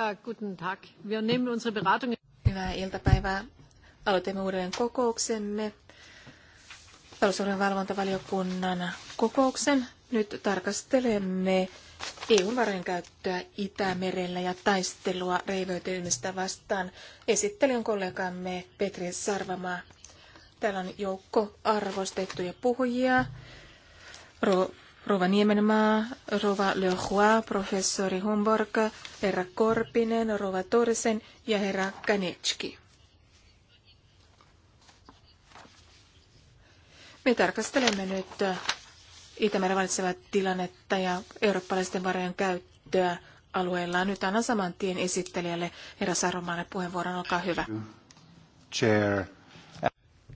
Ja, guten Tag. Wir nehmen unsere Beratung... Hyvää iltapäivää. Aloitamme uudelleen kokouksemme. Talousohjelman valvontavaliokunnan kokouksen. Nyt tarkastelemme EU-varojen käyttöä Itämerellä ja taistelua reivöitymistä vastaan. Esittelijän kollegamme Petri Sarvamaa. Täällä on joukko arvostettuja puhujia. Ro- Rova Niemenmaa, Rova Lehoa, professori Humborg, herra Korpinen, Rova Torsen ja herra Kanetski. Me tarkastelemme nyt Itämeren valitsevaa tilannetta ja eurooppalaisten varojen käyttöä alueella. Nyt annan saman tien esittelijälle herra Saromaalle puheenvuoron. Olkaa hyvä. Chair.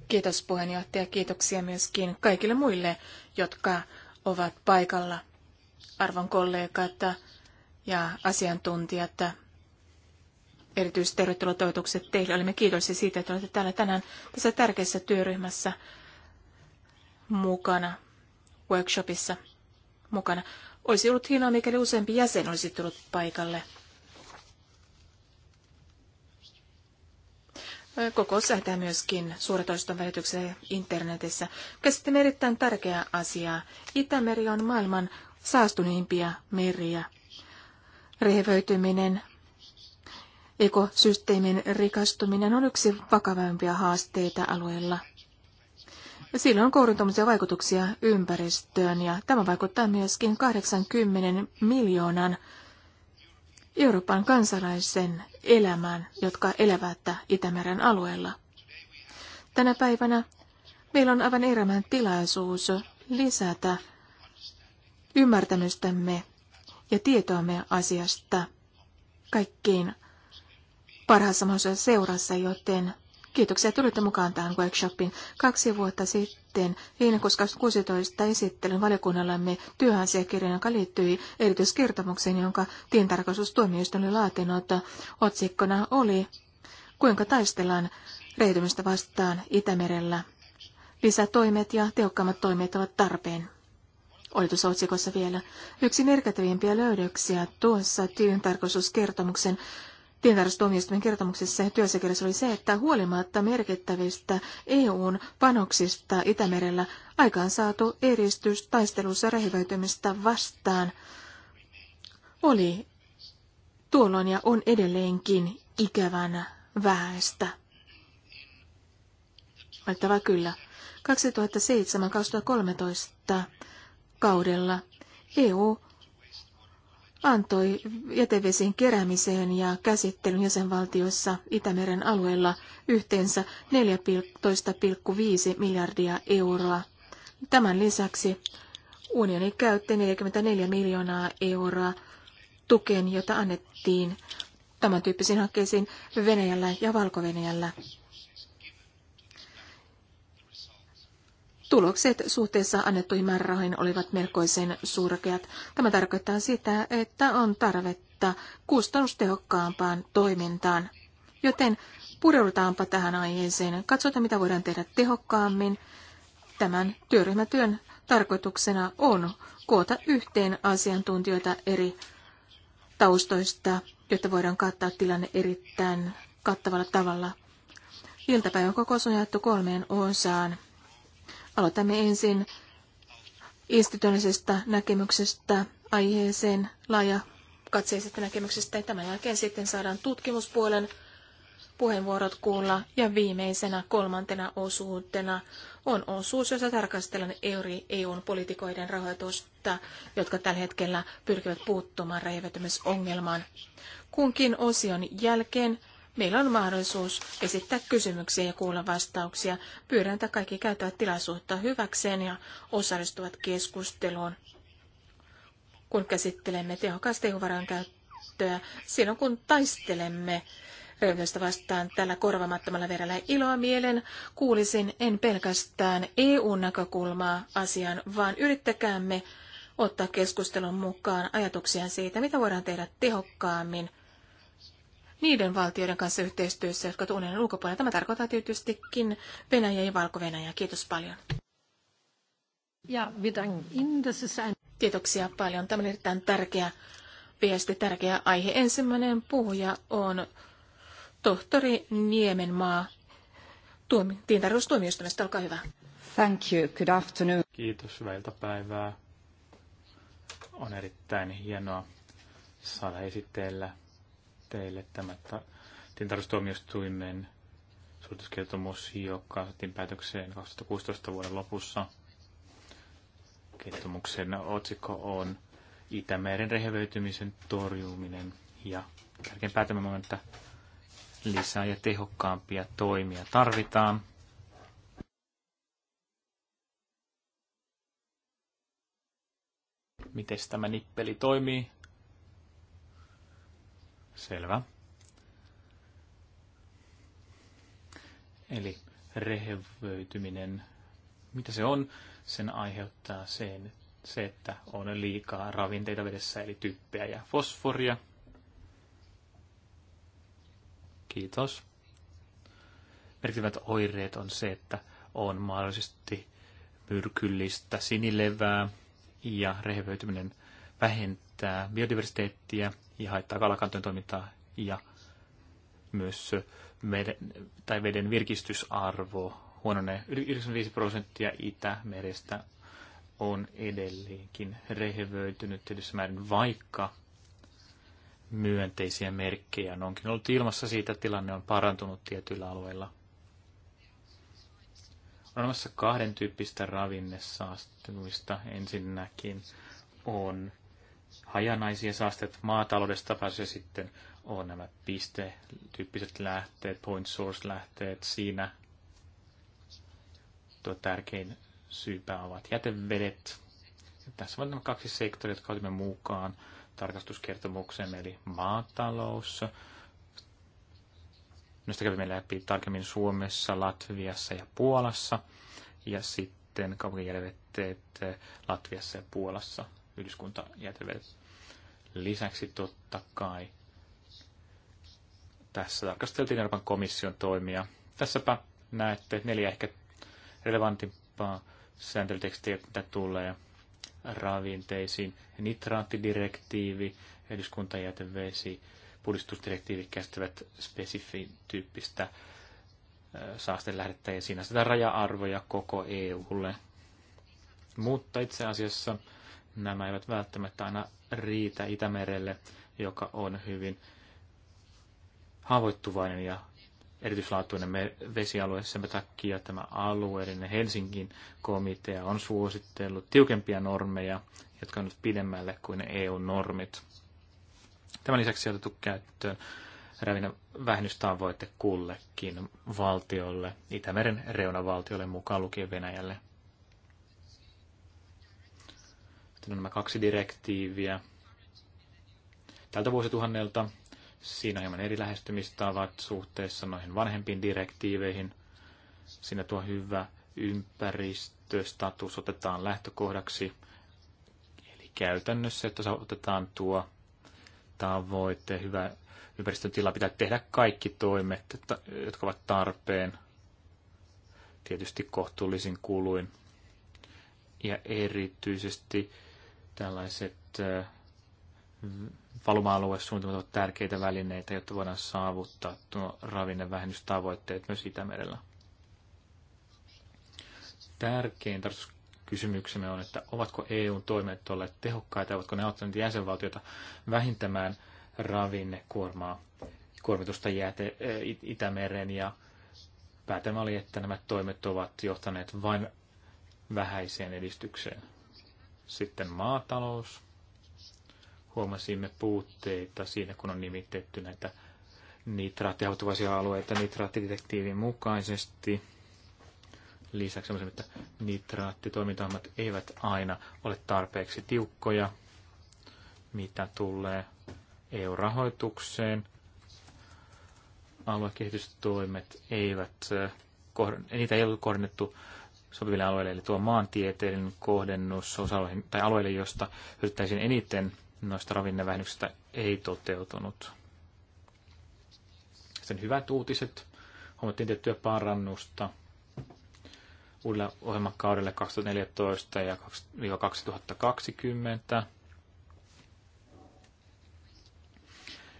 Kiitos puheenjohtaja. Kiitoksia myöskin kaikille muille, jotka ovat paikalla, arvon kollegat ja asiantuntijat. Erityisesti tervetulotoitukset teille. Olemme kiitollisia siitä, että olette täällä tänään tässä tärkeässä työryhmässä mukana, workshopissa mukana. Olisi ollut hienoa, mikäli useampi jäsen olisi tullut paikalle – Kokous säätää myöskin suoratoiston välityksen internetissä. Käsittelemme erittäin tärkeää asiaa. Itämeri on maailman saastuneimpia meriä. Rehevöityminen, ekosysteemin rikastuminen on yksi vakavimpia haasteita alueella. Sillä on kouluntumisia vaikutuksia ympäristöön ja tämä vaikuttaa myöskin 80 miljoonan Euroopan kansalaisen elämään, jotka elävät Itämeren alueella. Tänä päivänä meillä on aivan erämään tilaisuus lisätä ymmärtämystämme ja tietoamme asiasta kaikkiin parhaassa mahdollisessa seurassa, joten Kiitoksia, tulitte mukaan tähän workshopiin. Kaksi vuotta sitten, heinäkuussa 2016, esittelin valiokunnallamme työasiakirjan, joka liittyi erityiskertomukseen, jonka tientarkastustuomioistuin oli laatinut. Otsikkona oli, kuinka taistellaan reitymistä vastaan Itämerellä. Lisätoimet ja tehokkaammat toimet ovat tarpeen. Oli tuossa otsikossa vielä. Yksi merkittävimpiä löydöksiä tuossa tarkoituskertomuksen tilintarkastustuomioistuimen kertomuksessa ja työsekirjassa oli se, että huolimatta merkittävistä EUn panoksista Itämerellä aikaan saatu eristys taistelussa rehevöitymistä vastaan oli tuolloin ja on edelleenkin ikävän vähäistä. Valtava kyllä. 2007-2013 kaudella EU antoi jätevesien keräämiseen ja käsittelyn jäsenvaltioissa Itämeren alueella yhteensä 14,5 miljardia euroa. Tämän lisäksi unioni käytti 44 miljoonaa euroa tukeen, jota annettiin tämän tyyppisiin hankkeisiin Venäjällä ja valko -Venäjällä. Tulokset suhteessa annettuihin määrärahoihin olivat melkoisen surkeat. Tämä tarkoittaa sitä, että on tarvetta kustannustehokkaampaan toimintaan. Joten pureudutaanpa tähän aiheeseen. Katsotaan, mitä voidaan tehdä tehokkaammin. Tämän työryhmätyön tarkoituksena on koota yhteen asiantuntijoita eri taustoista, jotta voidaan kattaa tilanne erittäin kattavalla tavalla. Iltapäivän kokous on jaettu kolmeen osaan. Aloitamme ensin institutionaalisesta näkemyksestä aiheeseen laaja katseisesta näkemyksestä ja tämän jälkeen sitten saadaan tutkimuspuolen puheenvuorot kuulla ja viimeisenä kolmantena osuutena on osuus, jossa tarkastellaan eri EUn politikoiden rahoitusta, jotka tällä hetkellä pyrkivät puuttumaan räjävetymisongelmaan. Kunkin osion jälkeen Meillä on mahdollisuus esittää kysymyksiä ja kuulla vastauksia. Pyydän, että kaikki käyttävät tilaisuutta hyväkseen ja osallistuvat keskusteluun, kun käsittelemme tehokasta eu käyttöä silloin, kun taistelemme röyhdystä vastaan tällä korvamattomalla verellä iloa mielen. Kuulisin en pelkästään EU-näkökulmaa asiaan, vaan yrittäkäämme ottaa keskustelun mukaan ajatuksia siitä, mitä voidaan tehdä tehokkaammin – niiden valtioiden kanssa yhteistyössä, jotka unionin ulkopuolella. Tämä tarkoittaa tietystikin Venäjä ja Valko-Venäjä. Kiitos paljon. Ja, Kiitoksia paljon. Tämä on erittäin tärkeä viesti, tärkeä aihe. Ensimmäinen puhuja on tohtori Niemenmaa tiintarvostuomioistumista. Olkaa hyvä. Thank you. Good afternoon. Kiitos. Hyvää iltapäivää. On erittäin hienoa saada esitellä teille tämä ta- tilintarkastustuomioistuimen suorituskertomus, joka saatiin päätökseen 2016 vuoden lopussa. Kertomuksen otsikko on Itämeren rehevöitymisen torjuminen ja tärkein päätelmä on, että lisää ja tehokkaampia toimia tarvitaan. Miten tämä nippeli toimii? Selvä. Eli rehevöityminen, mitä se on? Sen aiheuttaa sen, se, että on liikaa ravinteita vedessä, eli typpeä ja fosforia. Kiitos. Merkittävät oireet on se, että on mahdollisesti myrkyllistä sinilevää ja rehevöityminen vähentää biodiversiteettiä ja haittaa kalakantojen toimintaa ja myös meren, tai veden virkistysarvo huononee. 95 prosenttia Itämerestä on edelleenkin rehevöitynyt tietyssä määrin, vaikka myönteisiä merkkejä onkin ollut ilmassa siitä, että tilanne on parantunut tietyillä alueilla. On olemassa kahden tyyppistä ravinnesaastumista. Ensinnäkin on hajanaisia saasteet maataloudesta, se sitten on nämä piste-tyyppiset lähteet, point source-lähteet. Siinä tuo tärkein syypää ovat jätevedet. Ja tässä on nämä kaksi sektoria, jotka otimme mukaan tarkastuskertomukseen, eli maatalous. Noista kävimme läpi tarkemmin Suomessa, Latviassa ja Puolassa. Ja sitten kaupunkijätevedet Latviassa ja Puolassa, yhdyskuntajätevedet. Lisäksi totta kai tässä tarkasteltiin Euroopan komission toimia. Tässäpä näette neljä ehkä relevantimpaa sääntelytekstiä, mitä tulee ravinteisiin. Nitraattidirektiivi, eduskuntajätevesi, puhdistusdirektiivi käsittävät spesifin tyyppistä saastelähdettä ja siinä sitä raja-arvoja koko EUlle. Mutta itse asiassa nämä eivät välttämättä aina riitä Itämerelle, joka on hyvin haavoittuvainen ja erityislaatuinen vesialue. Sen takia tämä alueellinen Helsingin komitea on suositellut tiukempia normeja, jotka ovat nyt pidemmälle kuin EU-normit. E Tämän lisäksi on otettu käyttöön Rävinä vähennystavoite kullekin valtiolle, Itämeren reunavaltiolle mukaan lukien Venäjälle. Sitten on nämä kaksi direktiiviä tältä vuosituhannelta. Siinä on hieman eri lähestymistavat suhteessa noihin vanhempiin direktiiveihin. Siinä tuo hyvä ympäristöstatus otetaan lähtökohdaksi. Eli käytännössä, että otetaan tuo tavoite, hyvä ympäristön tila, pitää tehdä kaikki toimet, jotka ovat tarpeen, tietysti kohtuullisin kuluin. Ja erityisesti Tällaiset valuma-aluesuunnitelmat ovat tärkeitä välineitä, jotta voidaan saavuttaa tuo ravinnevähennystavoitteet myös Itämerellä. Tärkein kysymyksemme on, että ovatko EUn toimet olleet tehokkaita, ovatko ne auttaneet jäsenvaltiota vähintämään ravinnekuormaa, kuormitusta jäte, Itämeren ja päätelmä oli, että nämä toimet ovat johtaneet vain vähäiseen edistykseen. Sitten maatalous. Huomasimme puutteita siinä, kun on nimitetty näitä nitraattihautuvaisia alueita nitraattidetektiivin mukaisesti. Lisäksi on että nitraattitoimintaohjelmat eivät aina ole tarpeeksi tiukkoja, mitä tulee EU-rahoitukseen. Aluekehitystoimet eivät, eh, niitä ei ole kohdennettu sopiville alueille, eli tuo maantieteellinen kohdennus osaloihin tai alueille, josta hyödyttäisiin eniten noista ravinnevähennyksistä ei toteutunut. Sitten hyvät uutiset. Huomattiin tiettyä parannusta uudelle ohjelmakaudelle 2014 ja 2020.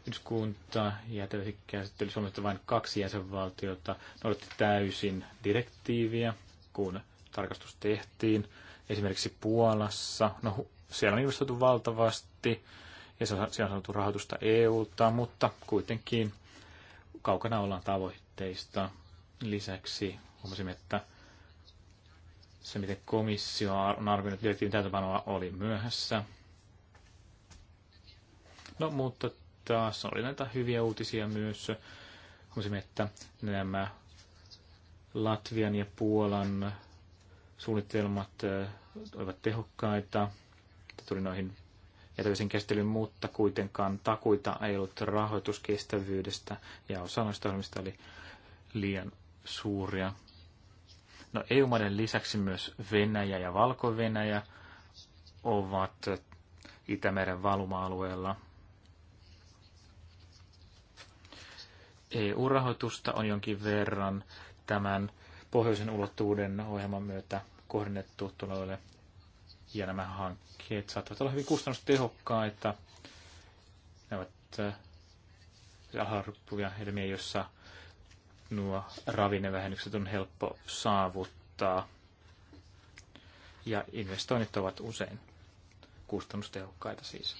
Yhdyskunta jätevesikäsittely Suomesta vain kaksi jäsenvaltiota noudatti täysin direktiiviä kun tarkastus tehtiin. Esimerkiksi Puolassa, no siellä on investoitu valtavasti ja siellä on saatu rahoitusta EUlta, mutta kuitenkin kaukana ollaan tavoitteista. Lisäksi huomasimme, että se, miten komissio on arvioinut direktiivin täytäpanoa, oli myöhässä. No, mutta taas oli näitä hyviä uutisia myös. Huomasimme, että nämä Latvian ja Puolan suunnitelmat olivat tehokkaita. Tuli noihin jätöisen käsittelyyn, mutta kuitenkaan takuita ei ollut rahoituskestävyydestä ja osa noista ohjelmista oli liian suuria. No EU-maiden lisäksi myös Venäjä ja Valko-Venäjä ovat Itämeren valuma-alueella. EU-rahoitusta on jonkin verran tämän pohjoisen ulottuvuuden ohjelman myötä kohdennettu tuloille. Ja nämä hankkeet saattavat olla hyvin kustannustehokkaita. Ne ovat alhaarppuvia äh, helmiä, joissa nuo ravinnevähennykset on helppo saavuttaa. Ja investoinnit ovat usein kustannustehokkaita siis.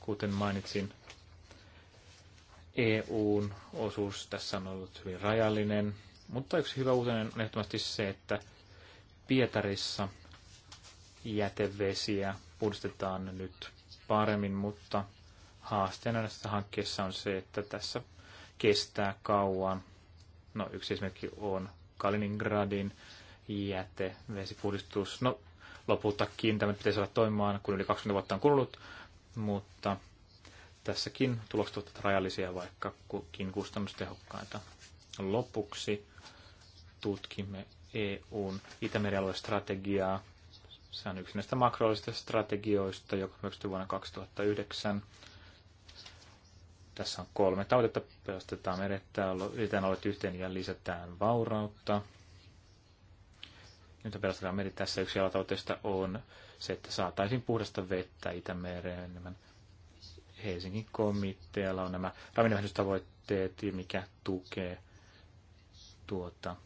Kuten mainitsin, EUn osuus tässä on ollut hyvin rajallinen. Mutta yksi hyvä uutinen on ehdottomasti se, että Pietarissa jätevesiä puhdistetaan nyt paremmin, mutta haasteena näissä hankkeessa on se, että tässä kestää kauan. No yksi esimerkki on Kaliningradin jätevesipuhdistus. No lopultakin tämä pitäisi olla toimimaan, kun yli 20 vuotta on kulunut, mutta tässäkin tulokset ovat rajallisia, vaikkakin kustannustehokkaita. Lopuksi tutkimme EUn Itämerialueen strategiaa. Se on yksi näistä makroallisista strategioista, joka hyväksyttiin vuonna 2009. Tässä on kolme tavoitetta. Pelastetaan merettä, yritetään olla yhteen ja lisätään vaurautta. Nyt pelastetaan meri tässä yksi alatavoitteista on se, että saataisiin puhdasta vettä Itämereen enemmän. Helsingin komitealla on nämä ravinnevähennystavoitteet, mikä tukee tuota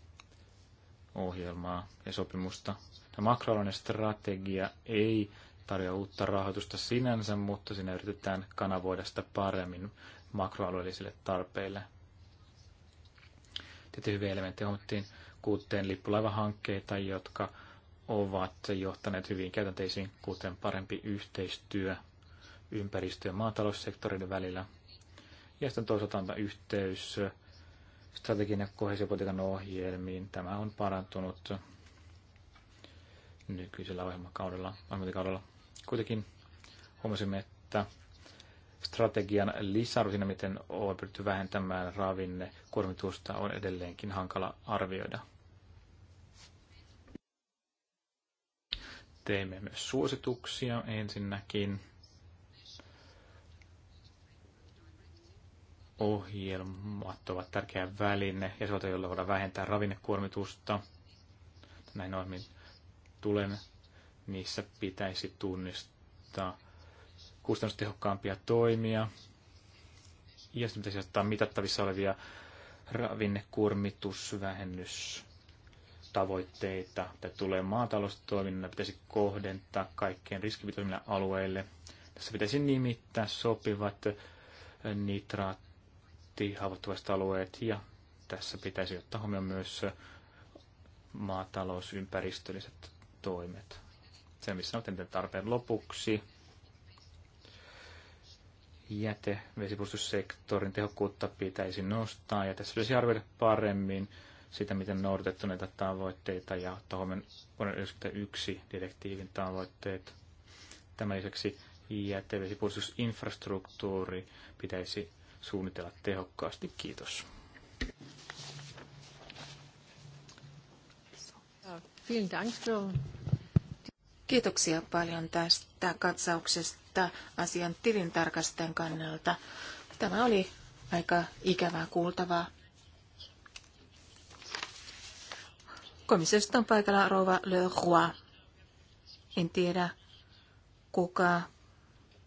ohjelmaa ja sopimusta. Tämä makroalainen strategia ei tarjoa uutta rahoitusta sinänsä, mutta siinä yritetään kanavoida sitä paremmin makroalueellisille tarpeille. Tietysti hyviä elementtejä huomattiin kuuteen lippulaivahankkeita, jotka ovat johtaneet hyvin käytänteisiin, kuten parempi yhteistyö ympäristö- ja maataloussektorin välillä. Ja sitten toisaalta on yhteys strategian ja kohesiopolitiikan ohjelmiin. Tämä on parantunut nykyisellä ohjelmakaudella, ohjelmakaudella. Kuitenkin huomasimme, että strategian lisäarvo siinä, miten on pyritty vähentämään ravinne kuormitusta, on edelleenkin hankala arvioida. Teemme myös suosituksia ensinnäkin ohjelmat ovat tärkeä väline ja se, jolla voidaan vähentää ravinnekuormitusta. Näin ohjelmin tulen, niissä pitäisi tunnistaa kustannustehokkaampia toimia. Ja sitten pitäisi ottaa mitattavissa olevia ravinnekuormitusvähennystavoitteita. tavoitteita, että tulee maataloustoiminnan, pitäisi kohdentaa kaikkeen riskipitoisille alueille. Tässä pitäisi nimittää sopivat nitraat, erityisesti haavoittuvaiset alueet ja tässä pitäisi ottaa huomioon myös maatalousympäristölliset toimet. Se, missä on tarpeen lopuksi jäte vesipuhdistussektorin tehokkuutta pitäisi nostaa ja tässä pitäisi arvioida paremmin sitä, miten noudatettu näitä tavoitteita ja huomioon vuoden 1991 direktiivin tavoitteet. Tämän lisäksi jätevesipuolustusinfrastruktuuri pitäisi suunnitella tehokkaasti. Kiitos. Kiitoksia paljon tästä katsauksesta asian tilintarkastajan kannalta. Tämä oli aika ikävää kuultavaa. Komissiosta on paikalla Rova Le Roy. En tiedä, kuka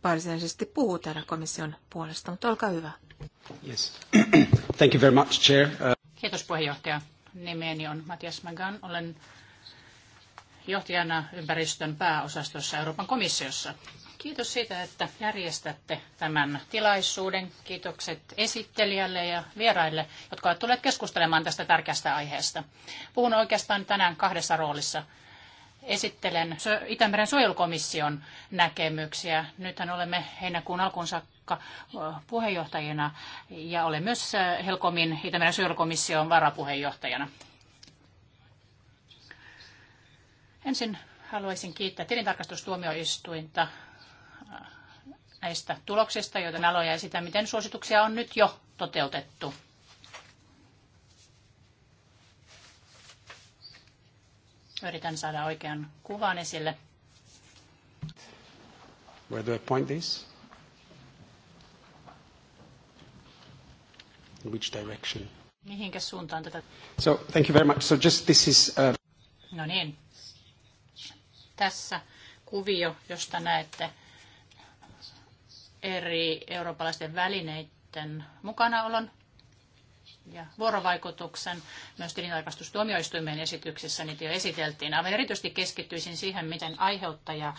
varsinaisesti puhuu täällä komission puolesta, mutta olkaa hyvä. Thank you very much, Chair. Uh, Kiitos puheenjohtaja. Nimeni on Matias Magan. Olen johtajana ympäristön pääosastossa Euroopan komissiossa. Kiitos siitä, että järjestätte tämän tilaisuuden. Kiitokset esittelijälle ja vieraille, jotka ovat tulleet keskustelemaan tästä tärkeästä aiheesta. Puhun oikeastaan tänään kahdessa roolissa. Esittelen Itämeren suojelukomission näkemyksiä. Nythän olemme heinäkuun alkuun saakka Kreikka äh, puheenjohtajina ja olen myös äh, Helkomin Itämeren suojelukomission varapuheenjohtajana. Ensin haluaisin kiittää tilintarkastustuomioistuinta äh, näistä tuloksista, joita aloja ja sitä, miten suosituksia on nyt jo toteutettu. Yritän saada oikean kuvan esille. Where do I point this? in which direction. Mihinkä suuntaan tätä? So, thank you very much. So just this is... Uh... No niin. Tässä kuvio, josta näette eri eurooppalaisten välineiden mukanaolon ja vuorovaikutuksen myös tilintarkastustuomioistuimen esityksessä niitä jo esiteltiin. Aivan erityisesti keskittyisin siihen, miten aiheuttaja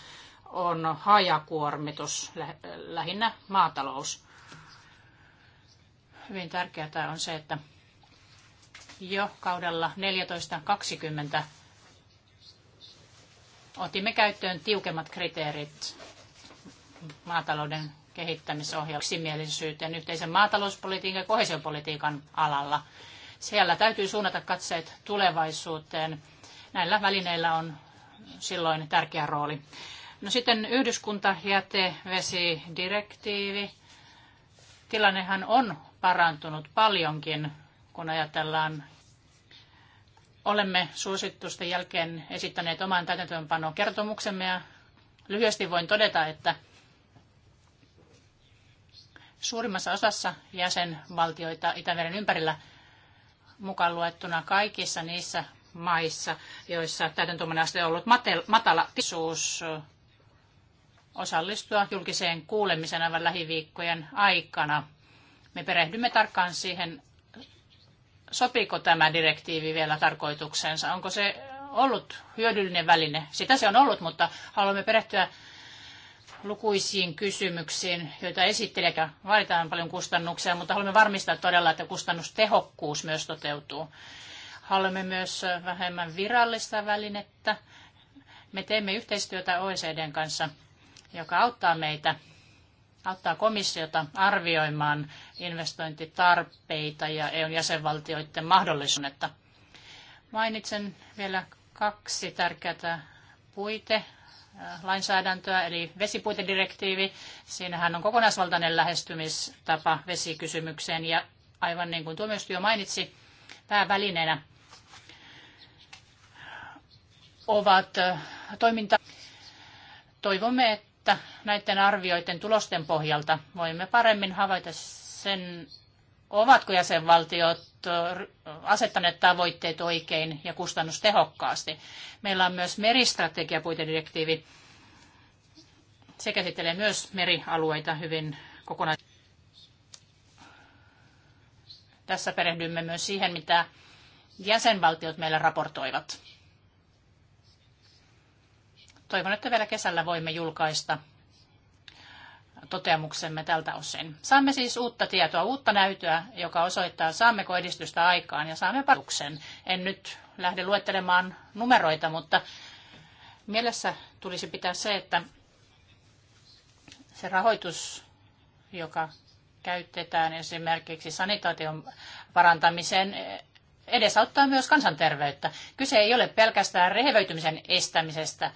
on hajakuormitus, lähinnä maatalous hyvin tärkeää on se, että jo kaudella 14.20 otimme käyttöön tiukemmat kriteerit maatalouden kehittämisohjelman yksimielisyyteen yhteisen maatalouspolitiikan ja kohesiopolitiikan alalla. Siellä täytyy suunnata katseet tulevaisuuteen. Näillä välineillä on silloin tärkeä rooli. No sitten yhdyskuntajätevesidirektiivi. Tilannehan on parantunut paljonkin, kun ajatellaan Olemme suositusten jälkeen esittäneet oman täytäntöönpanon kertomuksemme ja lyhyesti voin todeta, että suurimmassa osassa jäsenvaltioita Itämeren ympärillä mukaan luettuna kaikissa niissä maissa, joissa aste on ollut matala tisuus osallistua julkiseen kuulemiseen aivan lähiviikkojen aikana – me perehdymme tarkkaan siihen, sopiiko tämä direktiivi vielä tarkoituksensa. Onko se ollut hyödyllinen väline? Sitä se on ollut, mutta haluamme perehtyä lukuisiin kysymyksiin, joita esittelijäkään vaaditaan paljon kustannuksia, mutta haluamme varmistaa todella, että kustannustehokkuus myös toteutuu. Haluamme myös vähemmän virallista välinettä. Me teemme yhteistyötä OECDn kanssa, joka auttaa meitä auttaa komissiota arvioimaan investointitarpeita ja EUn jäsenvaltioiden mahdollisuutta. Mainitsen vielä kaksi tärkeää puite lainsäädäntöä, eli vesipuitedirektiivi. Siinähän on kokonaisvaltainen lähestymistapa vesikysymykseen ja aivan niin kuin tuomioistuin jo mainitsi, päävälineenä ovat toiminta. Toivomme, että että näiden arvioiden tulosten pohjalta voimme paremmin havaita sen, ovatko jäsenvaltiot asettaneet tavoitteet oikein ja kustannustehokkaasti. Meillä on myös meristrategiapuitedirektiivi. Se käsittelee myös merialueita hyvin kokonaan. Tässä perehdymme myös siihen, mitä jäsenvaltiot meille raportoivat. Toivon, että vielä kesällä voimme julkaista toteamuksemme tältä osin. Saamme siis uutta tietoa, uutta näytöä, joka osoittaa, saammeko edistystä aikaan ja saamme paruksen. En nyt lähde luettelemaan numeroita, mutta mielessä tulisi pitää se, että se rahoitus, joka käytetään esimerkiksi sanitaation parantamiseen, edesauttaa myös kansanterveyttä. Kyse ei ole pelkästään rehevöitymisen estämisestä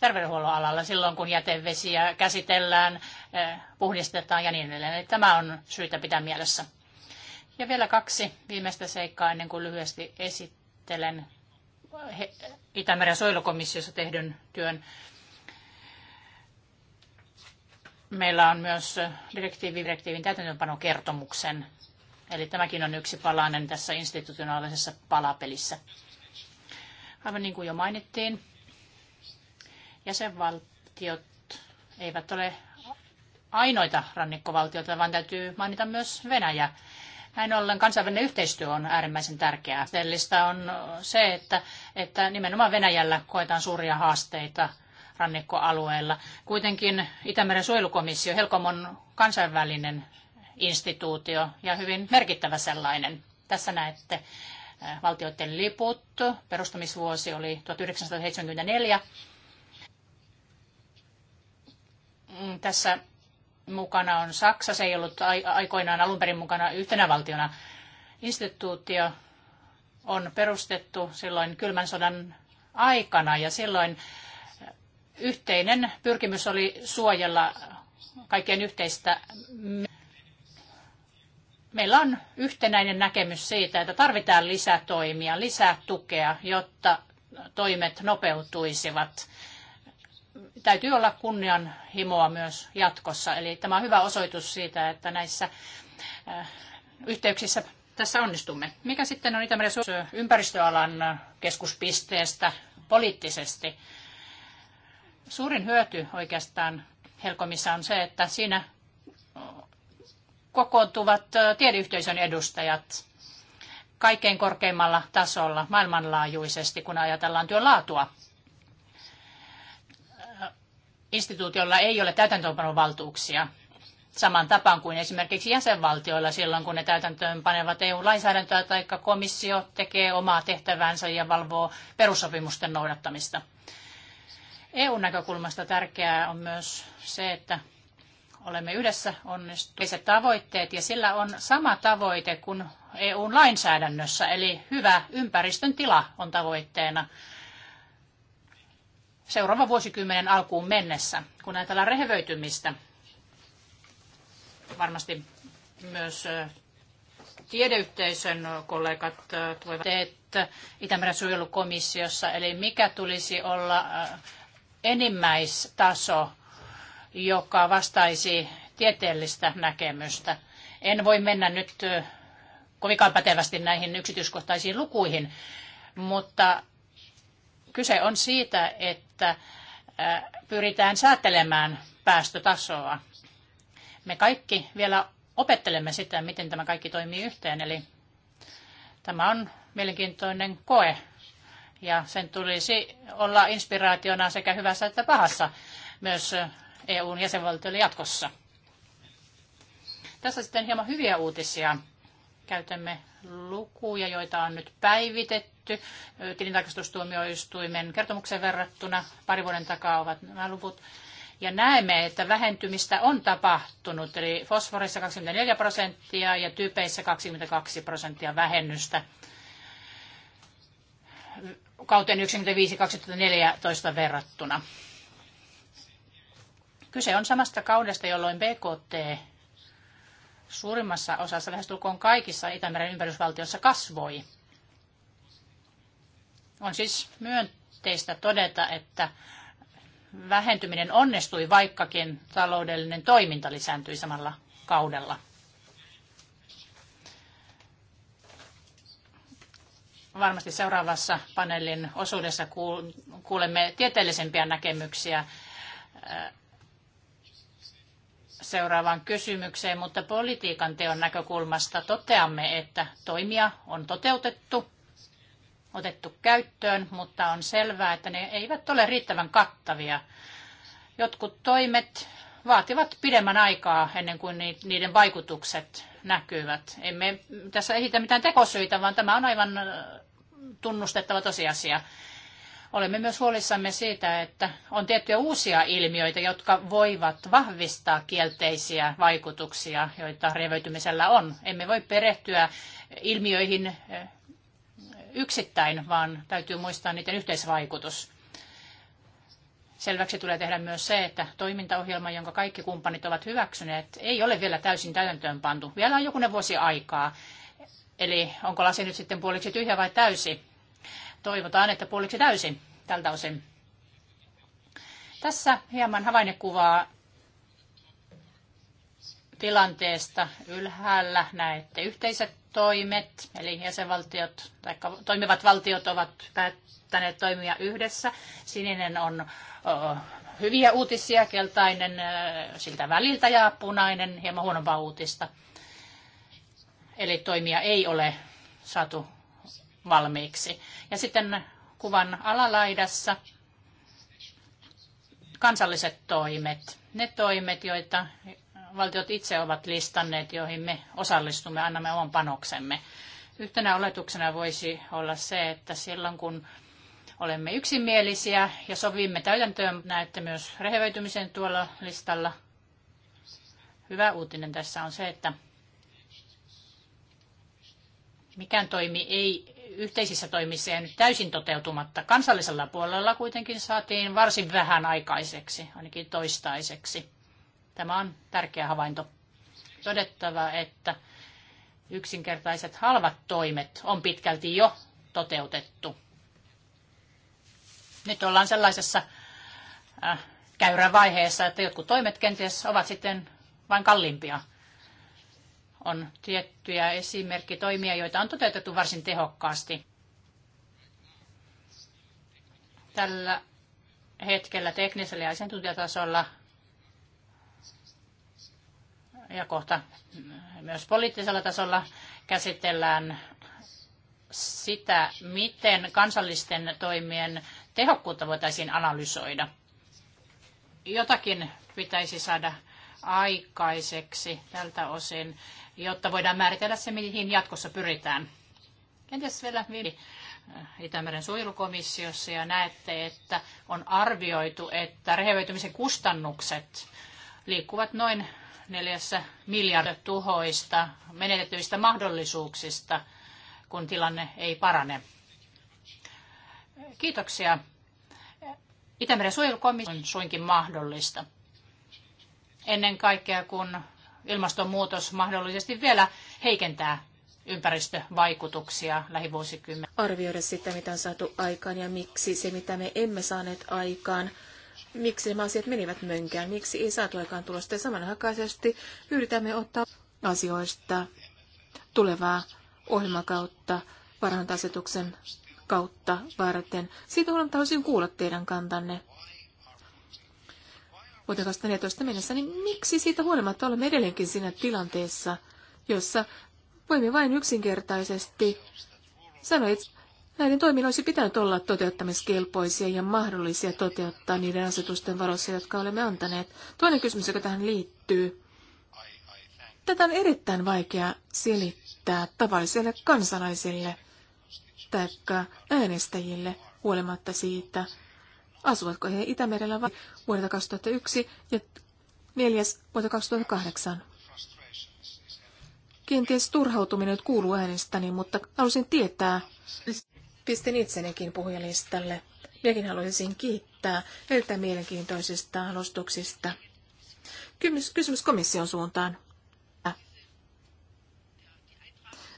terveydenhuollon alalla silloin, kun jätevesiä käsitellään, eh, puhdistetaan ja niin edelleen. Eli tämä on syytä pitää mielessä. Ja vielä kaksi viimeistä seikkaa ennen kuin lyhyesti esittelen Itämeren suojelukomissiossa tehdyn työn. Meillä on myös direktiivi, direktiivin täytäntöönpanokertomuksen Eli tämäkin on yksi palanen tässä institutionaalisessa palapelissä. Aivan niin kuin jo mainittiin, jäsenvaltiot eivät ole ainoita rannikkovaltioita, vaan täytyy mainita myös Venäjä. Näin ollen kansainvälinen yhteistyö on äärimmäisen tärkeää. Tällistä on se, että, että nimenomaan Venäjällä koetaan suuria haasteita rannikkoalueella. Kuitenkin Itämeren suojelukomissio Helkom on kansainvälinen instituutio ja hyvin merkittävä sellainen. Tässä näette äh, valtioiden liput. Perustamisvuosi oli 1974. Mm, tässä mukana on Saksa. Se ei ollut aikoinaan alun perin mukana yhtenä valtiona. Instituutio on perustettu silloin kylmän sodan aikana ja silloin äh, yhteinen pyrkimys oli suojella kaikkien yhteistä meillä on yhtenäinen näkemys siitä, että tarvitaan lisätoimia, lisää tukea, jotta toimet nopeutuisivat. Täytyy olla kunnianhimoa myös jatkossa. Eli tämä on hyvä osoitus siitä, että näissä äh, yhteyksissä tässä onnistumme. Mikä sitten on Itämeren ympäristöalan keskuspisteestä poliittisesti? Suurin hyöty oikeastaan Helkomissa on se, että siinä kokoontuvat tiedeyhteisön edustajat kaikkein korkeimmalla tasolla maailmanlaajuisesti, kun ajatellaan työn laatua. Instituutiolla ei ole täytäntöönpanovaltuuksia saman tapaan kuin esimerkiksi jäsenvaltioilla silloin, kun ne täytäntöön panevat EU-lainsäädäntöä tai komissio tekee omaa tehtävänsä ja valvoo perussopimusten noudattamista. eu näkökulmasta tärkeää on myös se, että olemme yhdessä onnistuneet tavoitteet ja sillä on sama tavoite kuin EUn lainsäädännössä, eli hyvä ympäristön tila on tavoitteena seuraavan vuosikymmenen alkuun mennessä, kun ajatellaan rehevöitymistä. Varmasti myös tiedeyhteisön kollegat tulevat että Itämeren suojelukomissiossa, eli mikä tulisi olla enimmäistaso joka vastaisi tieteellistä näkemystä. En voi mennä nyt kovinkaan pätevästi näihin yksityiskohtaisiin lukuihin, mutta kyse on siitä, että pyritään säätelemään päästötasoa. Me kaikki vielä opettelemme sitä, miten tämä kaikki toimii yhteen, eli tämä on mielenkiintoinen koe ja sen tulisi olla inspiraationa sekä hyvässä että pahassa myös EUn jäsenvaltioille jatkossa. Tässä sitten hieman hyviä uutisia. Käytämme lukuja, joita on nyt päivitetty tilintarkastustuomioistuimen kertomuksen verrattuna. Pari vuoden takaa ovat nämä luvut. Ja näemme, että vähentymistä on tapahtunut, eli fosforissa 24 prosenttia ja tyypeissä 22 prosenttia vähennystä kauteen 1995-2014 verrattuna. Kyse on samasta kaudesta, jolloin BKT suurimmassa osassa lähestulkoon kaikissa Itämeren ympärysvaltiossa kasvoi. On siis myönteistä todeta, että vähentyminen onnistui, vaikkakin taloudellinen toiminta lisääntyi samalla kaudella. Varmasti seuraavassa paneelin osuudessa kuulemme tieteellisempiä näkemyksiä seuraavaan kysymykseen, mutta politiikan teon näkökulmasta toteamme, että toimia on toteutettu, otettu käyttöön, mutta on selvää, että ne eivät ole riittävän kattavia. Jotkut toimet vaativat pidemmän aikaa ennen kuin niiden vaikutukset näkyvät. Emme tässä esitä mitään tekosyitä, vaan tämä on aivan äh, tunnustettava tosiasia. Olemme myös huolissamme siitä, että on tiettyjä uusia ilmiöitä, jotka voivat vahvistaa kielteisiä vaikutuksia, joita revöitymisellä on. Emme voi perehtyä ilmiöihin eh, yksittäin, vaan täytyy muistaa niiden yhteisvaikutus. Selväksi tulee tehdä myös se, että toimintaohjelma, jonka kaikki kumppanit ovat hyväksyneet, ei ole vielä täysin täytäntöön pantu. Vielä on jokunen vuosi aikaa. Eli onko lasi nyt sitten puoliksi tyhjä vai täysi? toivotaan, että puoliksi täysin tältä osin. Tässä hieman havainnekuvaa tilanteesta ylhäällä näette yhteiset toimet, eli jäsenvaltiot tai toimivat valtiot ovat päättäneet toimia yhdessä. Sininen on o, hyviä uutisia, keltainen siltä väliltä ja punainen hieman huonompaa uutista. Eli toimia ei ole saatu valmiiksi. Ja sitten kuvan alalaidassa kansalliset toimet. Ne toimet, joita valtiot itse ovat listanneet, joihin me osallistumme, annamme oman panoksemme. Yhtenä oletuksena voisi olla se, että silloin kun olemme yksimielisiä ja sovimme täytäntöön, näette myös rehevöitymisen tuolla listalla. Hyvä uutinen tässä on se, että mikään toimi ei yhteisissä nyt täysin toteutumatta. Kansallisella puolella kuitenkin saatiin varsin vähän aikaiseksi, ainakin toistaiseksi. Tämä on tärkeä havainto. Todettava, että yksinkertaiset halvat toimet on pitkälti jo toteutettu. Nyt ollaan sellaisessa äh, vaiheessa, että jotkut toimet kenties ovat sitten vain kalliimpia – on tiettyjä esimerkkitoimia, joita on toteutettu varsin tehokkaasti. Tällä hetkellä teknisellä ja asiantuntijatasolla ja kohta myös poliittisella tasolla käsitellään sitä, miten kansallisten toimien tehokkuutta voitaisiin analysoida. Jotakin pitäisi saada aikaiseksi tältä osin jotta voidaan määritellä se, mihin jatkossa pyritään. Kenties vielä viime äh, Itämeren suojelukomissiossa ja näette, että on arvioitu, että rehevöitymisen kustannukset liikkuvat noin neljässä miljardia tuhoista, menetetyistä mahdollisuuksista, kun tilanne ei parane. Kiitoksia. Itämeren suojelukomissio on suinkin mahdollista. Ennen kaikkea kun ilmastonmuutos mahdollisesti vielä heikentää ympäristövaikutuksia lähivuosikymmen. Arvioida sitä, mitä on saatu aikaan ja miksi se, mitä me emme saaneet aikaan, miksi nämä asiat menivät mönkään, miksi ei saatu aikaan tulosta. Ja samanaikaisesti yritämme ottaa asioista tulevaa ohjelmakautta, varhantasetuksen kautta varten. Siitä haluan täysin kuulla teidän kantanne vuoteen 2014 mennessä, niin miksi siitä huolimatta olemme edelleenkin siinä tilanteessa, jossa voimme vain yksinkertaisesti sanoa, että näiden toimin olisi pitänyt olla toteuttamiskelpoisia ja mahdollisia toteuttaa niiden asetusten varossa, jotka olemme antaneet. Toinen kysymys, joka tähän liittyy. Tätä on erittäin vaikea selittää tavalliselle kansalaisille tai äänestäjille huolimatta siitä, Asuvatko he Itämerellä vai vuodelta 2001 ja neljäs vuodelta 2008? Kenties turhautuminen kuuluu äänestäni, mutta halusin tietää. Pistin itsenikin puhujalistalle. Minäkin haluaisin kiittää erittäin mielenkiintoisista alustuksista. Kysymys, kysymys komission suuntaan.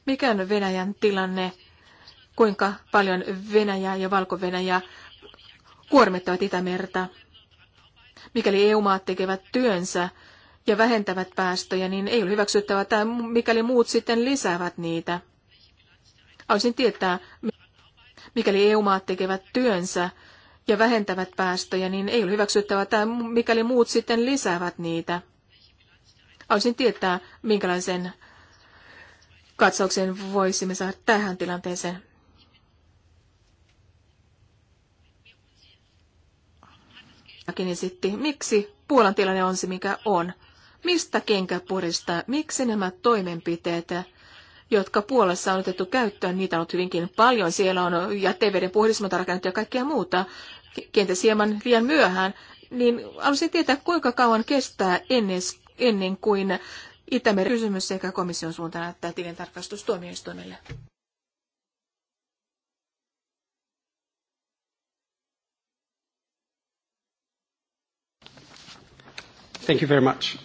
Mikä on Venäjän tilanne? Kuinka paljon Venäjä ja valko -Venäjä kuormittavat Itämerta. Mikäli EU-maat tekevät työnsä ja vähentävät päästöjä, niin ei ole hyväksyttävää, tai mikäli muut sitten lisäävät niitä. Haluaisin tietää, mikäli EU-maat tekevät työnsä ja vähentävät päästöjä, niin ei ole hyväksyttävää, tai mikäli muut sitten lisäävät niitä. Haluaisin tietää, minkälaisen katsauksen voisimme saada tähän tilanteeseen. Jakin esitti, miksi Puolan tilanne on se, mikä on. Mistä kenkä puristaa? Miksi nämä toimenpiteet, jotka Puolassa on otettu käyttöön, niitä on ollut hyvinkin paljon. Siellä on jäteveden puhdistamatarkennettu ja kaikkea muuta, kenties hieman liian myöhään. Niin haluaisin tietää, kuinka kauan kestää ennen, ennen kuin Itämeren kysymys sekä komission suuntaan näyttää tilintarkastustuomioistuimelle. Thank you very much.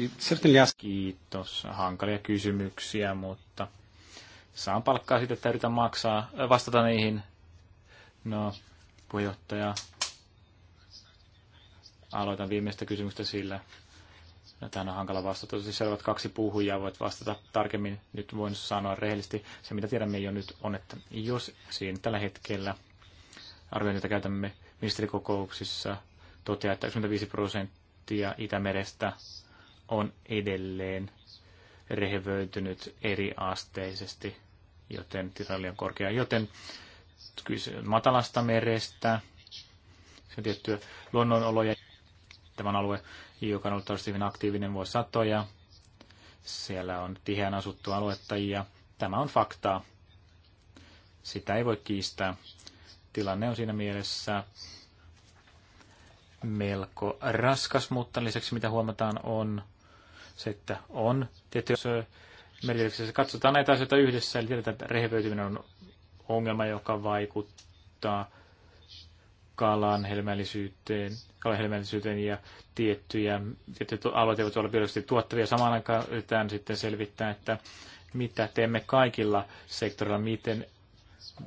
Kiitos. Hankalia kysymyksiä, mutta saan palkkaa siitä, että yritän maksaa, äh, vastata niihin. No, puheenjohtaja, aloitan viimeistä kysymystä sillä. No, tähän on hankala vastata. Siis seuraavat kaksi puhujaa voit vastata tarkemmin. Nyt voin sanoa rehellisesti. Se, mitä tiedämme jo nyt, on, että jos siinä tällä hetkellä arvioinnita käytämme ministerikokouksissa toteaa, että 95 prosenttia prosenttia Itämerestä on edelleen rehevöitynyt eriasteisesti, joten tila on korkea. Joten kyse on matalasta merestä, se on tiettyä luonnonoloja. Tämän alue, joka on ollut hyvin aktiivinen vuosisatoja, siellä on tiheän asuttua aluetta ja tämä on faktaa. Sitä ei voi kiistää. Tilanne on siinä mielessä melko raskas, mutta lisäksi mitä huomataan on se, että on tietysti merkityksessä. Katsotaan näitä asioita yhdessä, eli tiedetään, että rehevöityminen on ongelma, joka vaikuttaa kalan helmällisyyteen, kalan helmällisyyteen ja tiettyjä, tiettyjä alueita voivat olla biologisesti tuottavia. Samaan aikaan yritetään sitten selvittää, että mitä teemme kaikilla sektorilla, miten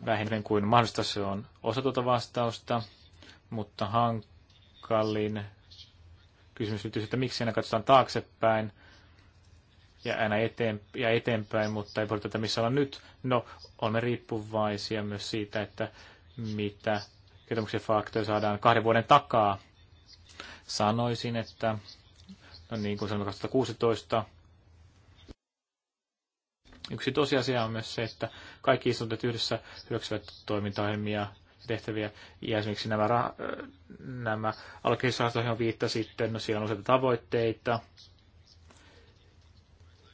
vähemmän kuin mahdollista se on osa tuota vastausta, mutta hank Kallin kysymys liittyy että miksi aina katsotaan taaksepäin ja aina eteen, ja eteenpäin, mutta ei pohdita, missä ollaan nyt. No, olemme riippuvaisia myös siitä, että mitä kertomuksen faktoja saadaan kahden vuoden takaa. Sanoisin, että no niin kuin sanoin 2016, Yksi tosiasia on myös se, että kaikki istunnot yhdessä hyöksyvät toimintaohjelmia tehtäviä. Ja esimerkiksi nämä, rah- nämä alkeisrahastoihin sitten no siellä on useita tavoitteita,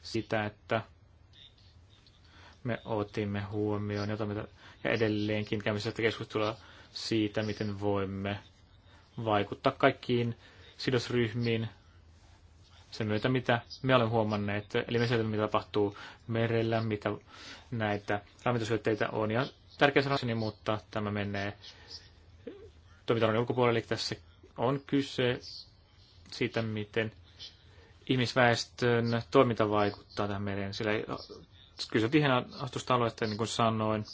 sitä, että me otimme huomioon ja, otamme, ja edelleenkin käymme sitä keskustelua siitä, miten voimme vaikuttaa kaikkiin sidosryhmiin sen myötä, mitä me olemme huomanneet, eli me sieltä, mitä tapahtuu merellä, mitä näitä ravintosyötteitä on, ja tärkeä sanoa, mutta tämä menee toimitalon ulkopuolelle. Eli tässä on kyse siitä, miten ihmisväestön toiminta vaikuttaa tähän mereen. Sillä kyse on tiheän asutusalueesta, niin kuin sanoin.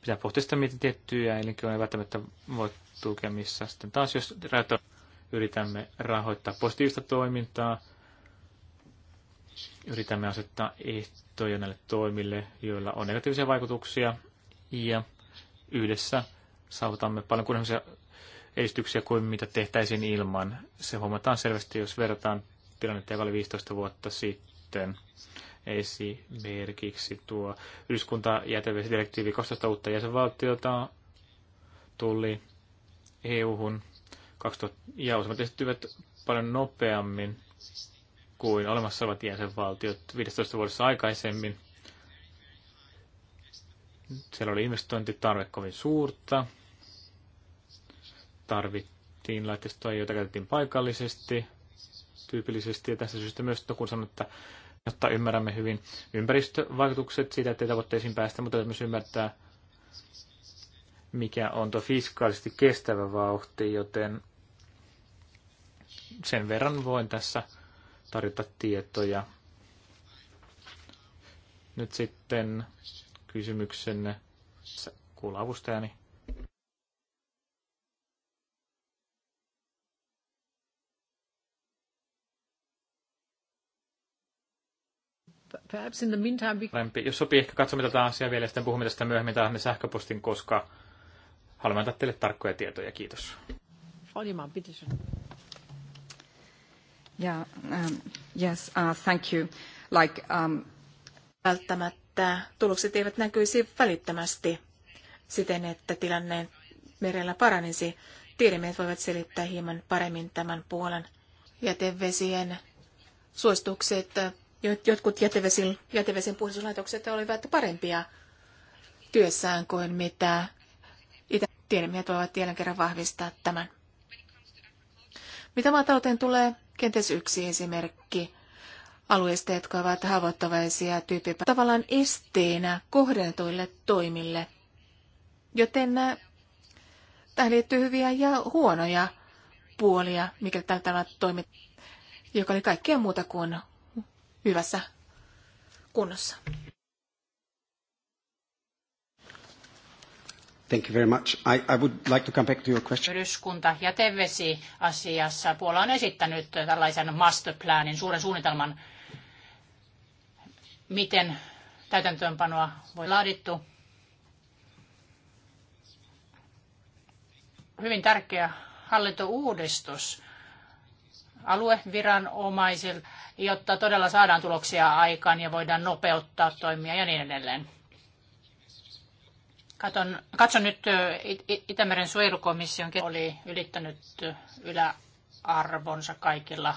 Pitää pohtia sitä, miten tiettyjä elinkeinoja välttämättä voi tukea missä. Sitten taas, jos yritämme rahoittaa positiivista toimintaa, yritämme asettaa ehtoja näille toimille, joilla on negatiivisia vaikutuksia ja yhdessä saavutamme paljon kunnollisia edistyksiä kuin mitä tehtäisiin ilman. Se huomataan selvästi, jos verrataan tilannetta, joka oli 15 vuotta sitten. Esimerkiksi tuo yhdyskuntajätevesidirektiivi 12 uutta jäsenvaltiota tuli EU-hun 2000, ja useimmat tehtyvät paljon nopeammin kuin olemassa olevat jäsenvaltiot 15 vuodessa aikaisemmin. Siellä oli investointitarve kovin suurta. Tarvittiin laitteistoa, joita käytettiin paikallisesti tyypillisesti. Ja tästä syystä myös kun sanon, että jotta ymmärrämme hyvin ympäristövaikutukset siitä, ettei tavoitteisiin päästä, mutta myös ymmärtää, mikä on tuo fiskaalisesti kestävä vauhti, joten sen verran voin tässä tarjota tietoja. Nyt sitten kysymyksenne. Kuulla avustajani. Perhaps in the meantime we... Jos sopii, ehkä katsomme tätä asiaa vielä ja sitten puhumme tästä myöhemmin tähän sähköpostin, koska haluamme antaa teille tarkkoja tietoja. Kiitos. Frau Um, uh, um, Välttämättä tulokset eivät näkyisi välittömästi siten, että tilanne merellä paranisi. Tiedemiehet voivat selittää hieman paremmin tämän puolen. Jätevesien suositukset, jotkut jätevesin, jätevesien puhdistuslaitokset olivat parempia työssään kuin mitä itä tiedemiehet voivat vielä kerran vahvistaa tämän. Mitä maatalouteen tulee, kenties yksi esimerkki alueista, jotka ovat haavoittuvaisia tyyppiä tavallaan esteenä kohdentuille toimille. Joten äh, tähän liittyy hyviä ja huonoja puolia, mikä tavalla toimit, joka oli kaikkea muuta kuin hyvässä kunnossa. Thank you very much. I, would like to come back to your question. Yhdyskunta jätevesiasiassa Puola on esittänyt tällaisen masterplanin, suuren suunnitelman, miten täytäntöönpanoa voi laadittu. Hyvin tärkeä hallintouudistus alueviranomaisille, jotta todella saadaan tuloksia aikaan ja voidaan nopeuttaa toimia ja niin edelleen. Katon, katson nyt Itämeren suojelukomission, oli ylittänyt yläarvonsa kaikilla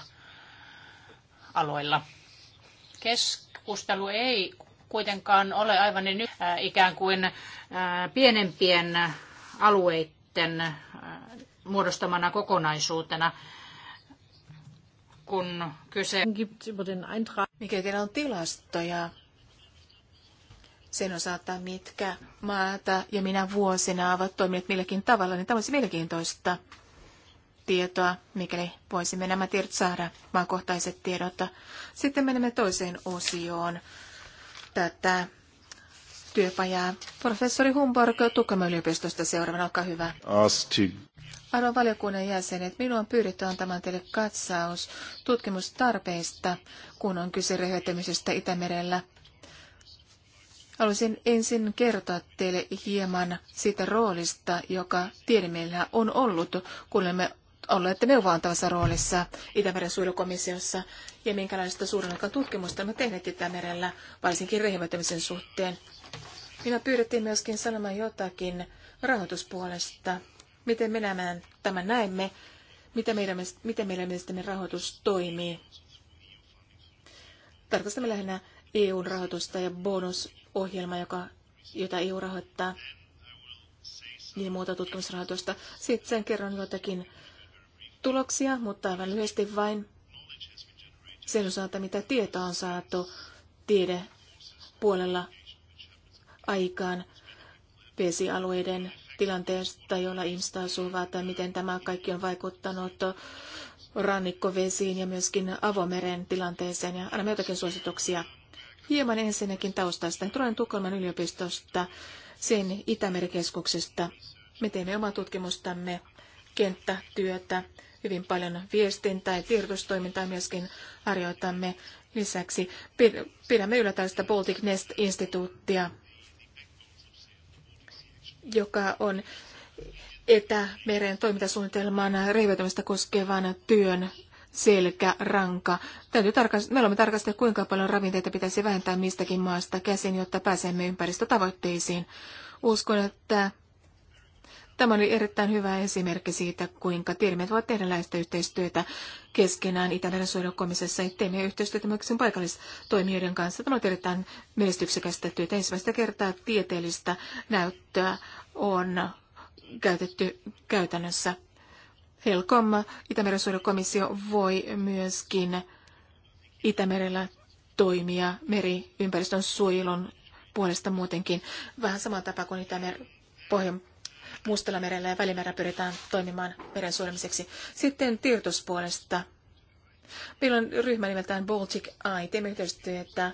aloilla. Keskustelu ei kuitenkaan ole aivan niin ikään kuin pienempien alueiden muodostamana kokonaisuutena, kun kyse... Mikä teillä on tilastoja sen osalta, mitkä maata ja minä vuosina ovat toimineet milläkin tavalla, niin tämä olisi mielenkiintoista tietoa, mikäli voisimme nämä tiedot saada, maakohtaiset tiedot. Sitten menemme toiseen osioon tätä työpajaa. Professori Humborg Tukkama yliopistosta seuraavana, olkaa hyvä. Asti. Arvon valiokunnan jäsenet, minua on pyydetty antamaan teille katsaus tutkimustarpeista, kun on kyse rehoittamisesta Itämerellä Haluaisin ensin kertoa teille hieman siitä roolista, joka tiedemiehillä on ollut, kun olemme olleet neuvoantavassa roolissa Itämeren suojelukomissiossa ja minkälaista suurennakaan tutkimusta me tehneet Itämerellä, varsinkin rehevöitämisen suhteen. Minä pyydettiin myöskin sanomaan jotakin rahoituspuolesta. Miten me näemme, tämän näemme, miten meidän, miten meidän mielestämme rahoitus toimii. Tarkastamme lähinnä EUn rahoitusta ja bonusohjelma, joka, jota EU rahoittaa niin muuta tutkimusrahoitusta. Sitten sen kerron jotakin tuloksia, mutta aivan lyhyesti vain sen osalta, mitä tietoa on saatu tiede puolella aikaan vesialueiden tilanteesta, jolla insta asuvat, ja miten tämä kaikki on vaikuttanut rannikkovesiin ja myöskin avomeren tilanteeseen. Ja annamme jotakin suosituksia Hieman ensinnäkin taustasta. Tulen Tukholman yliopistosta, sen Itämerikeskuksesta. Me teemme omaa tutkimustamme, kenttätyötä, hyvin paljon viestintää ja tiedotustoimintaa myöskin harjoitamme. Lisäksi pidämme yllä tällaista Baltic Nest-instituuttia, joka on etämeren toimintasuunnitelman reivätämistä koskevan työn ranka. Täytyy tarkast- me olemme tarkastelleet, kuinka paljon ravinteita pitäisi vähentää mistäkin maasta käsin, jotta pääsemme ympäristötavoitteisiin. Uskon, että Tämä oli erittäin hyvä esimerkki siitä, kuinka tiedemiehet voivat tehdä läheistä yhteistyötä keskenään Itämeren suojelukomisessa ja teemme yhteistyötä myös paikallistoimijoiden kanssa. Tämä on erittäin menestyksekästä työtä. Ensimmäistä kertaa tieteellistä näyttöä on käytetty käytännössä. Helcom, Itämeren suojelukomissio, voi myöskin Itämerellä toimia meriympäristön suojelun puolesta muutenkin. Vähän sama tapa kuin Itämer, Pohjan, Mustalla merellä ja Välimerellä pyritään toimimaan meren suojelmiseksi. Sitten tiedotuspuolesta. Meillä on ryhmä nimeltään Baltic Eye. Teemme yhteistyötä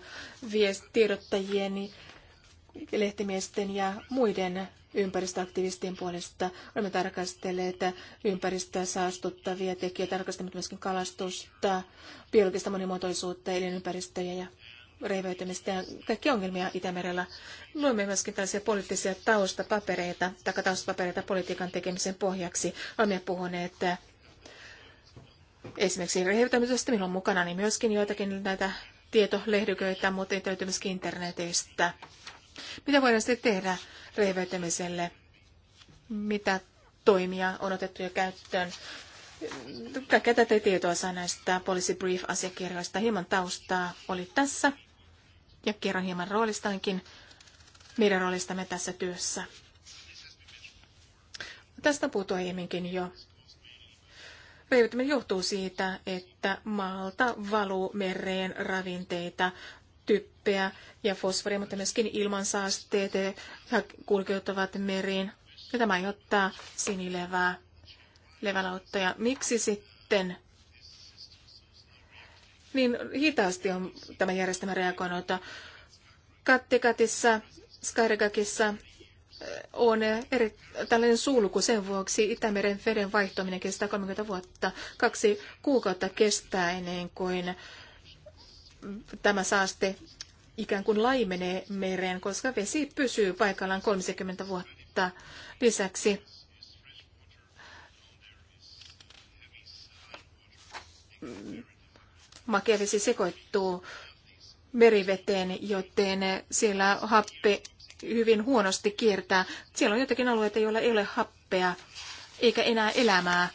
tiedottajien, lehtimiesten ja muiden ympäristöaktivistien puolesta. Olemme tarkastelleet ympäristöä saastuttavia tekijöitä, tarkastamme myöskin kalastusta, biologista monimuotoisuutta, elinympäristöjä ja rehevöitymistä ja kaikkia ongelmia Itämerellä. Luemme myöskin tällaisia poliittisia taustapapereita, tai taustapapereita politiikan tekemisen pohjaksi. Olemme puhuneet esimerkiksi rehevöitymisestä, minulla on mukana niin myöskin joitakin näitä tietolehdyköitä, mutta löytyy myöskin internetistä. Mitä voidaan sitten tehdä rehevöitämiselle? Mitä toimia on otettu jo käyttöön? Kaikkea tätä tietoa saa näistä Policy Brief-asiakirjoista. Hieman taustaa oli tässä ja kerron hieman roolistaankin, meidän roolistamme tässä työssä. Tästä puhuttu aiemminkin jo. Reivittäminen johtuu siitä, että maalta valuu mereen ravinteita typpeä ja fosforia, mutta myöskin ilmansaasteet ja kulkeuttavat meriin. Ja tämä aiheuttaa sinilevää levälautta. Ja miksi sitten niin hitaasti on tämä järjestelmä reagoinut? Kattikatissa, Skairgakissa eh, on eri, tällainen sulku sen vuoksi Itämeren veden vaihtaminen kestää 30 vuotta. Kaksi kuukautta kestää ennen kuin tämä saaste ikään kuin laimenee mereen, koska vesi pysyy paikallaan 30 vuotta. Lisäksi Makevesi sekoittuu meriveteen, joten siellä happe hyvin huonosti kiertää. Siellä on jotakin alueita, joilla ei ole happea eikä enää elämää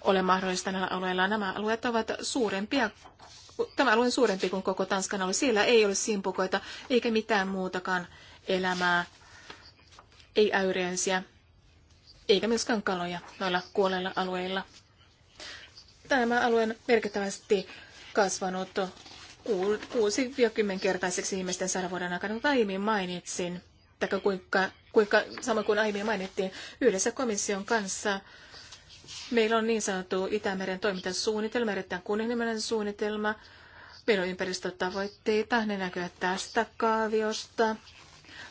ole mahdollista näillä alueilla. Nämä alueet ovat suurempia tämä alue on suurempi kuin koko Tanskan alue. Siellä ei ole simpukoita eikä mitään muutakaan elämää, ei äyriäisiä, eikä myöskään kaloja noilla kuolleilla alueilla. Tämä alue on merkittävästi kasvanut kuusi- ja kymmenkertaiseksi viimeisten sadan vuoden aikana, mutta aiemmin mainitsin, tai kuinka, kuinka, sama kuin aiemmin mainittiin, yhdessä komission kanssa Meillä on niin sanottu Itämeren toimintasuunnitelma, erittäin kunnianhimoinen suunnitelma. Meillä on ympäristötavoitteita, ne näkyvät tästä kaaviosta.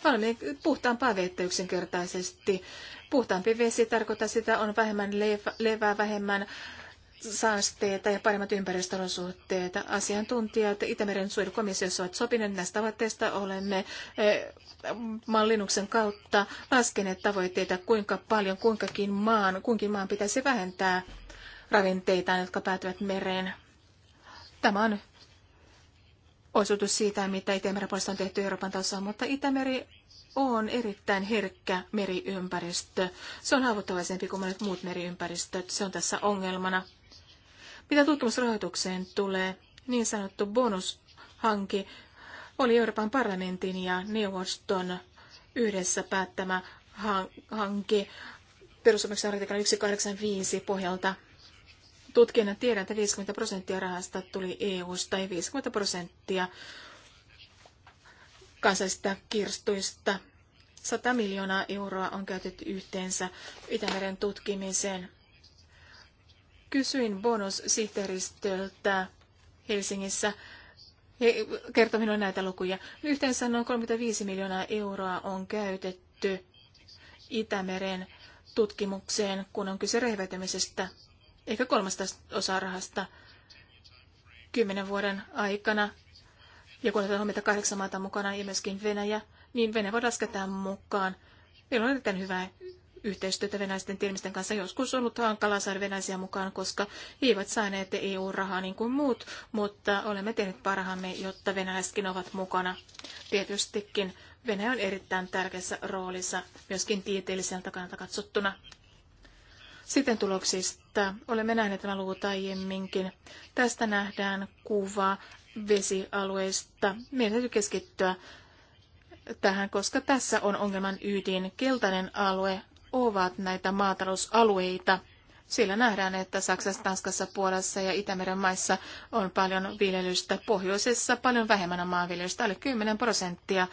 Olemme puhtaampaa vettä yksinkertaisesti. Puhtaampi vesi tarkoittaa sitä, on vähemmän levää, vähemmän saasteita ja paremmat ympäristöolosuhteet. Asiantuntijat Itämeren suojelukomissiossa ovat sopineet näistä tavoitteista. Olemme eh, mallinnuksen kautta laskeneet tavoitteita, kuinka paljon kuinkakin maan, kunkin maan pitäisi vähentää ravinteita, jotka päätyvät mereen. Tämä on osoitus siitä, mitä Itämeren puolesta on tehty Euroopan tasolla, mutta Itämeri on erittäin herkkä meriympäristö. Se on haavoittuvaisempi kuin monet muut meriympäristöt. Se on tässä ongelmana. Mitä tutkimusrahoitukseen tulee, niin sanottu bonushanki oli Euroopan parlamentin ja neuvoston yhdessä päättämä hanke perussopimuksen artikla 185 pohjalta. Tutkijana tiedän, että 50 prosenttia rahasta tuli EU-sta ja 50 prosenttia kansallisista kirstuista. 100 miljoonaa euroa on käytetty yhteensä Itämeren tutkimiseen. Kysyin bonussihteeristöltä Helsingissä, he kertoi minulle näitä lukuja. Yhteensä noin 35 miljoonaa euroa on käytetty Itämeren tutkimukseen, kun on kyse rehevöitymisestä, eikä kolmasta osaa rahasta kymmenen vuoden aikana. Ja kun otetaan huomioon kahdeksan maata mukana ja myöskin Venäjä, niin Venäjä voi laskea mukaan. Meillä on erittäin hyvää yhteistyötä venäisten tiimisten kanssa. Joskus on ollut hankalaa saada venäisiä mukaan, koska he eivät saaneet EU-rahaa niin kuin muut, mutta olemme tehneet parhaamme, jotta venäläisetkin ovat mukana. Tietystikin Venäjä on erittäin tärkeässä roolissa, myöskin tieteelliseltä kannalta katsottuna. Sitten tuloksista. Olemme nähneet nämä luvut aiemminkin. Tästä nähdään kuva vesialueista. Meidän täytyy keskittyä tähän, koska tässä on ongelman ydin. Keltainen alue ovat näitä maatalousalueita. Sillä nähdään, että Saksassa, Tanskassa, Puolassa ja Itämeren maissa on paljon viljelystä. Pohjoisessa paljon vähemmän on maanviljelystä, alle 10 prosenttia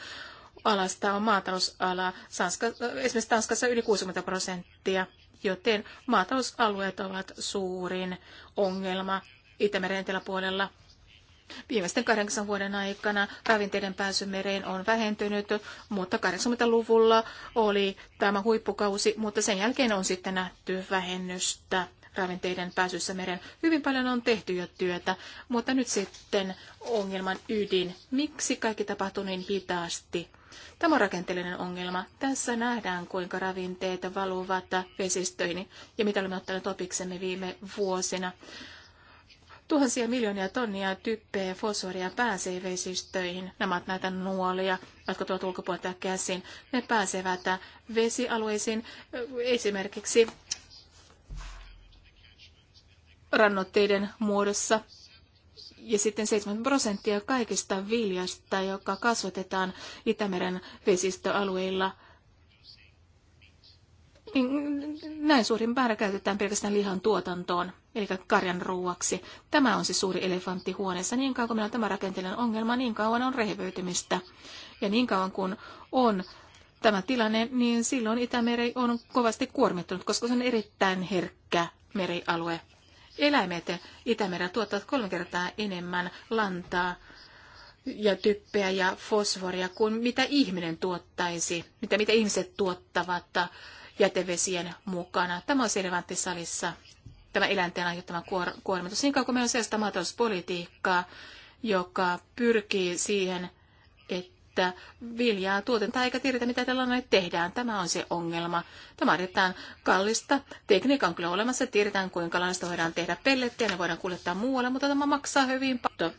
alasta on maatalousala. Sanska, esimerkiksi Tanskassa yli 60 prosenttia, joten maatalousalueet ovat suurin ongelma Itämeren eteläpuolella Viimeisten kahdeksan vuoden aikana ravinteiden pääsy mereen on vähentynyt, mutta 80-luvulla oli tämä huippukausi, mutta sen jälkeen on sitten nähty vähennystä ravinteiden pääsyssä meren. Hyvin paljon on tehty jo työtä, mutta nyt sitten ongelman ydin. Miksi kaikki tapahtuu niin hitaasti? Tämä on rakenteellinen ongelma. Tässä nähdään, kuinka ravinteet valuvat vesistöihin ja mitä olemme ottaneet opiksemme viime vuosina. Tuhansia miljoonia tonnia typpeä ja fosforia pääsee vesistöihin. Nämä ovat näitä nuolia, jotka tuot ulkopuolelta käsin. Ne pääsevät vesialueisiin, esimerkiksi rannoitteiden muodossa. Ja sitten 70 prosenttia kaikista viljasta, joka kasvatetaan Itämeren vesistöalueilla – niin näin suurin määrä käytetään pelkästään lihan tuotantoon, eli karjan ruuaksi. Tämä on se suuri elefantti huoneessa. Niin kauan kuin meillä on tämä rakenteellinen ongelma, niin kauan on rehevöitymistä. Ja niin kauan kun on tämä tilanne, niin silloin Itämeri on kovasti kuormittunut, koska se on erittäin herkkä merialue. Eläimet Itämerellä tuottavat kolme kertaa enemmän lantaa ja typpeä ja fosforia kuin mitä ihminen tuottaisi, mitä, mitä ihmiset tuottavat jätevesien mukana. Tämä on relevantti salissa, tämä eläinten aiheuttama kuor- kuormitus. Niin kauan kuin meillä on sellaista maatalouspolitiikkaa, joka pyrkii siihen, että viljaa tuotetaan eikä tiedetä, mitä tällainen tehdään. Tämä on se ongelma. Tämä on erittäin kallista. Tekniikka on kyllä olemassa. Tiedetään, kuinka lannasta voidaan tehdä pellettiä. Ne voidaan kuljettaa muualle, mutta tämä maksaa hyvin paljon.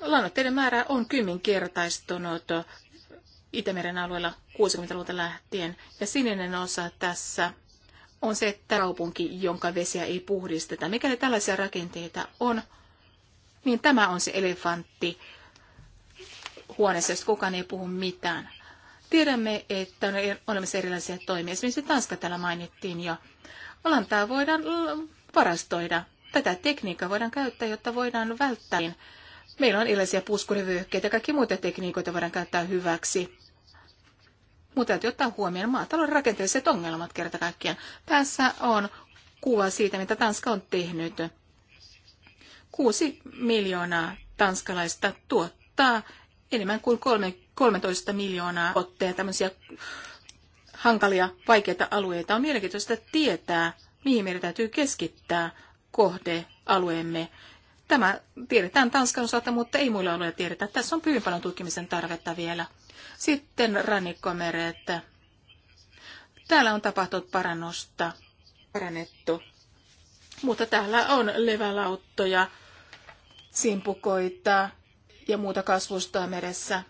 Lannoitteiden määrä on kymmenkertaistunut Itämeren alueella 60-luvulta lähtien. Ja sininen osa tässä on se että kaupunki, jonka vesiä ei puhdisteta. Mikäli tällaisia rakenteita on, niin tämä on se elefantti huoneessa, josta kukaan ei puhu mitään. Tiedämme, että on olemassa erilaisia toimia. Esimerkiksi Tanska täällä mainittiin jo. Lantaa voidaan varastoida. Tätä tekniikkaa voidaan käyttää, jotta voidaan välttää Meillä on erilaisia puskurivyöhykkeitä ja kaikki muita tekniikoita voidaan käyttää hyväksi. Mutta täytyy ottaa huomioon maatalouden rakenteelliset ongelmat kerta kaikkiaan. Tässä on kuva siitä, mitä Tanska on tehnyt. Kuusi miljoonaa tanskalaista tuottaa enemmän kuin 13 miljoonaa otteja tämmöisiä hankalia, vaikeita alueita. On mielenkiintoista tietää, mihin meidän täytyy keskittää kohdealueemme. Tämä tiedetään Tanskan osalta, mutta ei muilla alueilla tiedetä. Tässä on hyvin paljon tutkimisen tarvetta vielä. Sitten rannikkomereet. Täällä on tapahtunut parannusta, parannettu. Mutta täällä on levälauttoja, simpukoita ja muuta kasvustoa meressä.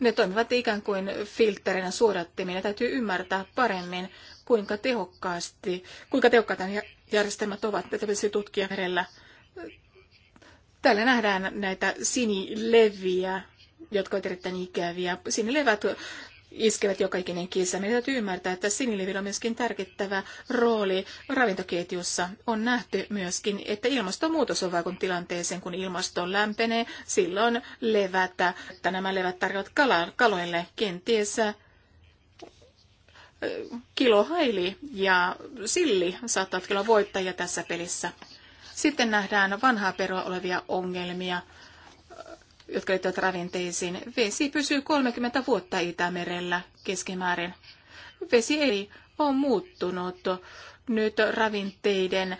Ne toimivat ikään kuin filtterinä suodattimina. Täytyy ymmärtää paremmin, kuinka tehokkaasti, kuinka tehokkaita järjestelmät ovat, että tutkia merellä Täällä nähdään näitä sinileviä, jotka ovat erittäin ikäviä. Sinilevät iskevät joka ikinen kissa. Meidän täytyy ymmärtää, että sinilevillä on myöskin tärkettävä rooli ravintoketjussa. On nähty myöskin, että ilmastonmuutos on vaikun tilanteeseen, kun ilmasto lämpenee. Silloin levätä, että nämä levät tarjoavat kala, kaloille kenties kilohaili ja silli saattaa kyllä voittajia tässä pelissä. Sitten nähdään vanhaa perua olevia ongelmia, jotka liittyvät ravinteisiin. Vesi pysyy 30 vuotta Itämerellä keskimäärin. Vesi ei on muuttunut nyt ravinteiden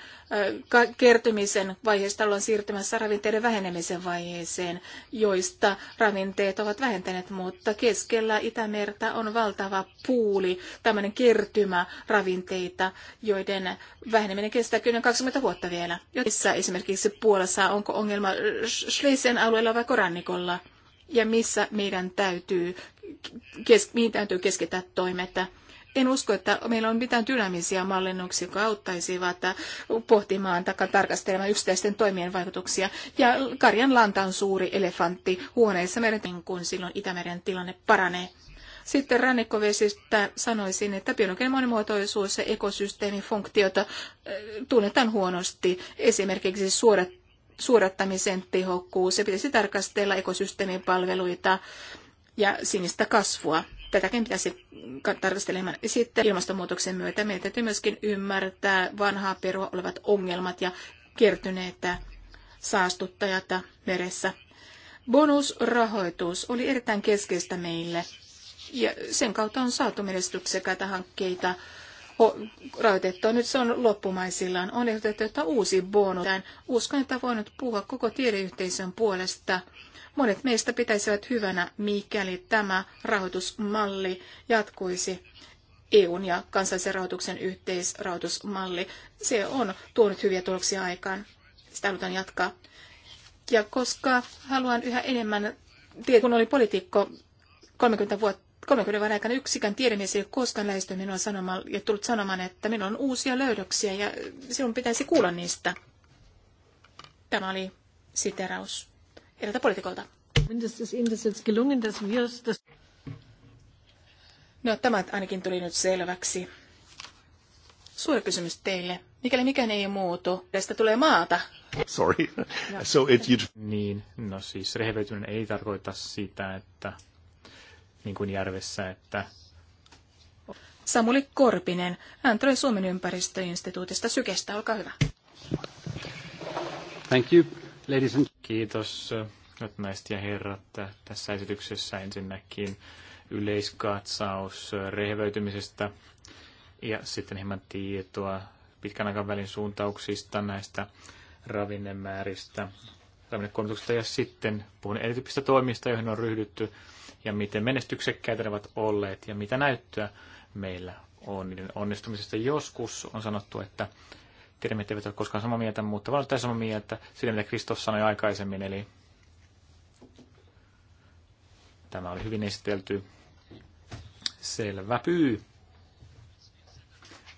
kertymisen vaiheesta ollaan siirtymässä ravinteiden vähenemisen vaiheeseen, joista ravinteet ovat vähentäneet, mutta keskellä Itämertä on valtava puuli, tämmöinen kertymä ravinteita, joiden väheneminen kestää kyllä 20 vuotta vielä. Missä esimerkiksi Puolassa onko ongelma Schleisen alueella vai korannikolla? Ja missä meidän täytyy, kes, mihin täytyy keskittää toimetta? En usko, että meillä on mitään dynaamisia mallinnuksia, jotka auttaisivat pohtimaan tai tarkastelemaan yksittäisten toimien vaikutuksia. Ja karjan lanta on suuri elefantti huoneessa meren, niin kun silloin Itämeren tilanne paranee. Sitten rannikkovesistä sanoisin, että biologinen monimuotoisuus ja ekosysteemin funktiota äh, tunnetaan huonosti. Esimerkiksi suorat, suorattamisen tehokkuus, se pitäisi tarkastella ekosysteemin palveluita ja sinistä kasvua. Tätäkin pitäisi tarkastelemaan. Sitten ilmastonmuutoksen myötä meidän täytyy myöskin ymmärtää vanhaa perua olevat ongelmat ja kertyneitä saastuttajat meressä. Bonusrahoitus oli erittäin keskeistä meille ja sen kautta on saatu menestyksekäitä hankkeita rahoitettua. Nyt se on loppumaisillaan. On ehdotettu, että uusi bonus. Uskon, että voin nyt puhua koko tiedeyhteisön puolesta – Monet meistä pitäisivät hyvänä, mikäli tämä rahoitusmalli jatkuisi EUn ja kansallisen rahoituksen yhteisrahoitusmalli. Se on tuonut hyviä tuloksia aikaan. Sitä halutaan jatkaa. Ja koska haluan yhä enemmän, kun oli poliitikko 30 vuotta, 30 vuoden aikana yksikään tiedemies ei ole koskaan lähestynyt minua sanomaan ja tullut sanomaan, että minulla on uusia löydöksiä ja sinun pitäisi kuulla niistä. Tämä oli siteraus eriltä poliitikolta. No tämä ainakin tuli nyt selväksi. Suuri kysymys teille. Mikäli mikään ei muutu, tästä tulee maata. Sorry. so it you... Niin, no siis rehevöityminen ei tarkoita sitä, että niin kuin järvessä, että... Samuli Korpinen, hän tulee Suomen ympäristöinstituutista Sykestä, olkaa hyvä. Thank you. Ladies and... Kiitos, hyvät naiset ja herrat. Tässä esityksessä ensinnäkin yleiskatsaus rehevöitymisestä ja sitten hieman tietoa pitkän aikavälin suuntauksista näistä ravinnemääristä, ravinnekuormituksesta ja sitten puhun erityyppisistä toimista, joihin on ryhdytty ja miten menestyksekkäitä ne ovat olleet ja mitä näyttöä meillä on niiden onnistumisesta. Joskus on sanottu, että Tiedämme, että eivät ole koskaan samaa mieltä, mutta vaan tässä samaa mieltä sitä, mitä Kristus sanoi aikaisemmin. Eli tämä oli hyvin esitelty. Selvä pyy.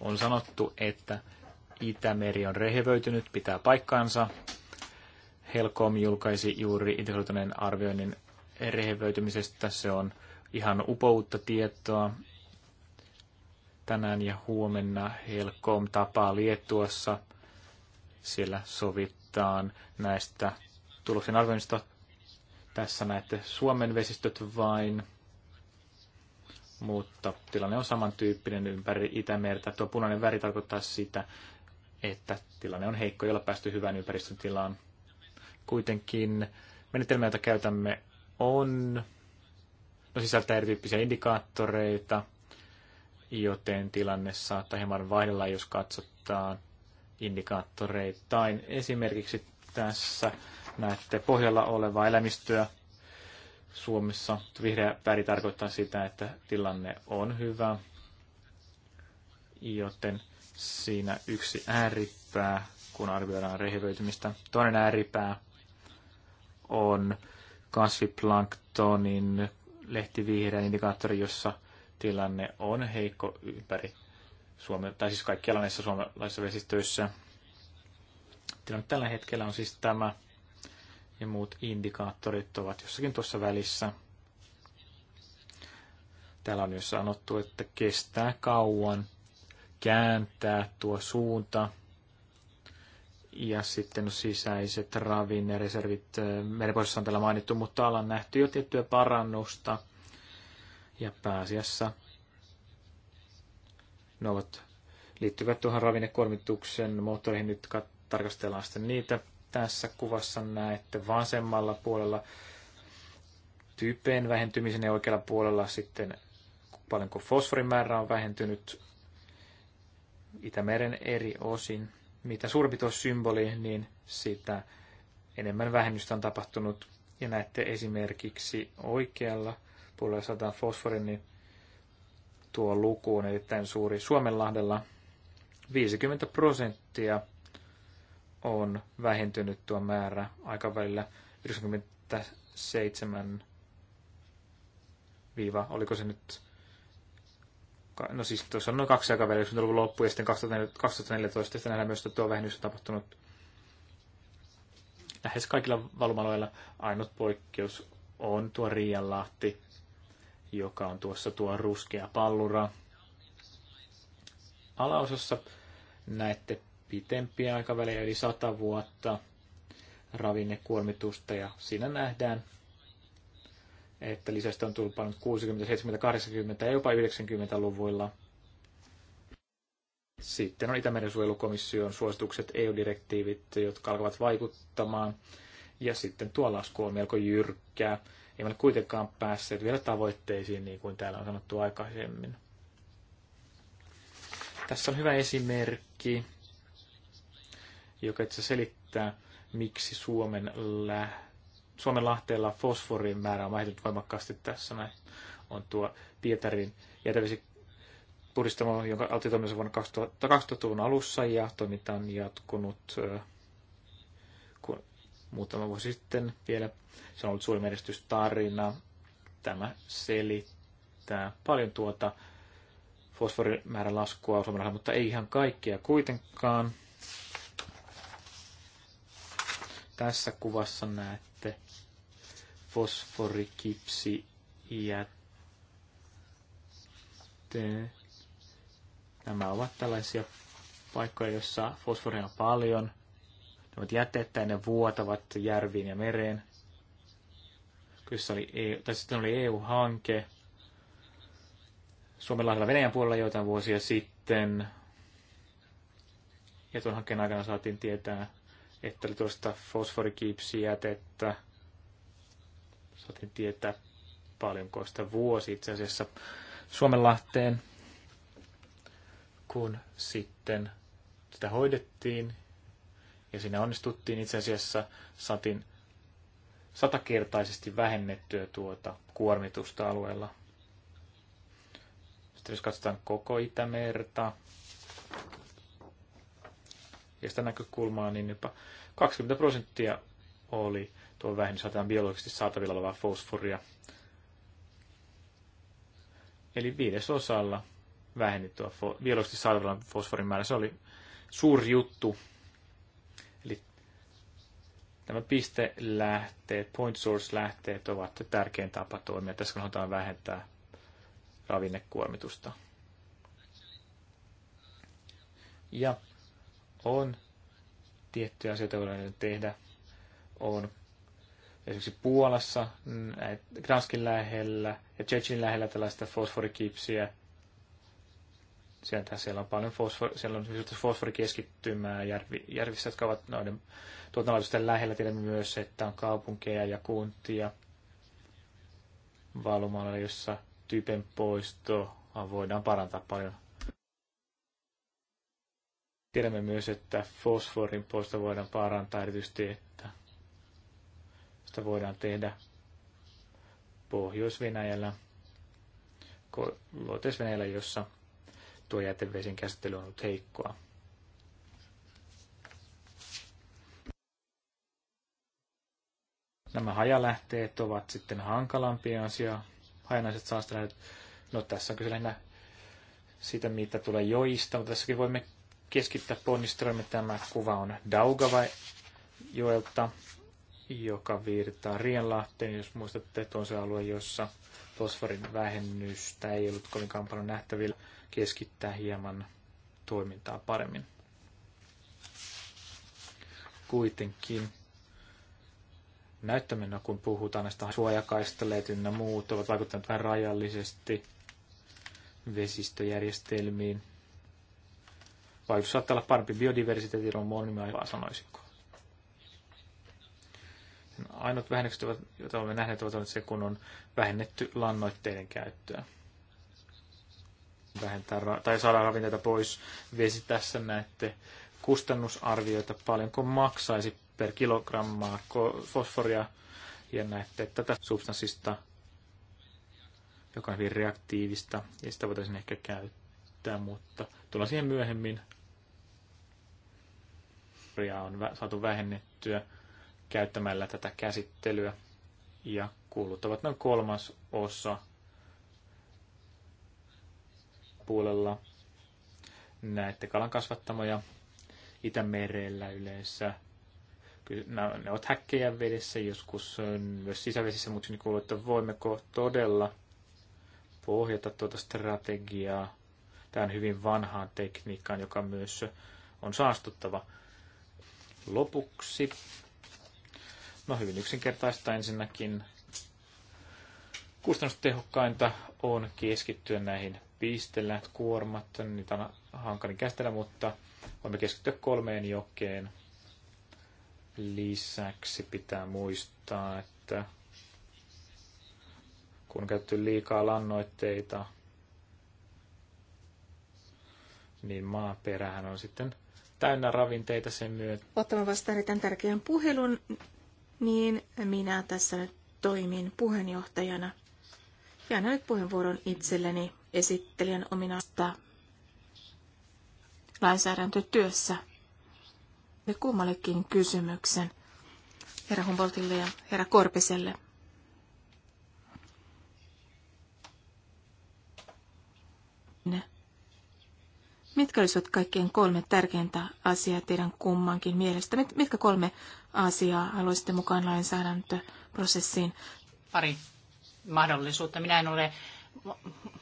On sanottu, että Itämeri on rehevöitynyt, pitää paikkaansa. Helcom julkaisi juuri integroituneen arvioinnin rehevöitymisestä. Se on ihan upoutta tietoa tänään ja huomenna Helkom tapaa Liettuassa. Siellä sovitaan näistä tuloksen arvioinnista. Tässä näette Suomen vesistöt vain, mutta tilanne on samantyyppinen ympäri Itämertä. Tuo punainen väri tarkoittaa sitä, että tilanne on heikko, jolla päästy hyvään ympäristön tilaan. Kuitenkin menetelmä, jota käytämme, on, no sisältää erityyppisiä indikaattoreita – joten tilanne saattaa hieman vaihdella, jos katsotaan indikaattoreittain. Esimerkiksi tässä näette pohjalla olevaa elämistöä Suomessa. Vihreä väri tarkoittaa sitä, että tilanne on hyvä, joten siinä yksi ääripää, kun arvioidaan rehevöitymistä. Toinen ääripää on kasviplanktonin lehtivihreän indikaattori, jossa tilanne on heikko ympäri Suomen, tai siis kaikkialla näissä suomalaisissa vesistöissä. Tilanne tällä hetkellä on siis tämä, ja muut indikaattorit ovat jossakin tuossa välissä. Täällä on jo sanottu, että kestää kauan kääntää tuo suunta, ja sitten sisäiset ravinnereservit meripohjassa on täällä mainittu, mutta ollaan nähty jo tiettyä parannusta – ja pääasiassa ne ovat, liittyvät tuohon ravinnekuormituksen moottoreihin. Nyt tarkastellaan sitten niitä. Tässä kuvassa näette vasemmalla puolella tyypeen vähentymisen ja oikealla puolella sitten paljonko fosforin määrä on vähentynyt Itämeren eri osin. Mitä suurempi tuo symboli, niin sitä enemmän vähennystä on tapahtunut. Ja näette esimerkiksi oikealla puolella sataan fosforin, niin tuo luku on erittäin suuri. Suomenlahdella 50 prosenttia on vähentynyt tuo määrä aikavälillä 97 viiva, oliko se nyt, no siis tuossa on noin kaksi aikavälillä, on luvun loppu ja sitten 2014, sitten nähdään myös, että tuo vähennys on tapahtunut lähes kaikilla valumaloilla. Ainut poikkeus on tuo Riianlahti, joka on tuossa tuo ruskea pallura. Alaosassa näette pitempiä aikavälejä, yli 100 vuotta ravinnekuormitusta ja siinä nähdään, että lisästä on tullut paljon 60, 70, 80 ja jopa 90-luvuilla. Sitten on Itämeren suojelukomission suositukset, EU-direktiivit, jotka alkavat vaikuttamaan. Ja sitten tuo lasku on melko jyrkkää eivät ole kuitenkaan päässeet vielä tavoitteisiin, niin kuin täällä on sanottu aikaisemmin. Tässä on hyvä esimerkki, joka itse selittää, miksi Suomen, lä- Suomen lahteella fosforin määrä on vähentynyt voimakkaasti tässä. Näin on tuo Pietarin jätevesi puristamo, jonka alti toimintansa vuonna 2000-luvun alussa ja toiminta on jatkunut muutama vuosi sitten vielä. Se on ollut suuri menestystarina. Tämä selittää paljon tuota fosforimäärän laskua Suomen mutta ei ihan kaikkea kuitenkaan. Tässä kuvassa näette fosforikipsi ja Nämä ovat tällaisia paikkoja, joissa fosforia on paljon – ovat jätteet ja ne vuotavat järviin ja mereen. Kyllä oli EU, tai sitten oli EU-hanke Suomenlahdella Venäjän puolella joitain vuosia sitten. Ja tuon hankkeen aikana saatiin tietää, että oli tuosta fosforikiipsijätettä. Saatiin tietää paljonko sitä vuosi itse asiassa Suomenlahteen, kun sitten sitä hoidettiin ja siinä onnistuttiin itse asiassa satin satakertaisesti vähennettyä tuota kuormitusta alueella. Sitten jos katsotaan koko Itämerta, ja sitä näkökulmaa, niin jopa 20 prosenttia oli tuo vähennys saatetaan biologisesti saatavilla olevaa fosforia. Eli viidesosalla vähennettyä biologisesti saatavilla fosforin määrä. Se oli suuri juttu nämä pistelähteet, point source-lähteet ovat tärkein tapa toimia tässä, kun halutaan vähentää ravinnekuormitusta. Ja on tiettyjä asioita, joita voidaan tehdä. On esimerkiksi Puolassa, mm, Granskin lähellä ja Tsechin lähellä tällaista fosforikipsiä, Sieltä siellä on paljon fosfor, siellä on siis fosforikeskittymää järvi, järvissä, jotka ovat noiden tuotantolaitosten lähellä. Tiedämme myös, että on kaupunkeja ja kuntia valumalla, jossa typen poisto voidaan parantaa paljon. Tiedämme myös, että fosforin poisto voidaan parantaa erityisesti, että sitä voidaan tehdä Pohjois-Venäjällä, Luoteis-Venäjällä, jossa tuo jätevesien käsittely on ollut heikkoa. Nämä hajalähteet ovat sitten hankalampia asia. Hajanaiset saastelähdet, no tässä on kyllä siitä, mitä tulee joista, mutta tässäkin voimme keskittää ponnistelemme. Tämä kuva on Daugava joelta, joka virtaa Rienlahteen, jos muistatte, että on se alue, jossa fosforin vähennystä ei ollut kovinkaan paljon nähtävillä keskittää hieman toimintaa paremmin. Kuitenkin näyttäminen, kun puhutaan näistä suojakaistaleet ynnä muut, ovat vaikuttaneet vähän rajallisesti vesistöjärjestelmiin. Vaikutus saattaa olla parempi biodiversiteetin on monimaivaa, sanoisinko. Ainut vähennykset, joita olemme nähneet, ovat se, kun on vähennetty lannoitteiden käyttöä vähentää tai saada ravinteita pois. Viesi tässä näette kustannusarvioita, paljonko maksaisi per kilogrammaa fosforia ja näette tätä substanssista, joka on hyvin reaktiivista ja sitä voitaisiin ehkä käyttää, mutta tullaan siihen myöhemmin. Fosforia on saatu vähennettyä käyttämällä tätä käsittelyä ja kuuluttavat noin kolmas osa puolella näette kalan kasvattamoja Itämerellä yleensä. Kyllä, ne ovat häkkejä vedessä, joskus myös sisävesissä, mutta niin kuuluu, että voimmeko todella pohjata tuota strategiaa tähän hyvin vanhaan tekniikkaan, joka myös on saastuttava. Lopuksi, no hyvin yksinkertaista ensinnäkin, kustannustehokkainta on keskittyä näihin piistellä kuormat, niitä on hankalin käsitellä, mutta voimme keskittyä kolmeen jokeen. Lisäksi pitää muistaa, että kun käytetty liikaa lannoitteita, niin maaperähän on sitten täynnä ravinteita sen myötä. Ottamaan vastaan tämän tärkeän puhelun, niin minä tässä nyt toimin puheenjohtajana. Ja annan nyt puheenvuoron itselleni esittelijän ominaista lainsäädäntötyössä. Ja kummallekin kysymyksen herra Humboldtille ja herra Korpiselle. Mitkä olisivat kaikkien kolme tärkeintä asiaa teidän kummankin mielestä? Mit, mitkä kolme asiaa haluaisitte mukaan lainsäädäntöprosessiin? Pari mahdollisuutta. Minä en ole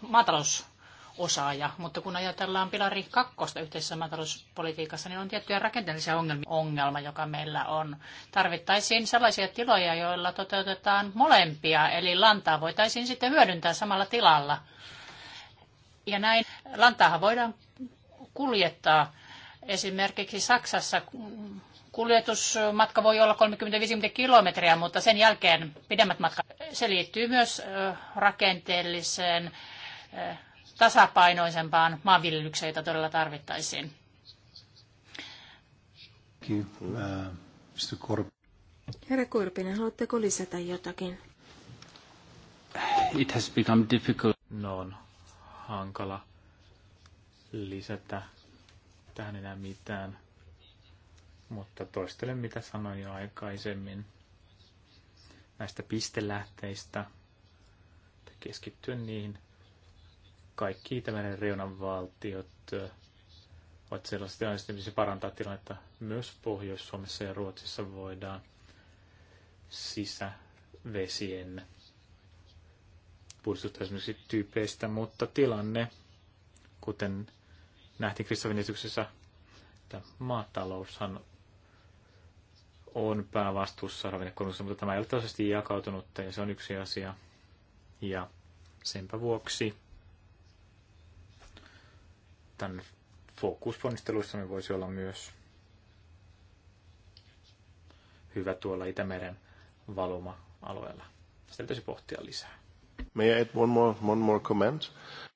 maatalousosaaja, mutta kun ajatellaan pilari kakkosta yhteisessä maatalouspolitiikassa, niin on tiettyjä rakenteellisia ongelmia, ongelma, joka meillä on. Tarvittaisiin sellaisia tiloja, joilla toteutetaan molempia, eli lantaa voitaisiin sitten hyödyntää samalla tilalla. Ja näin lantaahan voidaan kuljettaa esimerkiksi Saksassa kuljetusmatka voi olla 30-50 kilometriä, mutta sen jälkeen pidemmät matkat. Se liittyy myös rakenteelliseen tasapainoisempaan maanviljelykseen, jota todella tarvittaisiin. Herra Kurpinen, haluatteko lisätä jotakin? It has become difficult. No on hankala lisätä tähän enää mitään, mutta toistelen mitä sanoin jo aikaisemmin näistä pistelähteistä, keskittyen niihin kaikki Itämeren reunanvaltiot ovat sellaiset tilanteet, missä parantaa tilannetta myös Pohjois-Suomessa ja Ruotsissa voidaan sisävesien puhdistuttaa esimerkiksi tyypeistä, mutta tilanne, kuten nähtiin Kristofin esityksessä, että maataloushan on päävastuussa ravinnekuormituksesta, mutta tämä ei ole jakautunut ja se on yksi asia. Ja senpä vuoksi tämän me voisi olla myös hyvä tuolla Itämeren valuma-alueella. Sitä pitäisi pohtia lisää. May I add one more, one more comment?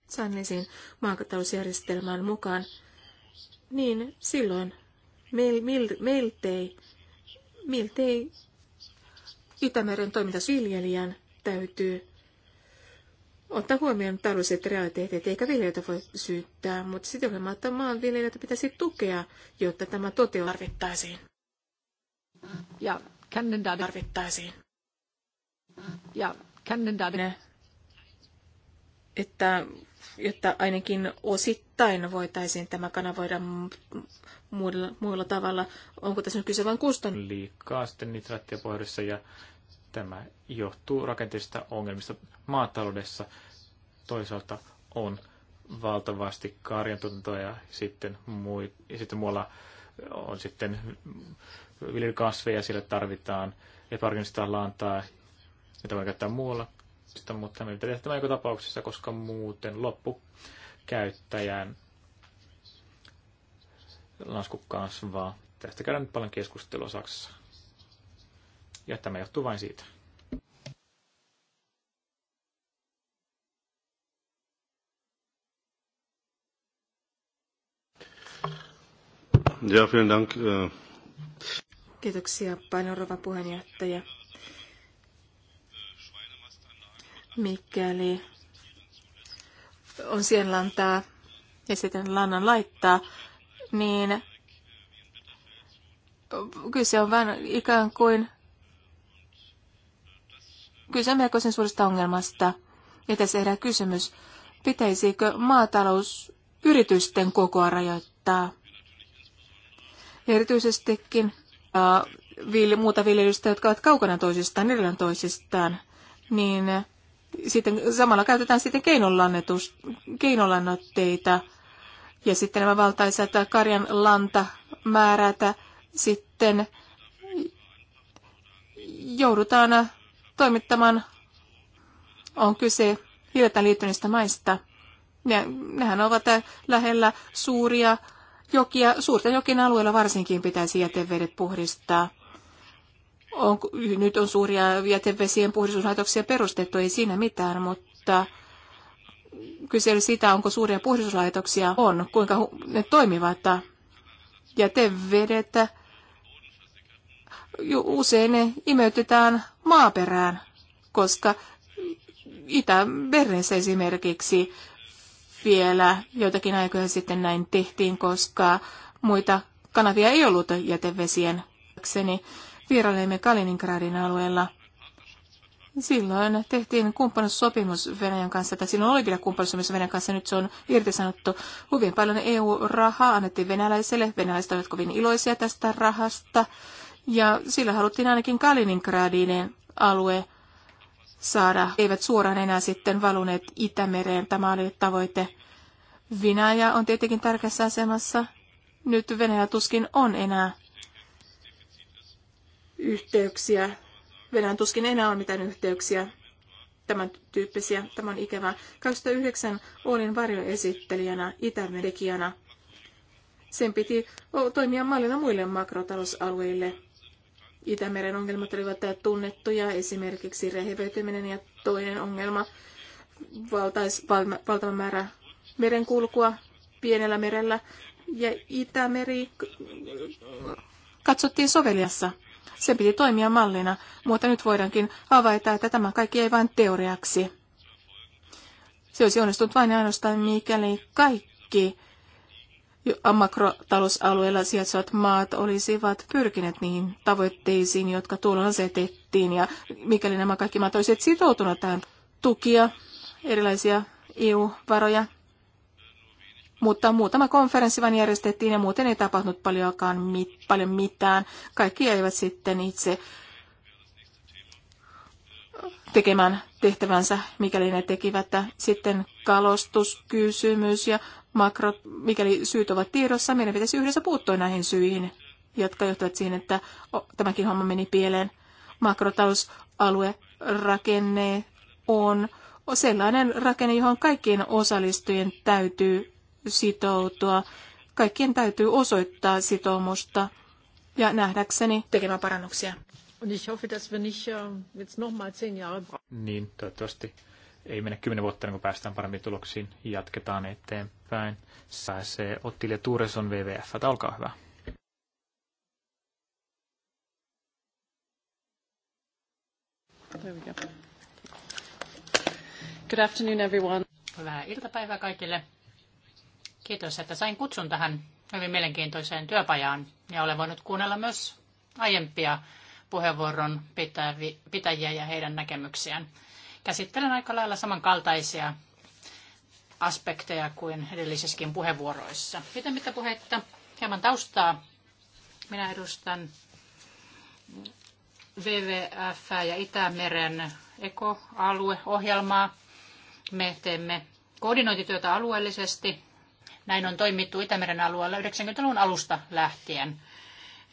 Sannisin maakatausjärjestelmään mukaan, niin silloin meil, mil, miltei, miltei Itämeren toimintasviljelijän täytyy ottaa huomioon taloudelliset realiteetit, eikä viljelijöitä voi syyttää, mutta sitten olematta maanviljelijöitä pitäisi tukea, jotta tämä toteutuu tarvittaisiin. Ja kandidaati tarvittaisiin. Ja kandidaati. Että jotta ainakin osittain voitaisiin tämä kanavoida muilla, muilla tavalla. Onko tässä nyt kyse vain kuston? Liikaa sitten nitraattia pohjassa ja tämä johtuu rakenteellisista ongelmista maataloudessa. Toisaalta on valtavasti karjantuntoa ja sitten, mui, ja sitten muualla on sitten viljelykasveja, siellä tarvitaan epäorganista lantaa, mitä voi käyttää muualla. Sitten, mutta me pitää tehdä joka tapauksessa, koska muuten loppu käyttäjän lasku kasvaa. Tästä käydään nyt paljon keskustelua Saksassa. Ja tämä johtuu vain siitä. Ja, vielen Dank. Äh. Kiitoksia paljon, rouva puheenjohtaja. Mikäli on sienlantaa ja sitten lannan laittaa, niin kyse on vähän ikään kuin kyse on melkoisen suurista ongelmasta. Ja tässä herää kysymys, pitäisikö maatalousyritysten kokoa rajoittaa? erityisestikin muuta viljelystä, jotka ovat kaukana toisistaan, erillään toisistaan, niin sitten samalla käytetään sitten keinolannotteita ja sitten nämä valtaiset karjan lanta määrätä sitten joudutaan toimittamaan, on kyse hiljattain liittyneistä maista. Ne, nehän ovat lähellä suuria jokia, suurten jokien alueella varsinkin pitäisi jätevedet puhdistaa. On, nyt on suuria jätevesien puhdistuslaitoksia perustettu, ei siinä mitään, mutta kysely sitä, onko suuria puhdistuslaitoksia on, kuinka ne toimivat. Jätevedet usein ne imeytetään maaperään, koska itä Itämeressä esimerkiksi vielä joitakin aikoja sitten näin tehtiin, koska muita kanavia ei ollut jätevesien kseni. Vierailemme Kaliningradin alueella. Silloin tehtiin kumppanussopimus Venäjän kanssa, tai silloin oli vielä kumppanussopimus Venäjän kanssa, nyt se on irtisanottu. Hyvin paljon EU-rahaa annettiin venäläiselle, venäläiset olivat kovin iloisia tästä rahasta, ja sillä haluttiin ainakin Kaliningradin alue saada, eivät suoraan enää sitten valuneet Itämereen. Tämä oli tavoite. Venäjä on tietenkin tärkeässä asemassa. Nyt Venäjä tuskin on enää yhteyksiä. Venäjän tuskin enää on mitään yhteyksiä tämän tyyppisiä. Tämä on ikävää. 2009 olin varjoesittelijänä itämerikijana. Sen piti toimia mallina muille makrotalousalueille – Itämeren ongelmat olivat tunnettuja, esimerkiksi rehevöityminen ja toinen ongelma, valtais, valtava määrä merenkulkua pienellä merellä. Ja Itämeri katsottiin soveliassa. Sen piti toimia mallina, mutta nyt voidaankin havaita, että tämä kaikki ei vain teoriaksi. Se olisi onnistunut vain ja ainoastaan, mikäli kaikki makrotalousalueella sijaitsevat maat olisivat pyrkineet niihin tavoitteisiin, jotka tuolloin asetettiin, ja mikäli nämä kaikki maat olisivat sitoutuneet tähän tukia, erilaisia EU-varoja, mutta muutama konferenssi vain järjestettiin ja muuten ei tapahtunut paljonkaan mit, paljon mitään. Kaikki jäivät sitten itse tekemään tehtävänsä, mikäli ne tekivät. Sitten kalostuskysymys ja makrot, mikäli syyt ovat tiedossa, meidän pitäisi yhdessä puuttua näihin syihin, jotka johtavat siihen, että tämäkin homma meni pieleen. Makrotalousalue rakenne on sellainen rakenne, johon kaikkien osallistujien täytyy sitoutua. Kaikkien täytyy osoittaa sitoumusta ja nähdäkseni tekemään parannuksia. Ähm, niin, toivottavasti ei mene kymmenen vuotta, niin kun päästään paremmin tuloksiin, jatketaan eteenpäin eteenpäin. se Ottilia Tuureson WWF. Olkaa hyvä. Good afternoon everyone. Hyvää iltapäivää kaikille. Kiitos, että sain kutsun tähän hyvin mielenkiintoiseen työpajaan ja olen voinut kuunnella myös aiempia puheenvuoron pitäjiä ja heidän näkemyksiään. Käsittelen aika lailla samankaltaisia aspekteja kuin edellisissäkin puheenvuoroissa. Mitä mitä puhetta? Hieman taustaa. Minä edustan WWF ja Itämeren ekoalueohjelmaa. Me teemme koordinointityötä alueellisesti. Näin on toimittu Itämeren alueella 90-luvun alusta lähtien.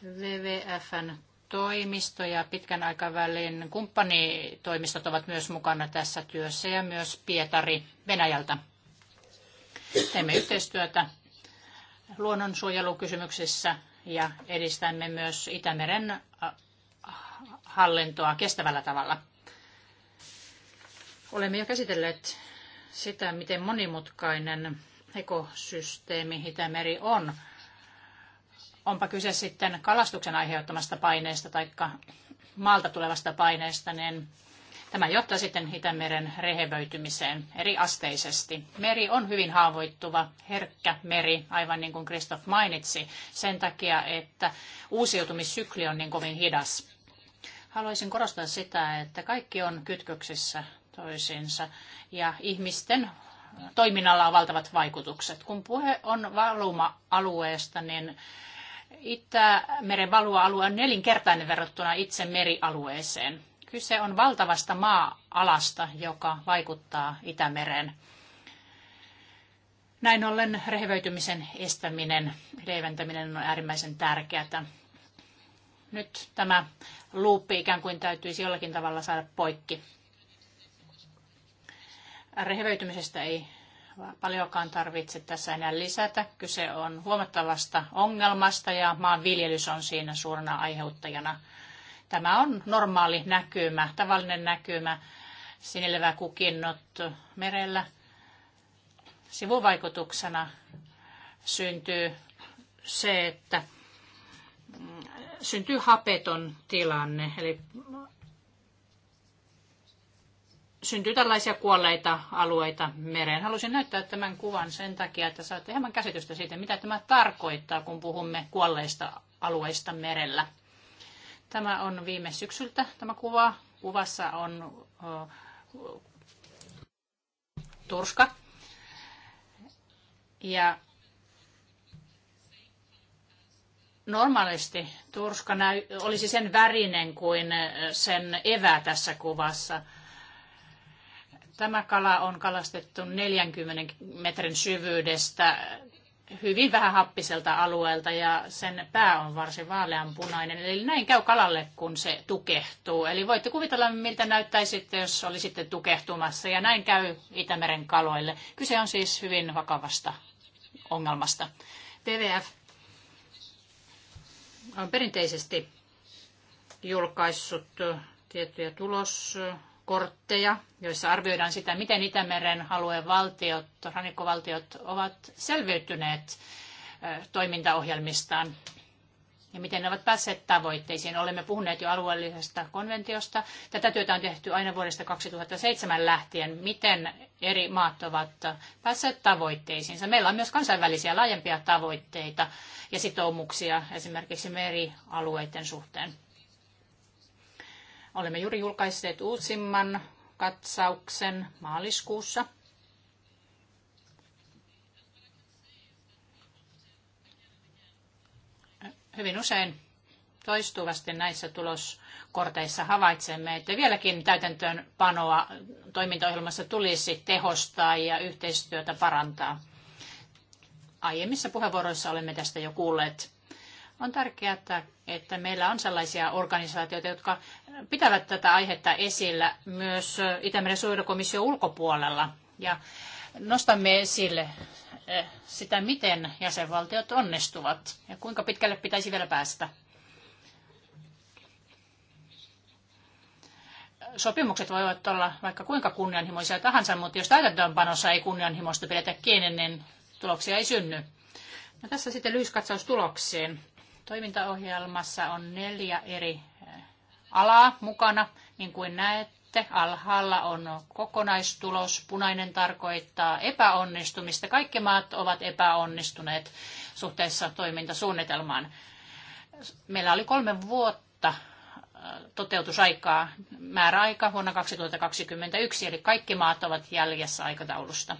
WWFn toimisto ja pitkän aikavälin kumppanitoimistot ovat myös mukana tässä työssä ja myös Pietari Venäjältä. Teemme yhteistyötä luonnonsuojelukysymyksissä ja edistämme myös Itämeren äh, hallintoa kestävällä tavalla. Olemme jo käsitelleet sitä, miten monimutkainen ekosysteemi Itämeri on. Onpa kyse sitten kalastuksen aiheuttamasta paineesta tai maalta tulevasta paineesta, niin Tämä johtaa sitten Itämeren rehevöitymiseen eri asteisesti. Meri on hyvin haavoittuva, herkkä meri, aivan niin kuin Kristoff mainitsi, sen takia, että uusiutumissykli on niin kovin hidas. Haluaisin korostaa sitä, että kaikki on kytköksissä toisiinsa ja ihmisten toiminnalla on valtavat vaikutukset. Kun puhe on valuma-alueesta, niin Itämeren valua-alue on nelinkertainen verrattuna itse merialueeseen. Kyse on valtavasta maa-alasta, joka vaikuttaa Itämeren. Näin ollen rehevöitymisen estäminen, leiventäminen on äärimmäisen tärkeää. Nyt tämä luuppi ikään kuin täytyisi jollakin tavalla saada poikki. Rehevöitymisestä ei paljonkaan tarvitse tässä enää lisätä. Kyse on huomattavasta ongelmasta ja maanviljelys on siinä suurena aiheuttajana. Tämä on normaali näkymä, tavallinen näkymä, sinilevä-kukinnot merellä. Sivuvaikutuksena syntyy se, että syntyy hapeton tilanne, eli syntyy tällaisia kuolleita alueita mereen. Halusin näyttää tämän kuvan sen takia, että saatte hieman käsitystä siitä, mitä tämä tarkoittaa, kun puhumme kuolleista alueista merellä. Tämä on viime syksyltä tämä kuva. Kuvassa on uh, turska. Ja normaalisti turska näy, olisi sen värinen kuin sen evä tässä kuvassa. Tämä kala on kalastettu 40 metrin syvyydestä hyvin vähän happiselta alueelta ja sen pää on varsin vaaleanpunainen. Eli näin käy kalalle, kun se tukehtuu. Eli voitte kuvitella, miltä näyttäisitte, jos olisitte tukehtumassa. Ja näin käy Itämeren kaloille. Kyse on siis hyvin vakavasta ongelmasta. TVF on perinteisesti julkaissut tiettyjä tulos kortteja, joissa arvioidaan sitä, miten Itämeren alueen valtiot, rannikkovaltiot ovat selviytyneet toimintaohjelmistaan ja miten ne ovat päässeet tavoitteisiin. Olemme puhuneet jo alueellisesta konventiosta. Tätä työtä on tehty aina vuodesta 2007 lähtien, miten eri maat ovat päässeet tavoitteisiinsa. Meillä on myös kansainvälisiä laajempia tavoitteita ja sitoumuksia esimerkiksi merialueiden suhteen. Olemme juuri julkaisseet uusimman katsauksen maaliskuussa. Hyvin usein toistuvasti näissä tuloskorteissa havaitsemme, että vieläkin täytäntöönpanoa toimintaohjelmassa tulisi tehostaa ja yhteistyötä parantaa. Aiemmissa puheenvuoroissa olemme tästä jo kuulleet. On tärkeää, että meillä on sellaisia organisaatioita, jotka pitävät tätä aihetta esillä myös Itämeren suojelukomission ulkopuolella. Ja nostamme esille eh, sitä, miten jäsenvaltiot onnistuvat ja kuinka pitkälle pitäisi vielä päästä. Sopimukset voivat olla vaikka kuinka kunnianhimoisia tahansa, mutta jos täytäntöönpanossa ei kunnianhimosta pidetä kiinni, niin tuloksia ei synny. No tässä sitten lyhyskatsaus tulokseen. Toimintaohjelmassa on neljä eri eh, alaa mukana. Niin kuin näette, alhaalla on kokonaistulos. Punainen tarkoittaa epäonnistumista. Kaikki maat ovat epäonnistuneet suhteessa toimintasuunnitelmaan. Meillä oli kolme vuotta eh, toteutusaikaa määräaika vuonna 2021, eli kaikki maat ovat jäljessä aikataulusta.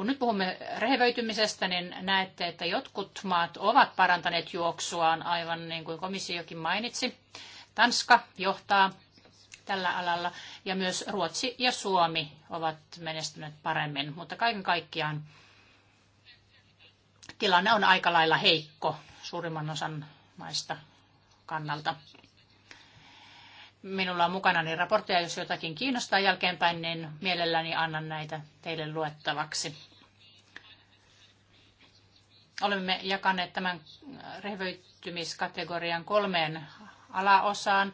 Kun nyt puhumme rehevöitymisestä, niin näette, että jotkut maat ovat parantaneet juoksuaan, aivan niin kuin komissiokin mainitsi. Tanska johtaa tällä alalla ja myös Ruotsi ja Suomi ovat menestyneet paremmin, mutta kaiken kaikkiaan tilanne on aika lailla heikko suurimman osan maista kannalta. Minulla on mukana niin raportteja, jos jotakin kiinnostaa jälkeenpäin, niin mielelläni annan näitä teille luettavaksi. Olemme jakaneet tämän rehevöitymiskategorian kolmeen alaosaan,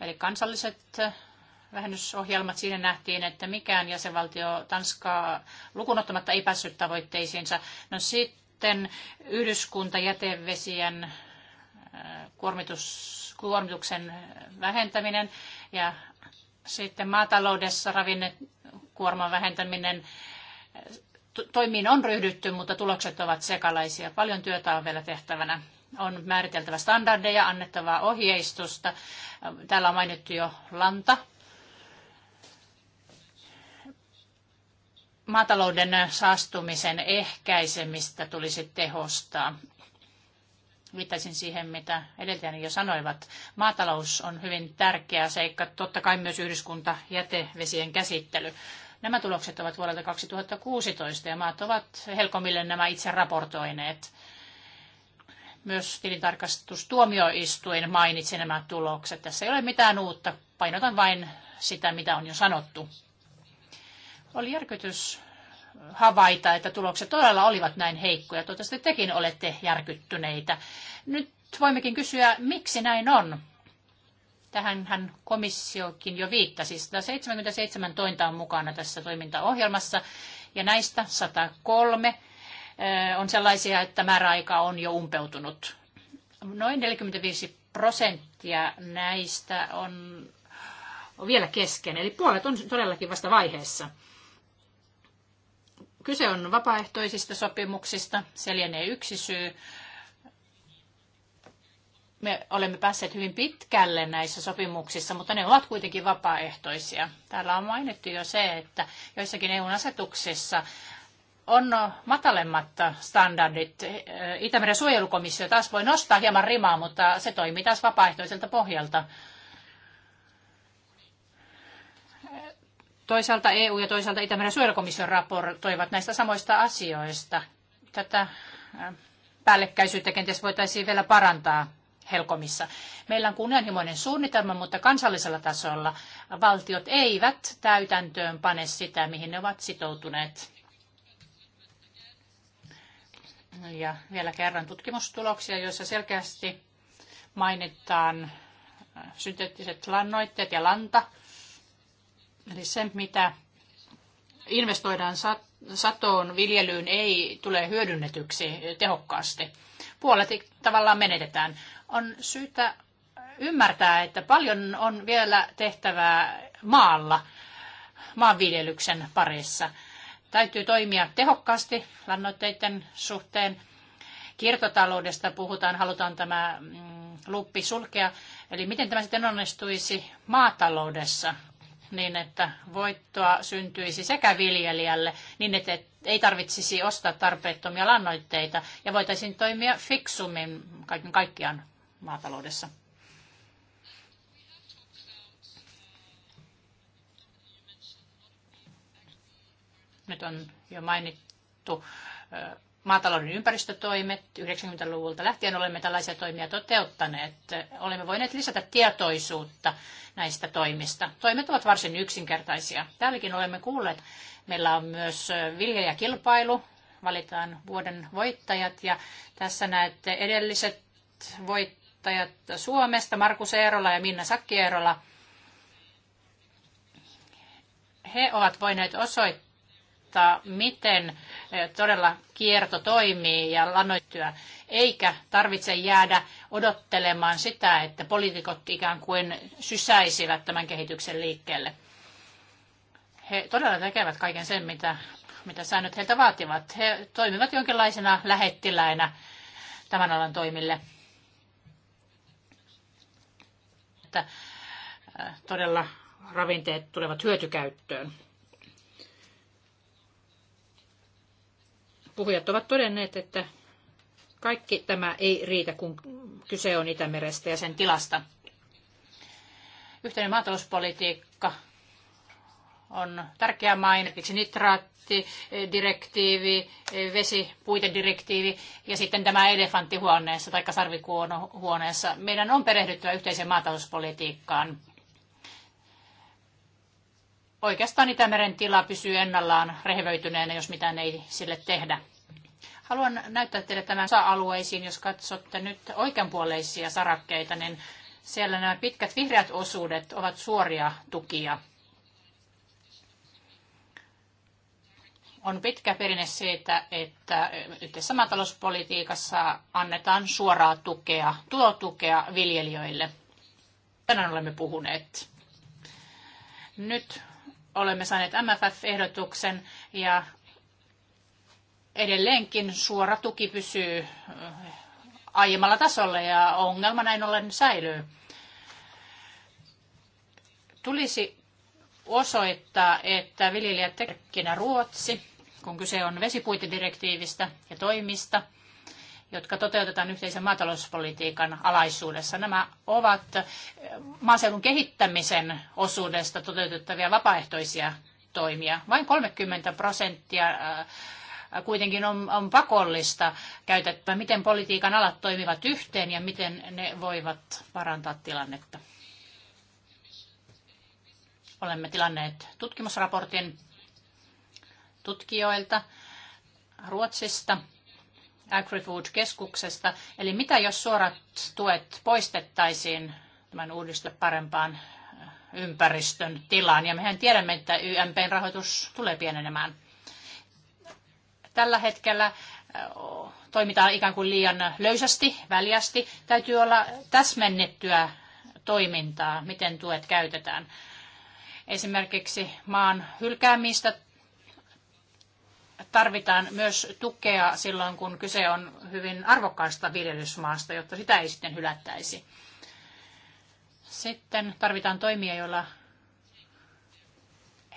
eli kansalliset vähennysohjelmat. Siinä nähtiin, että mikään jäsenvaltio Tanskaa lukunottamatta ei päässyt tavoitteisiinsa. No sitten yhdyskuntajätevesien äh, kuormitus, kuormituksen vähentäminen ja sitten maataloudessa ravinnekuorman vähentäminen toimiin on ryhdytty, mutta tulokset ovat sekalaisia. Paljon työtä on vielä tehtävänä. On määriteltävä standardeja, annettavaa ohjeistusta. Täällä on mainittu jo lanta. Maatalouden saastumisen ehkäisemistä tulisi tehostaa. Viittaisin siihen, mitä edeltäjäni jo sanoivat. Maatalous on hyvin tärkeä seikka, totta kai myös jätevesien käsittely Nämä tulokset ovat vuodelta 2016 ja maat ovat helkomille nämä itse raportoineet. Myös tilintarkastustuomioistuin mainitsi nämä tulokset. Tässä ei ole mitään uutta, painotan vain sitä, mitä on jo sanottu. Oli järkytys havaita, että tulokset todella olivat näin heikkoja. Toivottavasti tekin olette järkyttyneitä. Nyt voimmekin kysyä, miksi näin on hän komissiokin jo viittasi. 177 tointa on mukana tässä toimintaohjelmassa ja näistä 103 eh, on sellaisia, että määräaika on jo umpeutunut. Noin 45 prosenttia näistä on vielä kesken, eli puolet on todellakin vasta vaiheessa. Kyse on vapaaehtoisista sopimuksista, se lienee yksi syy me olemme päässeet hyvin pitkälle näissä sopimuksissa, mutta ne ovat kuitenkin vapaaehtoisia. Täällä on mainittu jo se, että joissakin EU-asetuksissa on matalemmat standardit. Itämeren suojelukomissio taas voi nostaa hieman rimaa, mutta se toimii taas vapaaehtoiselta pohjalta. Toisaalta EU ja toisaalta Itämeren suojelukomission raportoivat näistä samoista asioista. Tätä päällekkäisyyttä kenties voitaisiin vielä parantaa. Helkomissa. Meillä on kunnianhimoinen suunnitelma, mutta kansallisella tasolla valtiot eivät täytäntöön pane sitä, mihin ne ovat sitoutuneet. Ja vielä kerran tutkimustuloksia, joissa selkeästi mainitaan äh, synteettiset lannoitteet ja lanta. Eli se, mitä investoidaan satoon viljelyyn, ei tule hyödynnetyksi tehokkaasti. Puolet tavallaan menetetään. On syytä ymmärtää, että paljon on vielä tehtävää maalla, maanviljelyksen parissa. Täytyy toimia tehokkaasti lannoitteiden suhteen. Kiertotaloudesta puhutaan, halutaan tämä mm, luppi sulkea. Eli miten tämä sitten onnistuisi maataloudessa niin, että voittoa syntyisi sekä viljelijälle niin, että ei tarvitsisi ostaa tarpeettomia lannoitteita ja voitaisiin toimia fiksummin kaiken kaikkiaan maataloudessa. Nyt on jo mainittu maatalouden ympäristötoimet. 90-luvulta lähtien olemme tällaisia toimia toteuttaneet. Olemme voineet lisätä tietoisuutta näistä toimista. Toimet ovat varsin yksinkertaisia. Täälläkin olemme kuulleet, meillä on myös viljelijäkilpailu, valitaan vuoden voittajat ja tässä näette edelliset voittajat johtajat Suomesta, Markus Eerola ja Minna Sakkierola. He ovat voineet osoittaa, miten eh, todella kierto toimii ja lannoittyä, eikä tarvitse jäädä odottelemaan sitä, että poliitikot ikään kuin sysäisivät tämän kehityksen liikkeelle. He todella tekevät kaiken sen, mitä, mitä säännöt heiltä vaativat. He toimivat jonkinlaisena lähettiläinä tämän alan toimille. että todella ravinteet tulevat hyötykäyttöön. Puhujat ovat todenneet, että kaikki tämä ei riitä, kun kyse on Itämerestä ja sen tilasta. Yhteinen maatalouspolitiikka on tärkeä esimerkiksi nitraattidirektiivi, eh, eh, vesipuitedirektiivi ja sitten tämä elefanttihuoneessa tai sarvikuonohuoneessa. Meidän on perehdyttävä yhteiseen maatalouspolitiikkaan. Oikeastaan Itämeren tila pysyy ennallaan rehevöityneenä, jos mitään ei sille tehdä. Haluan näyttää teille tämän osa-alueisiin, jos katsotte nyt oikeanpuoleisia sarakkeita, niin siellä nämä pitkät vihreät osuudet ovat suoria tukia. on pitkä perinne siitä, että yhteisessä maatalouspolitiikassa annetaan suoraa tukea, tulotukea viljelijöille. Tänään olemme puhuneet. Nyt olemme saaneet MFF-ehdotuksen ja edelleenkin suora tuki pysyy eh, aiemmalla tasolla ja ongelma näin ollen säilyy. Tulisi osoittaa, että viljelijät tekkinä Ruotsi kun kyse on vesipuitedirektiivistä ja toimista, jotka toteutetaan yhteisen maatalouspolitiikan alaisuudessa. Nämä ovat maaseudun kehittämisen osuudesta toteutettavia vapaaehtoisia toimia. Vain 30 prosenttia äh, kuitenkin on, on pakollista käytettävä. Miten politiikan alat toimivat yhteen ja miten ne voivat parantaa tilannetta? Olemme tilanneet tutkimusraportin tutkijoilta Ruotsista, AgriFood-keskuksesta. Eli mitä jos suorat tuet poistettaisiin tämän uudistus parempaan ympäristön tilaan? Ja mehän tiedämme, että YMPn rahoitus tulee pienenemään. Tällä hetkellä toimitaan ikään kuin liian löysästi, väljästi. Täytyy olla täsmennettyä toimintaa, miten tuet käytetään. Esimerkiksi maan hylkäämistä tarvitaan myös tukea silloin, kun kyse on hyvin arvokkaasta viljelysmaasta, jotta sitä ei sitten hylättäisi. Sitten tarvitaan toimia, joilla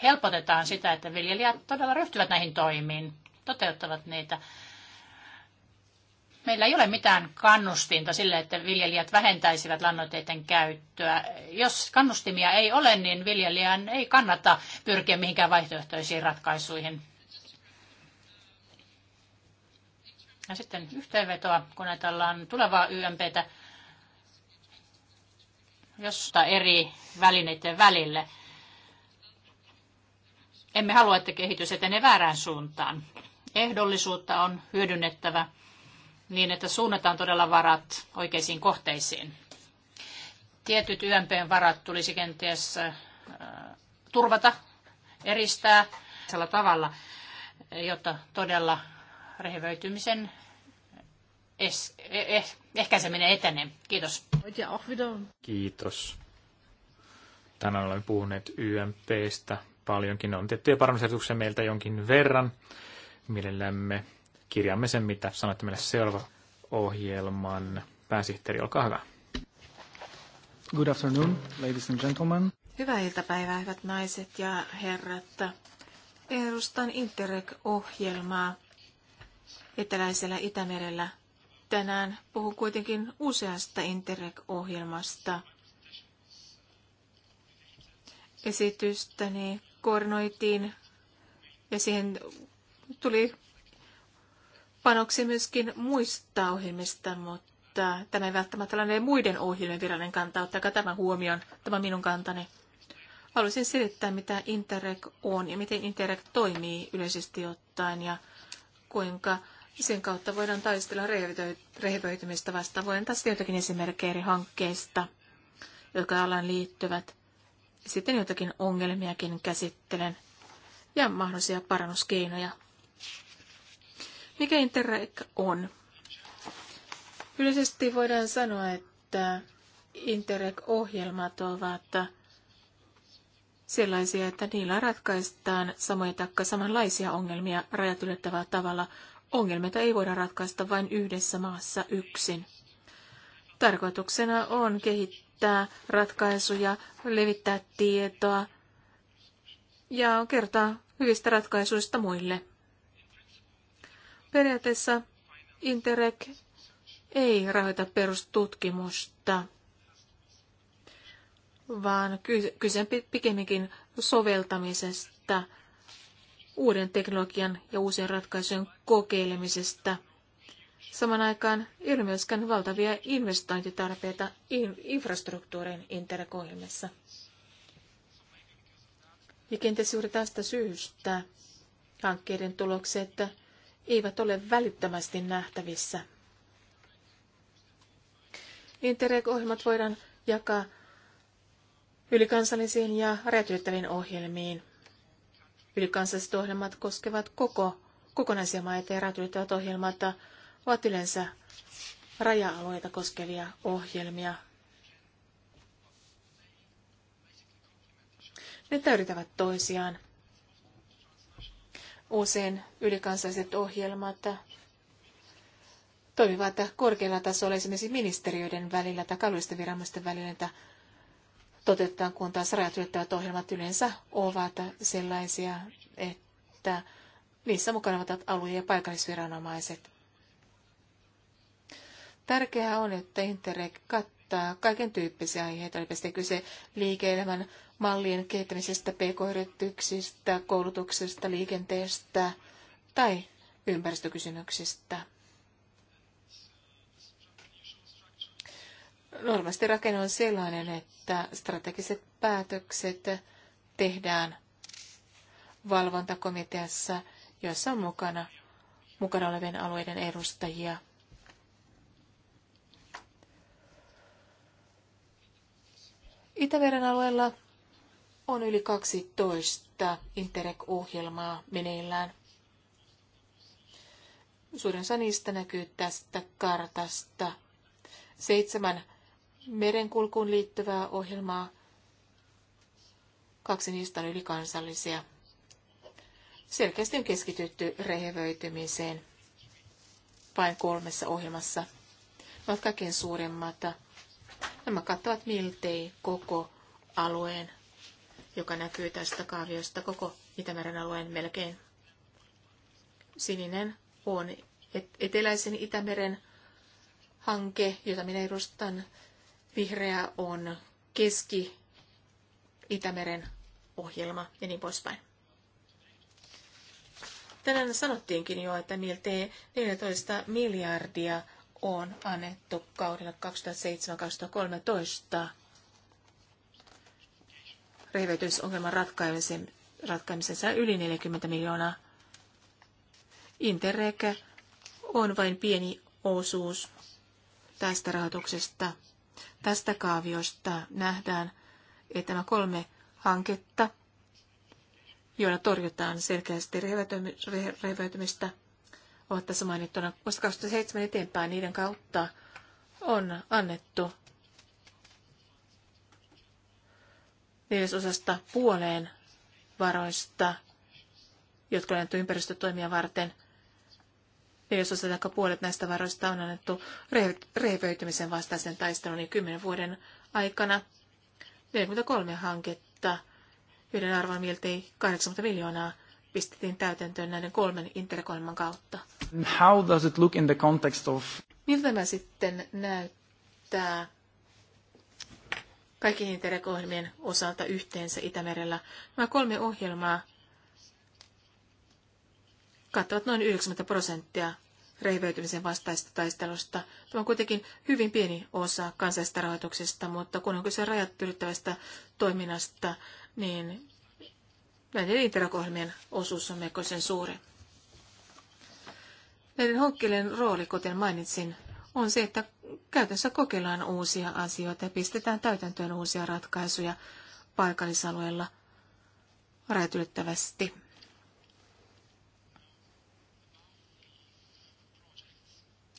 helpotetaan sitä, että viljelijät todella ryhtyvät näihin toimiin, toteuttavat niitä. Meillä ei ole mitään kannustinta sille, että viljelijät vähentäisivät lannoitteiden käyttöä. Jos kannustimia ei ole, niin viljelijän ei kannata pyrkiä mihinkään vaihtoehtoisiin ratkaisuihin. Ja sitten yhteenvetoa, kun ajatellaan tulevaa YMPtä, josta eri välineiden välille. Emme halua, että kehitys etenee väärään suuntaan. Ehdollisuutta on hyödynnettävä niin, että suunnataan todella varat oikeisiin kohteisiin. Tietyt YMPn varat tulisi kenties turvata, eristää tavalla, jotta todella rehevöitymisen es, eh, ehkäiseminen etenee. Kiitos. Kiitos. Tänään olemme puhuneet YMPstä paljonkin. On tiettyjä parannusehdotuksia meiltä jonkin verran. Mielellämme kirjaamme sen, mitä sanoitte meille seuraava ohjelman pääsihteeri. Olkaa hyvä. Good afternoon, ladies and gentlemen. Hyvää iltapäivää, hyvät naiset ja herrat. Edustan Interreg-ohjelmaa eteläisellä Itämerellä. Tänään puhun kuitenkin useasta Interreg-ohjelmasta. Esitystäni koordinoitiin ja siihen tuli panoksi myöskin muista ohjelmista, mutta tämä ei välttämättä ole muiden ohjelmien virallinen kanta. Ottakaa tämä huomioon, tämä minun kantani. Haluaisin selittää, mitä Interreg on ja miten Interreg toimii yleisesti ottaen ja kuinka sen kautta voidaan taistella rehevöitymistä vastaan. Voin tästä jotakin esimerkkejä eri hankkeista, jotka alan liittyvät. Sitten jotakin ongelmiakin käsittelen ja mahdollisia parannuskeinoja. Mikä Interreg on? Yleisesti voidaan sanoa, että Interreg-ohjelmat ovat sellaisia, että niillä ratkaistaan samoja takka samanlaisia ongelmia rajat ylittävällä tavalla. Ongelmia ei voida ratkaista vain yhdessä maassa yksin. Tarkoituksena on kehittää ratkaisuja, levittää tietoa ja kertoa hyvistä ratkaisuista muille. Periaatteessa Interreg ei rahoita perustutkimusta vaan kyse pikemminkin soveltamisesta, uuden teknologian ja uusien ratkaisujen kokeilemisesta. Saman aikaan ei ole myöskään valtavia investointitarpeita infrastruktuurin interkoimessa. Ja kenties juuri tästä syystä hankkeiden tulokset eivät ole välittömästi nähtävissä. Interreg-ohjelmat voidaan jakaa ylikansallisiin ja räätyyttäviin ohjelmiin. Ylikansalliset ohjelmat koskevat koko, kokonaisia maita ja räätyyttävät ohjelmat ovat yleensä raja-alueita koskevia ohjelmia. Ne täydentävät toisiaan. Usein ylikansalliset ohjelmat toimivat korkealla tasolla esimerkiksi ministeriöiden välillä tai kaluisten viranomaisten välillä, toteutetaan, kun taas rajat ylittävät ohjelmat yleensä ovat sellaisia, että niissä mukana ovat alue- ja paikallisviranomaiset. Tärkeää on, että Interreg kattaa kaiken tyyppisiä aiheita, eli sitten kyse liike-elämän mallien kehittämisestä, pk-yrityksistä, koulutuksesta, liikenteestä tai ympäristökysymyksistä. Normaalisti rakenne on sellainen, että strategiset päätökset tehdään valvontakomiteassa, jossa on mukana, mukana olevien alueiden edustajia. Itämeren alueella on yli 12 Interreg-ohjelmaa meneillään. Suurin osa niistä näkyy tästä kartasta. Seitsemän merenkulkuun liittyvää ohjelmaa. Kaksi niistä on ylikansallisia. Selkeästi on keskitytty rehevöitymiseen vain kolmessa ohjelmassa. Ne ovat kaikkein suurimmat. Nämä kattavat miltei koko alueen, joka näkyy tästä kaaviosta koko Itämeren alueen melkein. Sininen on eteläisen Itämeren hanke, jota minä edustan. Vihreä on Keski-Itämeren ohjelma ja niin poispäin. Tänään sanottiinkin jo, että miltei 14 miljardia on annettu kaudella 2007-2013 rehevöitysongelman ratkaimisen, ratkaimisensa yli 40 miljoonaa. Interreg on vain pieni osuus tästä rahoituksesta. Tästä kaaviosta nähdään, että nämä kolme hanketta, joilla torjutaan selkeästi rehevöitymistä, ovat tässä mainittuna. Vuosta 2007 eteenpäin niiden kautta on annettu neljäsosasta puoleen varoista, jotka on annettu ympäristötoimia varten – osa tai puolet näistä varoista on annettu rehevöitymisen vastaisen taistelun niin kymmenen vuoden aikana 43 hanketta, yhden arvon miltei 80 miljoonaa pistettiin täytäntöön näiden kolmen interkoiman kautta. How does it look in the context of... Miltä tämä sitten näyttää kaikkien interkoilmien osalta yhteensä Itämerellä? Nämä kolme ohjelmaa kattavat noin 90 prosenttia rehevöitymisen vastaisesta taistelusta. Tämä on kuitenkin hyvin pieni osa kansallisesta rahoituksesta, mutta kun on kyse rajat ylittävästä toiminnasta, niin näiden interakohjelmien osuus on melkoisen suuri. Näiden hankkeiden rooli, kuten mainitsin, on se, että käytännössä kokeillaan uusia asioita ja pistetään täytäntöön uusia ratkaisuja paikallisalueella rajat ylittävästi.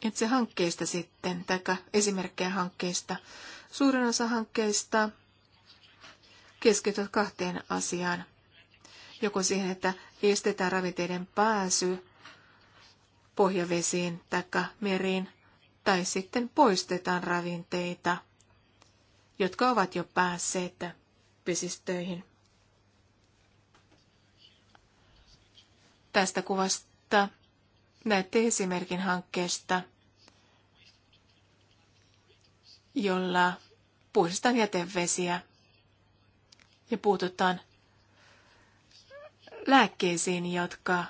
itse hankkeista sitten, tai esimerkkejä hankkeista. Suurin osa hankkeista keskityt kahteen asiaan. Joko siihen, että estetään ravinteiden pääsy pohjavesiin tai meriin, tai sitten poistetaan ravinteita, jotka ovat jo päässeet vesistöihin. Tästä kuvasta näette esimerkin hankkeesta, jolla puhdistetaan jätevesiä ja puututaan lääkkeisiin, jotka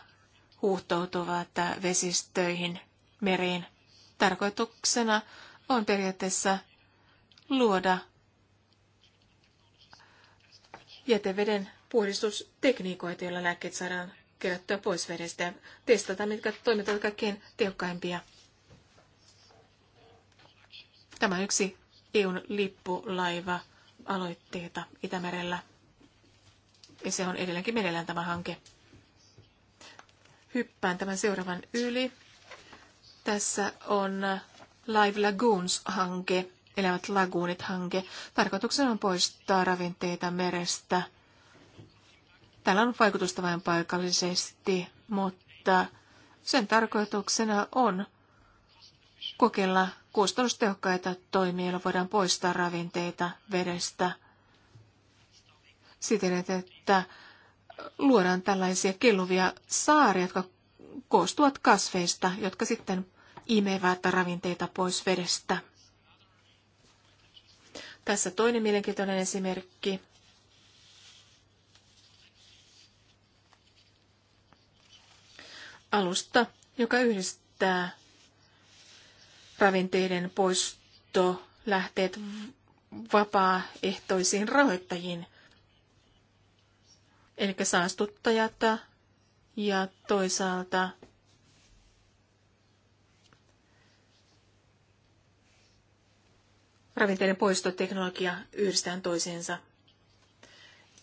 huuhtoutuvat vesistöihin, meriin. Tarkoituksena on periaatteessa luoda jäteveden puhdistustekniikoita, joilla lääkkeet saadaan kerättyä pois vedestä ja testata, mitkä toimivat kaikkein tehokkaimpia. Tämä on yksi EUn lippulaiva aloitteita Itämerellä. Ja se on edelleenkin meneillään tämä hanke. Hyppään tämän seuraavan yli. Tässä on Live Lagoons-hanke, elävät laguunit-hanke. Tarkoituksena on poistaa ravinteita merestä. Tällä on vaikutusta vain paikallisesti, mutta sen tarkoituksena on kokeilla kustannustehokkaita toimia, joilla voidaan poistaa ravinteita vedestä siten, että luodaan tällaisia kelluvia saaria, jotka koostuvat kasveista, jotka sitten imevät ravinteita pois vedestä. Tässä toinen mielenkiintoinen esimerkki. Alusta, joka yhdistää ravinteiden poisto lähteet vapaaehtoisiin rahoittajiin. Eli saastuttajat ja toisaalta ravinteiden poistoteknologia yhdistetään toisiinsa.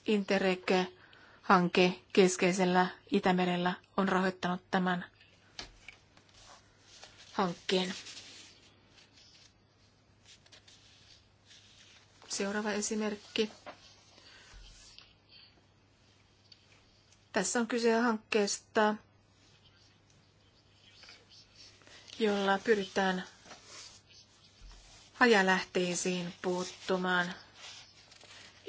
Interreg-hanke keskeisellä Itämerellä on rahoittanut tämän hankkeen. Seuraava esimerkki. Tässä on kyse hankkeesta, jolla pyritään hajalähteisiin puuttumaan.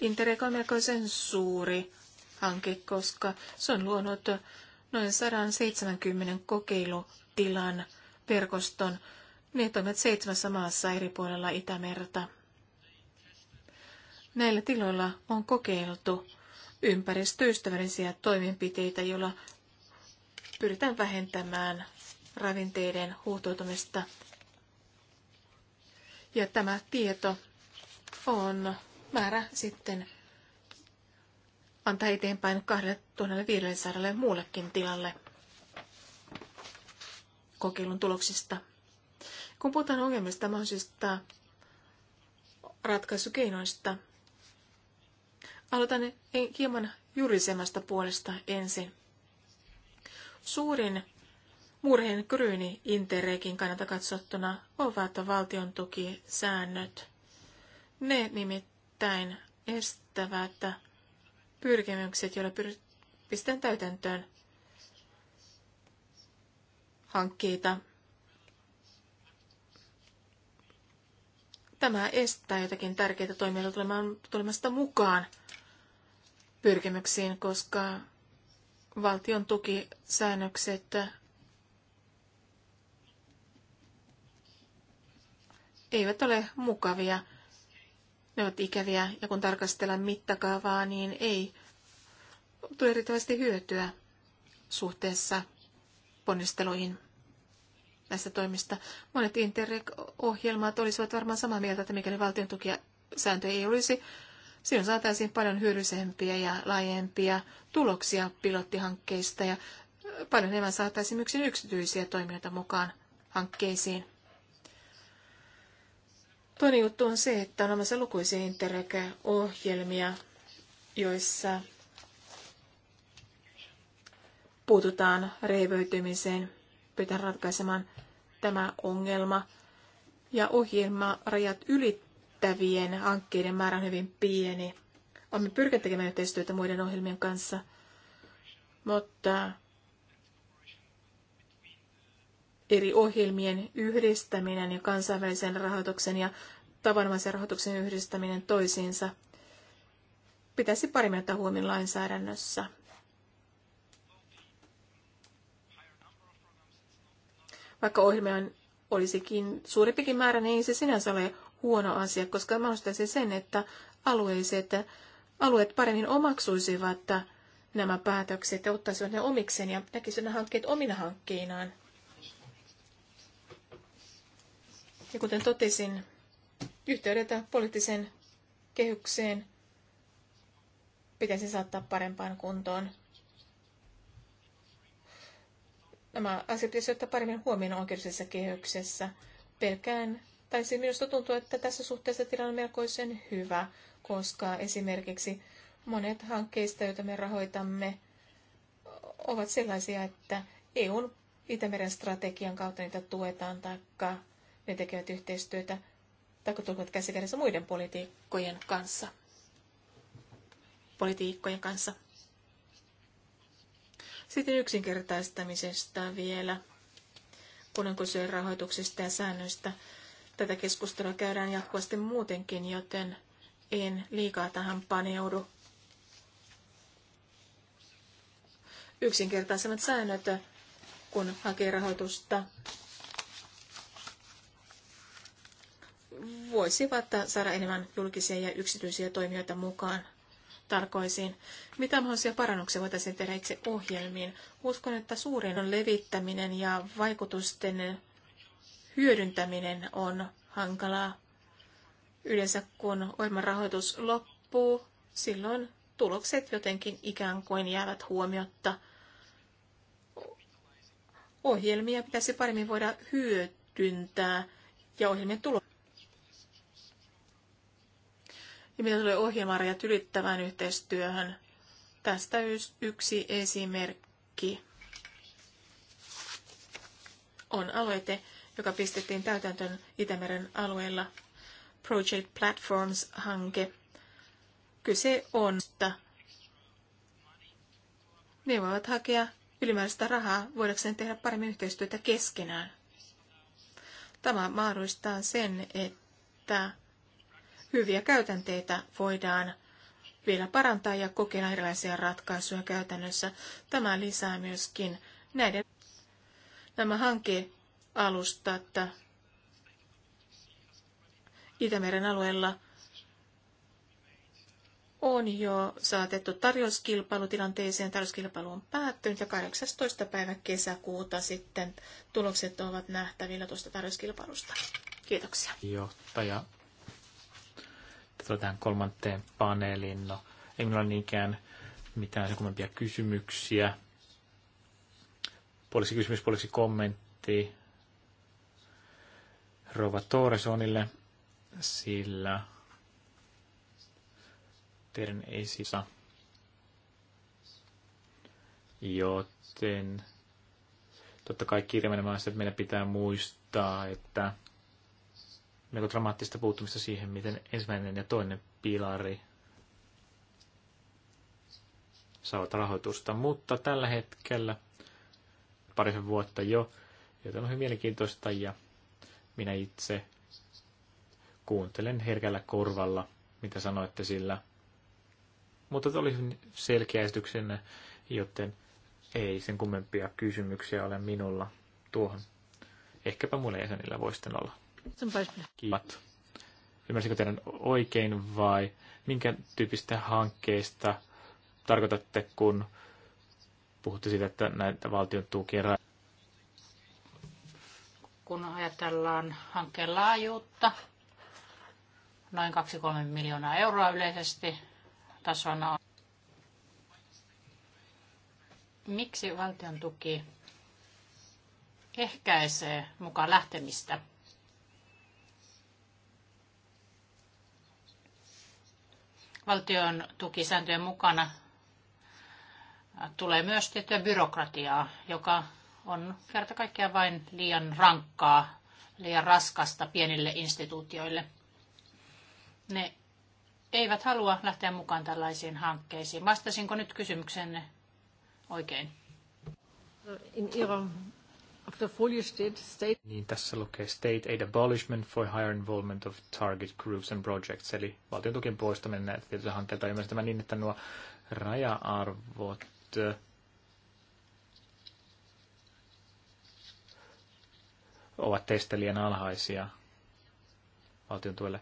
Interreg on melkoisen suuri hanke, koska se on luonut noin 170 kokeilutilan verkoston. Ne toimivat seitsemässä maassa eri puolella Itämerta. Näillä tiloilla on kokeiltu ympäristöystävällisiä toimenpiteitä, joilla pyritään vähentämään ravinteiden huutoutumista. Ja tämä tieto on määrä sitten antaa eteenpäin 2500 muullekin tilalle kokeilun tuloksista. Kun puhutaan ongelmista mahdollisista ratkaisukeinoista, Aloitan hieman jurisemmasta puolesta ensin. Suurin murheen kryyni Interregin kannalta katsottuna ovat valtion tukisäännöt. Ne nimittäin estävät pyrkimykset, joilla pyr- pistetään täytäntöön hankkeita. Tämä estää jotakin tärkeitä toimijoita tulemasta mukaan pyrkimyksiin, koska valtion tukisäännökset eivät ole mukavia. Ne ovat ikäviä ja kun tarkastellaan mittakaavaa, niin ei tule riittävästi hyötyä suhteessa ponnisteluihin näistä toimista. Monet Interreg-ohjelmat olisivat varmaan samaa mieltä, että mikäli valtion tukia sääntöjä ei olisi, Silloin saataisiin paljon hyödyllisempiä ja laajempia tuloksia pilottihankkeista ja paljon enemmän saataisiin myös yksityisiä toimijoita mukaan hankkeisiin. Toinen juttu on se, että on olemassa lukuisia Interreg-ohjelmia, joissa puututaan reivöitymiseen, pyritään ratkaisemaan tämä ongelma. Ja ohjelmarajat ylittävät riittävien hankkeiden määrä on hyvin pieni. Olemme pyrkineet tekemään yhteistyötä muiden ohjelmien kanssa, mutta eri ohjelmien yhdistäminen ja kansainvälisen rahoituksen ja tavanomaisen rahoituksen yhdistäminen toisiinsa pitäisi paremmin ottaa huomioon lainsäädännössä. Vaikka ohjelmia olisikin suurempikin määrä, niin ei se sinänsä ole huono asia, koska mahdollistaisi sen, että alueiset, alueet paremmin omaksuisivat nämä päätökset ja ottaisivat ne omikseen ja näkisivät ne hankkeet omina hankkeinaan. Ja kuten totesin, yhteydet poliittiseen kehykseen pitäisi saattaa parempaan kuntoon. Nämä asiat pitäisi ottaa paremmin huomioon oikeudellisessa kehyksessä. Pelkään tai siis minusta tuntuu, että tässä suhteessa tilanne on melkoisen hyvä, koska esimerkiksi monet hankkeista, joita me rahoitamme, ovat sellaisia, että EUn Itämeren strategian kautta niitä tuetaan, taikka ne tekevät yhteistyötä, taikka tulevat käsikädessä muiden politiikkojen kanssa. Politiikkojen kanssa. Sitten yksinkertaistamisesta vielä, kun on kyse rahoituksesta ja säännöistä. Tätä keskustelua käydään jatkuvasti muutenkin, joten en liikaa tähän paneudu. Yksinkertaisemmat säännöt, kun hakee rahoitusta, voisivat saada enemmän julkisia ja yksityisiä toimijoita mukaan tarkoisiin. Mitä mahdollisia parannuksia voitaisiin tehdä itse ohjelmiin? Uskon, että suurin on levittäminen ja vaikutusten hyödyntäminen on hankalaa. Yleensä kun ohjelman rahoitus loppuu, silloin tulokset jotenkin ikään kuin jäävät huomiotta. Ohjelmia pitäisi paremmin voida hyödyntää ja ohjelmien tulo. Ja mitä tulee ohjelmarajat ylittävään yhteistyöhön, tästä yksi esimerkki on aloite, joka pistettiin täytäntöön Itämeren alueella, Project Platforms-hanke. Kyse on, että ne voivat hakea ylimääräistä rahaa voidakseen tehdä paremmin yhteistyötä keskenään. Tämä mahdollistaa sen, että hyviä käytänteitä voidaan vielä parantaa ja kokeilla erilaisia ratkaisuja käytännössä. Tämä lisää myöskin näiden. Nämä hankkeet alusta, että Itämeren alueella on jo saatettu tarjouskilpailutilanteeseen. Tarjouskilpailu on päättynyt ja 18. päivä kesäkuuta sitten tulokset ovat nähtävillä tuosta tarjouskilpailusta. Kiitoksia. Johtaja. Tulee tähän kolmanteen paneeliin. No, ei minulla ole niinkään mitään kummempia kysymyksiä. Puoliksi kysymys, puoliksi kommentti. Rova Torresonille, sillä teidän esisa, siis joten totta kai kirjaimenemaisesti meidän pitää muistaa, että melko dramaattista puuttumista siihen, miten ensimmäinen ja toinen pilari saavat rahoitusta, mutta tällä hetkellä parisen vuotta jo, joten on hyvin mielenkiintoista ja minä itse kuuntelen herkällä korvalla, mitä sanoitte sillä. Mutta se oli selkeä esityksenne, joten ei sen kummempia kysymyksiä ole minulla tuohon. Ehkäpä muille jäsenillä voi sitten olla. Kiitos. Ymmärsikö teidän oikein vai minkä tyyppistä hankkeista tarkoitatte, kun puhutte siitä, että näitä valtion tukia tarkastellaan hankkeen laajuutta, noin 2-3 miljoonaa euroa yleisesti tasona on. Miksi valtion tuki ehkäisee mukaan lähtemistä? Valtion tukisääntöjen mukana tulee myös tiettyä byrokratiaa, joka on kerta kaikkiaan vain liian rankkaa liian raskasta pienille instituutioille. Ne eivät halua lähteä mukaan tällaisiin hankkeisiin. Vastasinko nyt kysymyksenne oikein? In Iran. state... Niin tässä lukee State Aid Abolishment for Higher Involvement of Target Groups and Projects, eli valtion tukien poistaminen näitä tietyiltä hankkeilta. Ymmärsin tämän niin, että nuo raja-arvot ovat teistä liian alhaisia valtion tuelle.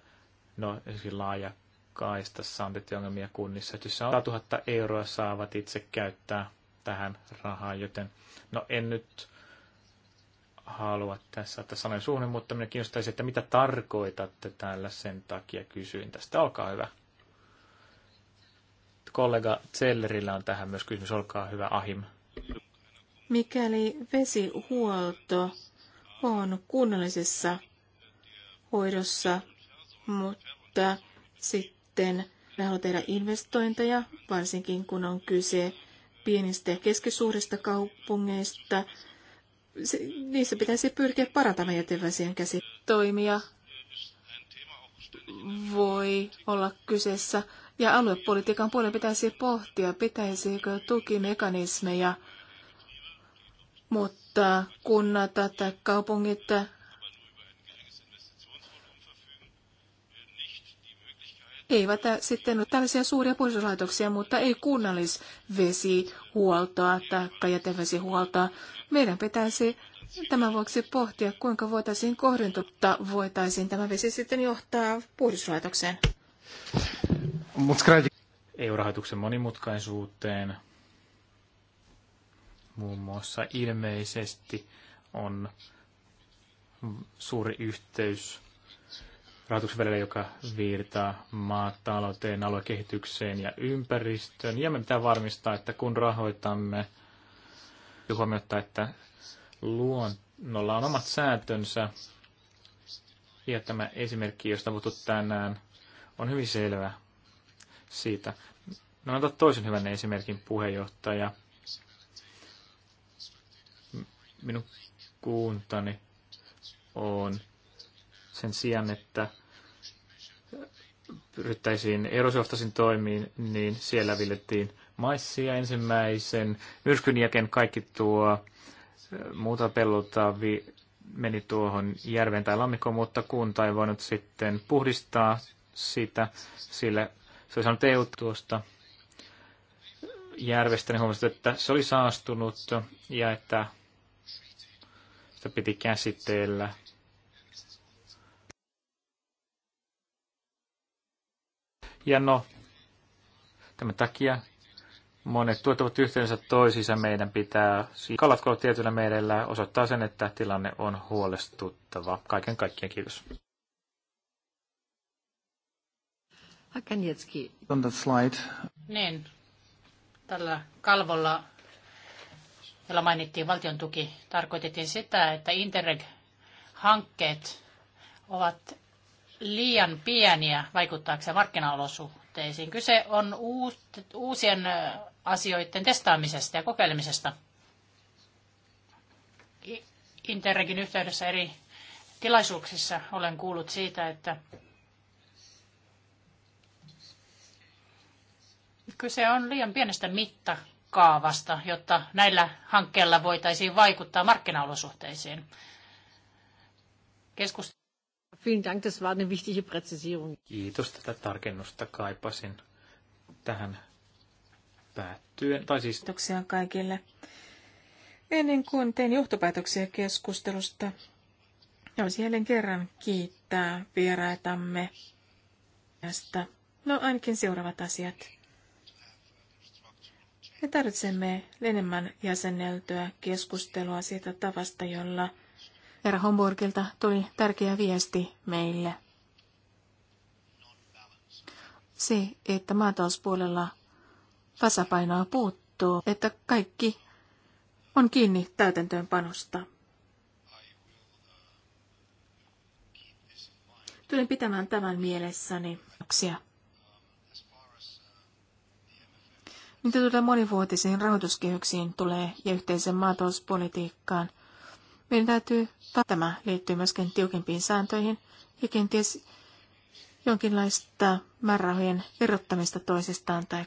No, laaja kaistassa on ongelmia kunnissa. Jos 100 000 euroa saavat itse käyttää tähän rahaa, joten no en nyt halua tässä että sanoin suuhun, mutta minä kiinnostaisin, että mitä tarkoitatte täällä sen takia kysyin tästä. Olkaa hyvä. Kollega Zellerillä on tähän myös kysymys. Olkaa hyvä, Ahim. Mikäli vesihuolto on kunnallisessa hoidossa, mutta sitten me haluamme tehdä investointeja, varsinkin kun on kyse pienistä ja keskisuurista kaupungeista. Se, niissä pitäisi pyrkiä parantamaan jätevesien käsitoimia. Voi olla kyseessä. Ja aluepolitiikan puolella pitäisi pohtia, pitäisikö tukimekanismeja mutta jotta kunnat tai kaupungit eivät sitten ole tällaisia suuria puhdistuslaitoksia, mutta ei kunnallisvesihuoltoa tai jätevesihuoltoa. Meidän pitäisi tämän vuoksi pohtia, kuinka voitaisiin kohdentutta voitaisiin tämä vesi sitten johtaa puhdistuslaitokseen. rahoituksen monimutkaisuuteen muun muassa ilmeisesti on suuri yhteys rahoituksen välillä, joka viirtää maatalouteen, aluekehitykseen ja ympäristöön. Ja me pitää varmistaa, että kun rahoitamme, huomiota, että luonnolla on omat sääntönsä. Ja tämä esimerkki, josta puhuttu tänään, on hyvin selvä siitä. No otan toisen hyvän esimerkin puheenjohtaja minun kuuntani on sen sijaan, että pyrittäisiin erosjohtaisin toimiin, niin siellä viljettiin maissia ensimmäisen myrskyn jälkeen kaikki tuo muuta pellolta vi- meni tuohon järven tai lammikkoon, mutta kunta ei voinut sitten puhdistaa sitä, sillä se oli saanut EU tuosta järvestä, niin huomasi, että se oli saastunut ja että sitä piti käsitellä. Ja no, tämän takia monet tuottavat yhteensä toisiinsa. Meidän pitää siis kalatko tietyllä meidellä osoittaa sen, että tilanne on huolestuttava. Kaiken kaikkiaan kiitos. On that slide. Niin. Tällä kalvolla jolla mainittiin valtion tuki, tarkoitettiin sitä, että Interreg-hankkeet ovat liian pieniä vaikuttaakseen markkinaolosuhteisiin. Kyse on uusien asioiden testaamisesta ja kokeilemisesta. Interregin yhteydessä eri tilaisuuksissa olen kuullut siitä, että kyse on liian pienestä mitta kaavasta, jotta näillä hankkeilla voitaisiin vaikuttaa markkinaolosuhteisiin. Keskust- Vielen Dank, das war eine wichtige Präzisierung. Kiitos, tätä tarkennusta kaipasin tähän päättyen. Tai siis... Kiitoksia kaikille. Ennen kuin teen johtopäätöksiä keskustelusta, haluaisin jälleen kerran kiittää vieraitamme tästä. No ainakin seuraavat asiat. Me tarvitsemme enemmän jäsenneltyä keskustelua siitä tavasta, jolla Herra Homburgilta tuli tärkeä viesti meille. Se, että maatalouspuolella tasapainoa puuttuu, että kaikki on kiinni täytäntöönpanosta. Tulen pitämään tämän mielessäni. Kiitoksia. Mitä tulee monivuotisiin rahoituskehyksiin tulee ja yhteisen maatalouspolitiikkaan, meidän täytyy, tämä liittyy myöskin tiukempiin sääntöihin ja kenties jonkinlaista määrärahojen erottamista toisistaan tai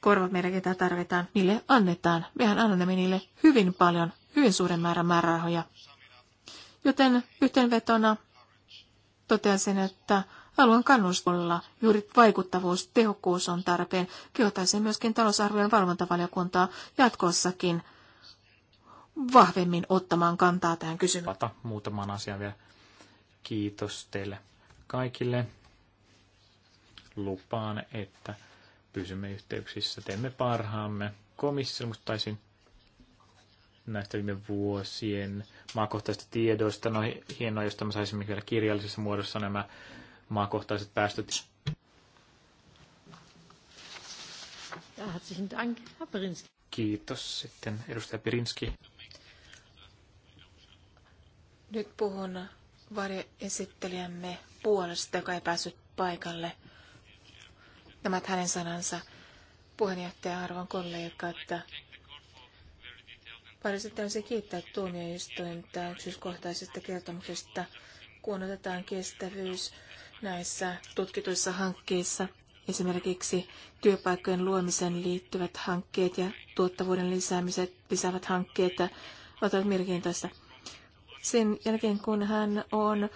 korvat meidän ketä tarvitaan, niille annetaan. Mehän annamme niille hyvin paljon, hyvin suuren määrän määrärahoja. Joten yhteenvetona toteaisin, että Haluan kannustella. Juuri vaikuttavuus, tehokkuus on tarpeen. Kehottaisin myöskin talousarvion valvontavaliokuntaa jatkossakin vahvemmin ottamaan kantaa tähän kysymykseen. Muutaman asian vielä. Kiitos teille kaikille. Lupaan, että pysymme yhteyksissä, teemme parhaamme. Komissio muistaisin näistä viime vuosien maakohtaisista tiedoista. No hienoa, jos me saisimme vielä kirjallisessa muodossa nämä maakohtaiset päästöt. Kiitos. Sitten edustaja Pirinski. Nyt puhun varjoesittelijämme puolesta, joka ei päässyt paikalle. Nämä hänen sanansa puheenjohtaja arvon kollega, että Parissa se kiittää tuomioistuinta yksityiskohtaisesta kertomuksesta, kun otetaan kestävyys näissä tutkituissa hankkeissa, esimerkiksi työpaikkojen luomiseen liittyvät hankkeet ja tuottavuuden lisäämiset, lisäävät hankkeet ovat merkintäistä. Sen jälkeen, kun hän on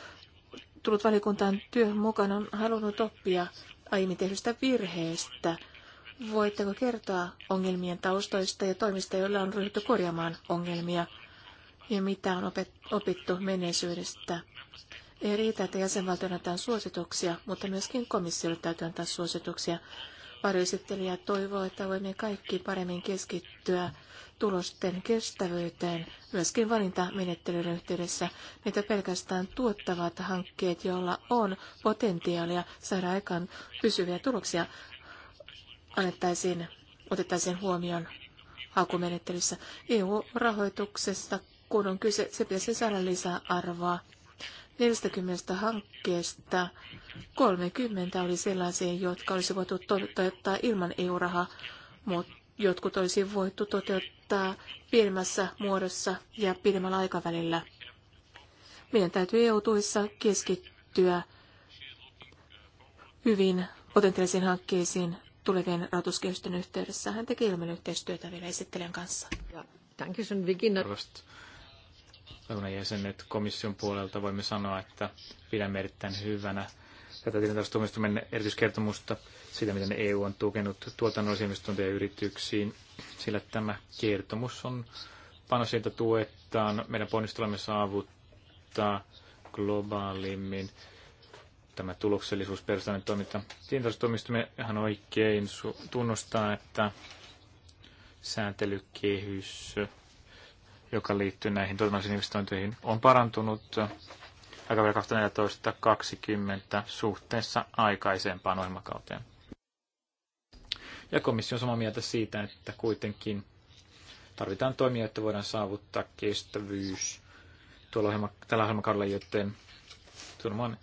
tullut valikuntaan työhön mukaan, on halunnut oppia aiemmin tehdystä virheestä. Voitteko kertoa ongelmien taustoista ja toimista, joilla on ryhdytty korjaamaan ongelmia? Ja mitä on opettu menneisyydestä? Ei riitä, että jäsenvaltioon antaa suosituksia, mutta myöskin komissiolle täytyy antaa suosituksia. Varjoesittelijä toivoo, että voimme kaikki paremmin keskittyä tulosten kestävyyteen, myöskin valintamenettelyiden yhteydessä, mitä pelkästään tuottavat hankkeet, joilla on potentiaalia saada aikaan pysyviä tuloksia, annettaisiin, otettaisiin huomioon hakumenettelyssä. EU-rahoituksesta, kun on kyse, se pitäisi saada lisää arvoa 40 hankkeesta 30 oli sellaisia, jotka olisi voitu toteuttaa ilman EU-rahaa, mutta jotkut olisi voitu toteuttaa pienemmässä muodossa ja pidemmällä aikavälillä. Meidän täytyy EU-tuissa keskittyä hyvin potentiaalisiin hankkeisiin tulevien rahoituskehysten yhteydessä. Hän teki ilman yhteistyötä vielä esittelijän kanssa. Ja, valiokunnan jäsenet komission puolelta voimme sanoa, että pidämme erittäin hyvänä tätä tilintarkastustuomioistuimen erityiskertomusta siitä, miten EU on tukenut tuotannollisia investointeja yrityksiin, sillä tämä kertomus on panos, jota tuetaan meidän ponnistelumme saavuttaa globaalimmin tämä tuloksellisuusperustainen toiminta. Tilintarkastustuomioistuimen ihan oikein tunnustaa, että sääntelykehys joka liittyy näihin tuotannollisiin investointeihin, on parantunut aikavälillä 2014-2020 suhteessa aikaisempaan ohjelmakauteen. Ja komissio on samaa mieltä siitä, että kuitenkin tarvitaan toimia, että voidaan saavuttaa kestävyys tuolla ohjelma, tällä ohjelmakaudella, joten turma on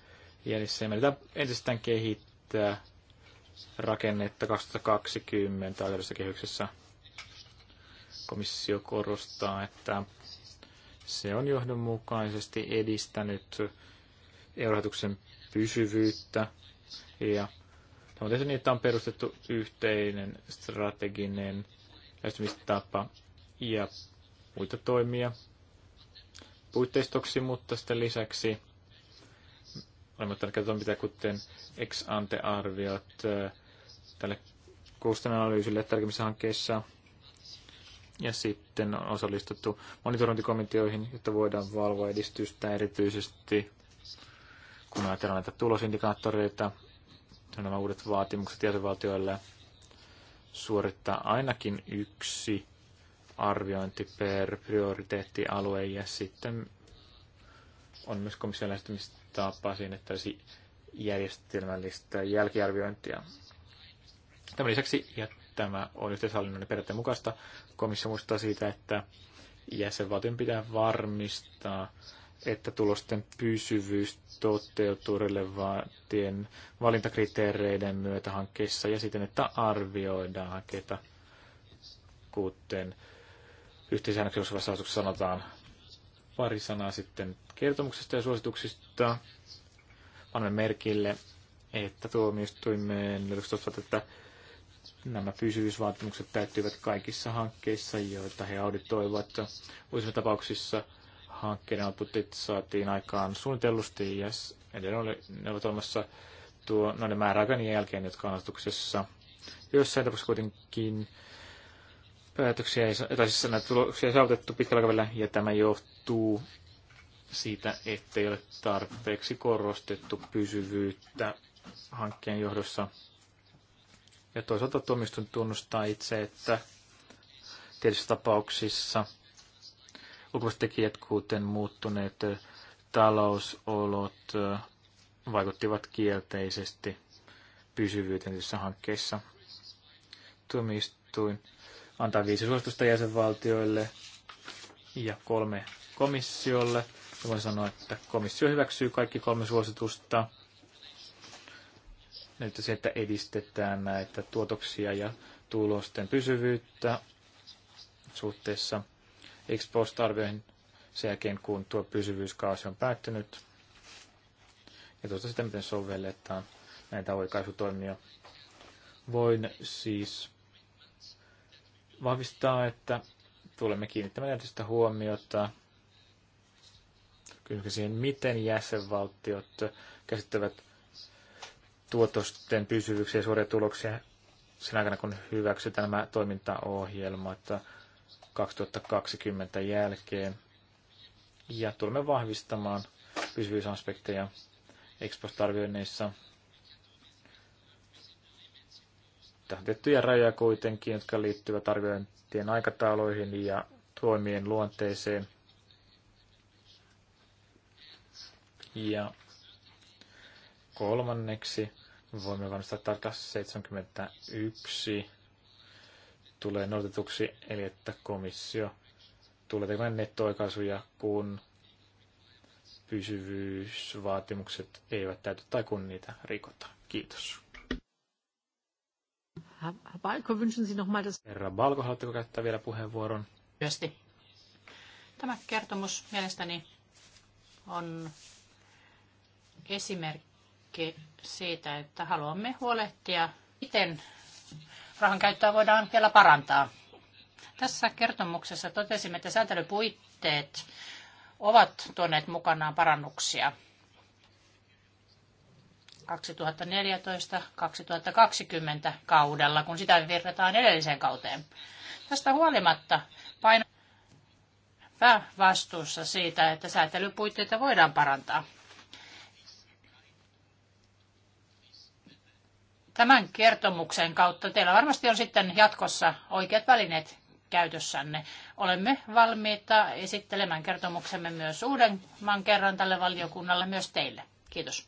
jäljessä. Ja meidän entisestään kehittää rakennetta 2020 oikeudellisessa kehyksessä Komissio korostaa, että se on johdonmukaisesti edistänyt eurohoituksen pysyvyyttä ja on tehty niin, että on perustettu yhteinen strateginen lähestymistapa ja muita toimia puitteistoksi, mutta sitten lisäksi olemme ottaneet mitä kuten ex ante arviot äh, tälle kustannanalyysille tärkeimmissä hankkeissa – ja sitten on osallistuttu monitorointikomiteoihin, jotta voidaan valvoa edistystä erityisesti, kun ajatellaan näitä tulosindikaattoreita, nämä uudet vaatimukset jäsenvaltioille suorittaa ainakin yksi arviointi per prioriteettialue ja sitten on myös komission lähestymistapa siinä, että olisi järjestelmällistä jälkiarviointia. Tämän lisäksi Tämä on yhteishallinnon periaatteen mukaista. Komissio muistaa siitä, että jäsenvaltion pitää varmistaa, että tulosten pysyvyys toteutuu relevaatien valintakriteereiden myötä hankkeissa ja siten, että arvioidaan hankkeita, kuten yhteisäännöksessä sanotaan pari sanaa sitten kertomuksesta ja suosituksista. Panemme merkille, että tuomioistuimeen 2000, että Nämä pysyvyysvaatimukset täyttyivät kaikissa hankkeissa, joita he auditoivat. Uusissa tapauksissa hankkeiden outputit saatiin aikaan suunnitellusti ja edelleen oli, ne ovat tuo, noiden määräaikainen jälkeen, jotka on asetuksessa. Jossain tapauksessa kuitenkin päätöksiä, ei, tai siis näitä tuloksia ei saavutettu pitkällä aikavälillä, ja tämä johtuu siitä, ettei ole tarpeeksi korostettu pysyvyyttä hankkeen johdossa. Ja toisaalta tuomioistuin tunnustaa itse, että tietyissä tapauksissa ulkopuoliset kuten muuttuneet talousolot, vaikuttivat kielteisesti pysyvyyteen tässä hankkeessa. Tuomioistuin antaa viisi suositusta jäsenvaltioille ja kolme komissiolle. Ja voin sanoa, että komissio hyväksyy kaikki kolme suositusta. Nyt se, että edistetään näitä tuotoksia ja tulosten pysyvyyttä suhteessa ex post arvioihin sen jälkeen, kun tuo pysyvyyskausi on päättynyt. Ja tuosta sitä, miten sovelletaan näitä oikaisutoimia. Voin siis vahvistaa, että tulemme kiinnittämään erityistä huomiota kysymykseen, miten jäsenvaltiot käsittävät tuotosten pysyvyyksiä ja suoria tuloksia sen aikana, kun hyväksytään nämä toimintaohjelmat 2020 jälkeen. Ja tulemme vahvistamaan pysyvyysaspekteja ekspostarvioinneissa. Tähän on tiettyjä rajoja kuitenkin, jotka liittyvät arviointien aikatauluihin ja toimien luonteeseen. Ja kolmanneksi Voimme varmistaa tarkasti 71 tulee noudatetuksi, eli että komissio tulee tekemään nettoaikaisuja, kun pysyvyysvaatimukset eivät täyty tai kun niitä rikotaan. Kiitos. Herr Balko, wünschen Sie noch das... Herra Balko, haluatteko käyttää vielä puheenvuoron? Kyllä. Tämä kertomus mielestäni on esimerkki esimerkki siitä, että haluamme huolehtia, miten rahan käyttöä voidaan vielä parantaa. Tässä kertomuksessa totesimme, että sääntelypuitteet ovat tuoneet mukanaan parannuksia. 2014-2020 kaudella, kun sitä virrataan edelliseen kauteen. Tästä huolimatta paino päävastuussa siitä, että säätelypuitteita voidaan parantaa. Tämän kertomuksen kautta teillä varmasti on sitten jatkossa oikeat välineet käytössänne. Olemme valmiita esittelemään kertomuksemme myös uudemman kerran tälle valiokunnalle myös teille. Kiitos.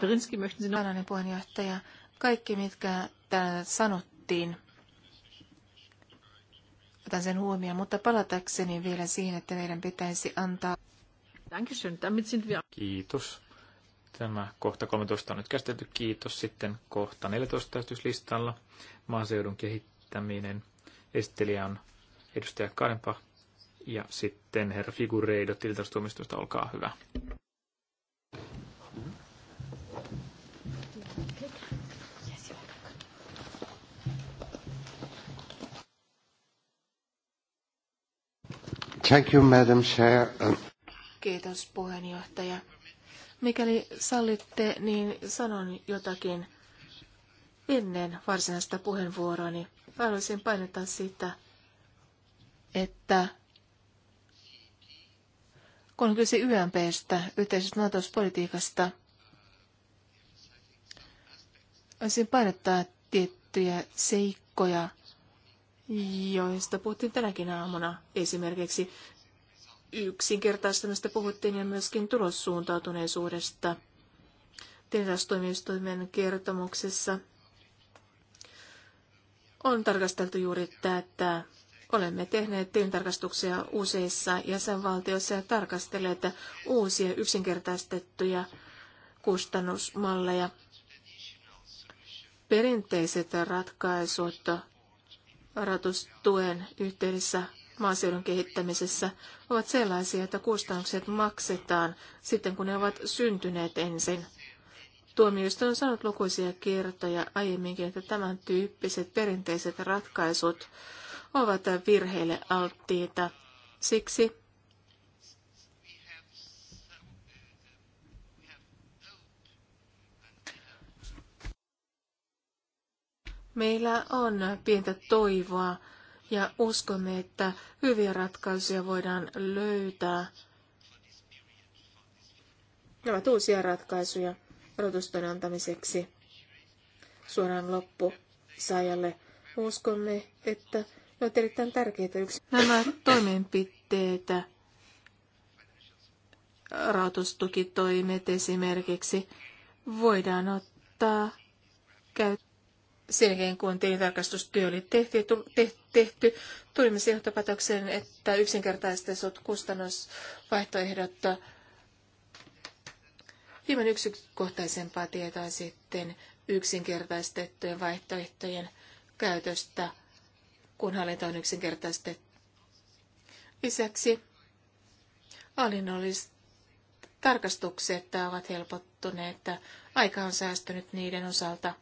Pirinski, möchten puheenjohtaja, kaikki mitkä täällä sanottiin, otan sen huomioon, mutta palatakseni vielä siihen, että meidän pitäisi antaa... Kiitos. Tämä kohta 13 on nyt käsitelty. Kiitos. Sitten kohta 14 täytyslistalla. Maaseudun kehittäminen. Esittelijä on edustaja Karempa. Ja sitten herra Figureido tilitaustuomistosta. Olkaa hyvä. Thank you, Madam Chair. Kiitos puheenjohtaja. Mikäli sallitte, niin sanon jotakin ennen varsinaista niin Haluaisin painottaa sitä, että kun kysy kyse YMPstä, yhteisestä maatalouspolitiikasta, olisin painottaa tiettyjä seikkoja, joista puhuttiin tänäkin aamuna. Esimerkiksi yksinkertaistamista puhuttiin ja myöskin tulossuuntautuneisuudesta. Tilastoimistoimen kertomuksessa on tarkasteltu juuri tätä. Olemme tehneet tilintarkastuksia useissa jäsenvaltioissa ja tarkastelleet uusia yksinkertaistettuja kustannusmalleja. Perinteiset ratkaisut ratustuen yhteydessä maaseudun kehittämisessä ovat sellaisia, että kustannukset maksetaan sitten, kun ne ovat syntyneet ensin. Tuomioista on saanut lukuisia kertoja aiemminkin, että tämän tyyppiset perinteiset ratkaisut ovat virheille alttiita. Siksi meillä on pientä toivoa ja uskomme, että hyviä ratkaisuja voidaan löytää. Nämä ovat uusia ratkaisuja rotusten antamiseksi suoraan loppusajalle. Uskomme, että ne ovat erittäin tärkeitä yksi. Nämä toimenpiteet, rahoitustukitoimet esimerkiksi, voidaan ottaa käyttöön sen jälkeen, kun tilintarkastustyö oli tehty, tehty tulimme siihen johtopäätökseen, että yksinkertaistetut kustannusvaihtoehdot hieman yksikohtaisempaa tietoa sitten yksinkertaistettujen vaihtoehtojen käytöstä, kun hallinto on yksinkertaistettu. Lisäksi hallinnolliset tarkastukset ovat helpottuneet, että aika on säästynyt niiden osalta –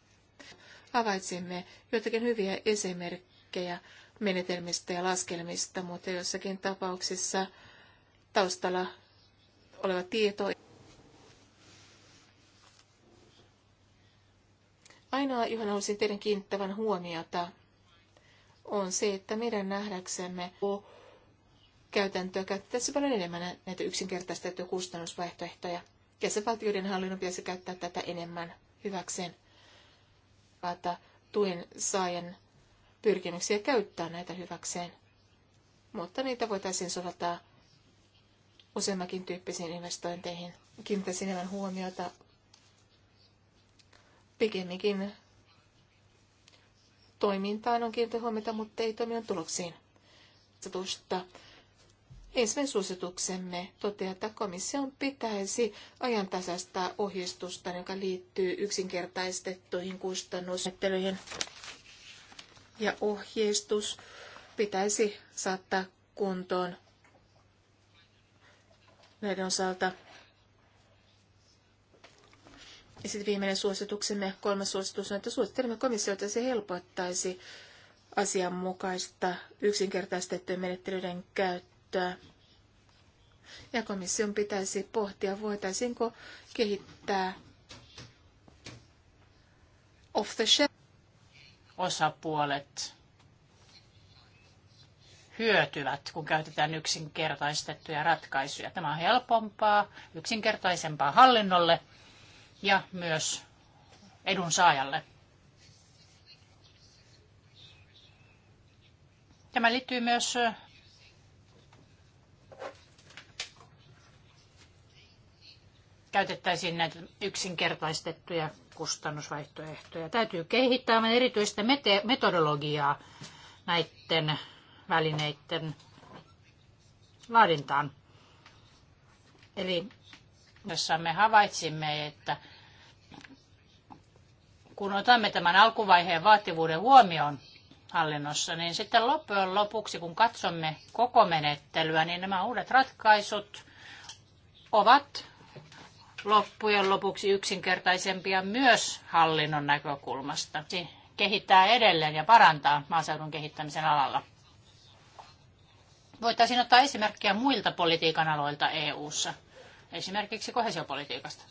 havaitsimme joitakin hyviä esimerkkejä menetelmistä ja laskelmista, mutta jossakin tapauksissa taustalla oleva tieto. Ainoa, johon haluaisin teidän kiinnittävän huomiota, on se, että meidän nähdäksemme käytäntöä käyttäisi paljon enemmän näitä yksinkertaistettuja kustannusvaihtoehtoja. Jäsenvaltioiden hallinnon pitäisi käyttää tätä enemmän hyväkseen tuen saajan pyrkimyksiä käyttää näitä hyväkseen, mutta niitä voitaisiin soveltaa useammakin tyyppisiin investointeihin. Kiinnittäisin enemmän huomiota pikemminkin toimintaan on kiinnitetty huomiota, mutta ei toiminnan tuloksiin. Satusta Ensimmäinen suosituksemme toteaa, että komission pitäisi ajantasaista ohjeistusta, joka liittyy yksinkertaistettuihin kustannusmettelyihin. Ja ohjeistus pitäisi saattaa kuntoon näiden osalta. Ja sitten viimeinen suosituksemme, kolmas suositus on, että suosittelemme komissiota, se helpottaisi asianmukaista yksinkertaistettujen menettelyiden käyttöä käyttöä. Ja komission pitäisi pohtia, voitaisiinko kehittää off the shelf. Osapuolet hyötyvät, kun käytetään yksinkertaistettuja ratkaisuja. Tämä on helpompaa, yksinkertaisempaa hallinnolle ja myös edunsaajalle. Tämä liittyy myös käytettäisiin näitä yksinkertaistettuja kustannusvaihtoehtoja. Täytyy kehittää erityistä metodologiaa näiden välineiden laadintaan. Eli jossa me havaitsimme, että kun otamme tämän alkuvaiheen vaativuuden huomioon hallinnossa, niin sitten loppujen lopuksi, kun katsomme koko menettelyä, niin nämä uudet ratkaisut ovat loppujen lopuksi yksinkertaisempia myös hallinnon näkökulmasta. Se kehittää edelleen ja parantaa maaseudun kehittämisen alalla. Voitaisiin ottaa esimerkkiä muilta politiikan aloilta EU-ssa, esimerkiksi kohesiopolitiikasta.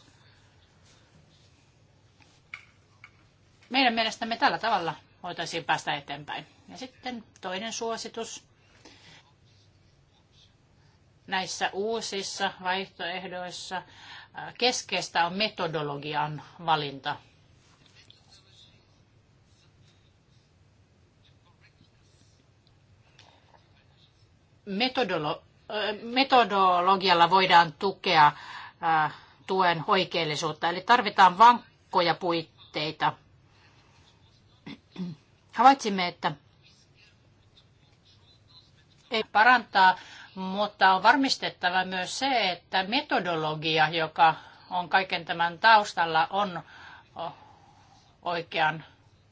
Meidän mielestämme tällä tavalla voitaisiin päästä eteenpäin. Ja sitten toinen suositus näissä uusissa vaihtoehdoissa keskeistä on metodologian valinta. Metodolo- äh, metodologialla voidaan tukea äh, tuen oikeellisuutta, eli tarvitaan vankkoja puitteita. Havaitsimme, että ei parantaa mutta on varmistettava myös se, että metodologia, joka on kaiken tämän taustalla, on oikean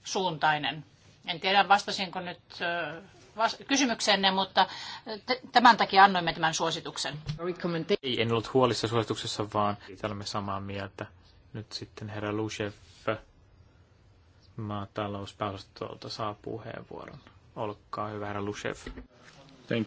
suuntainen. En tiedä, vastasinko nyt kysymyksenne, mutta tämän takia annoimme tämän suosituksen. Ei, en ollut huolissa suosituksessa, vaan olemme samaa mieltä. Nyt sitten herra Lushef maatalouspääostolta saa puheenvuoron. Olkaa hyvä, herra Lushef.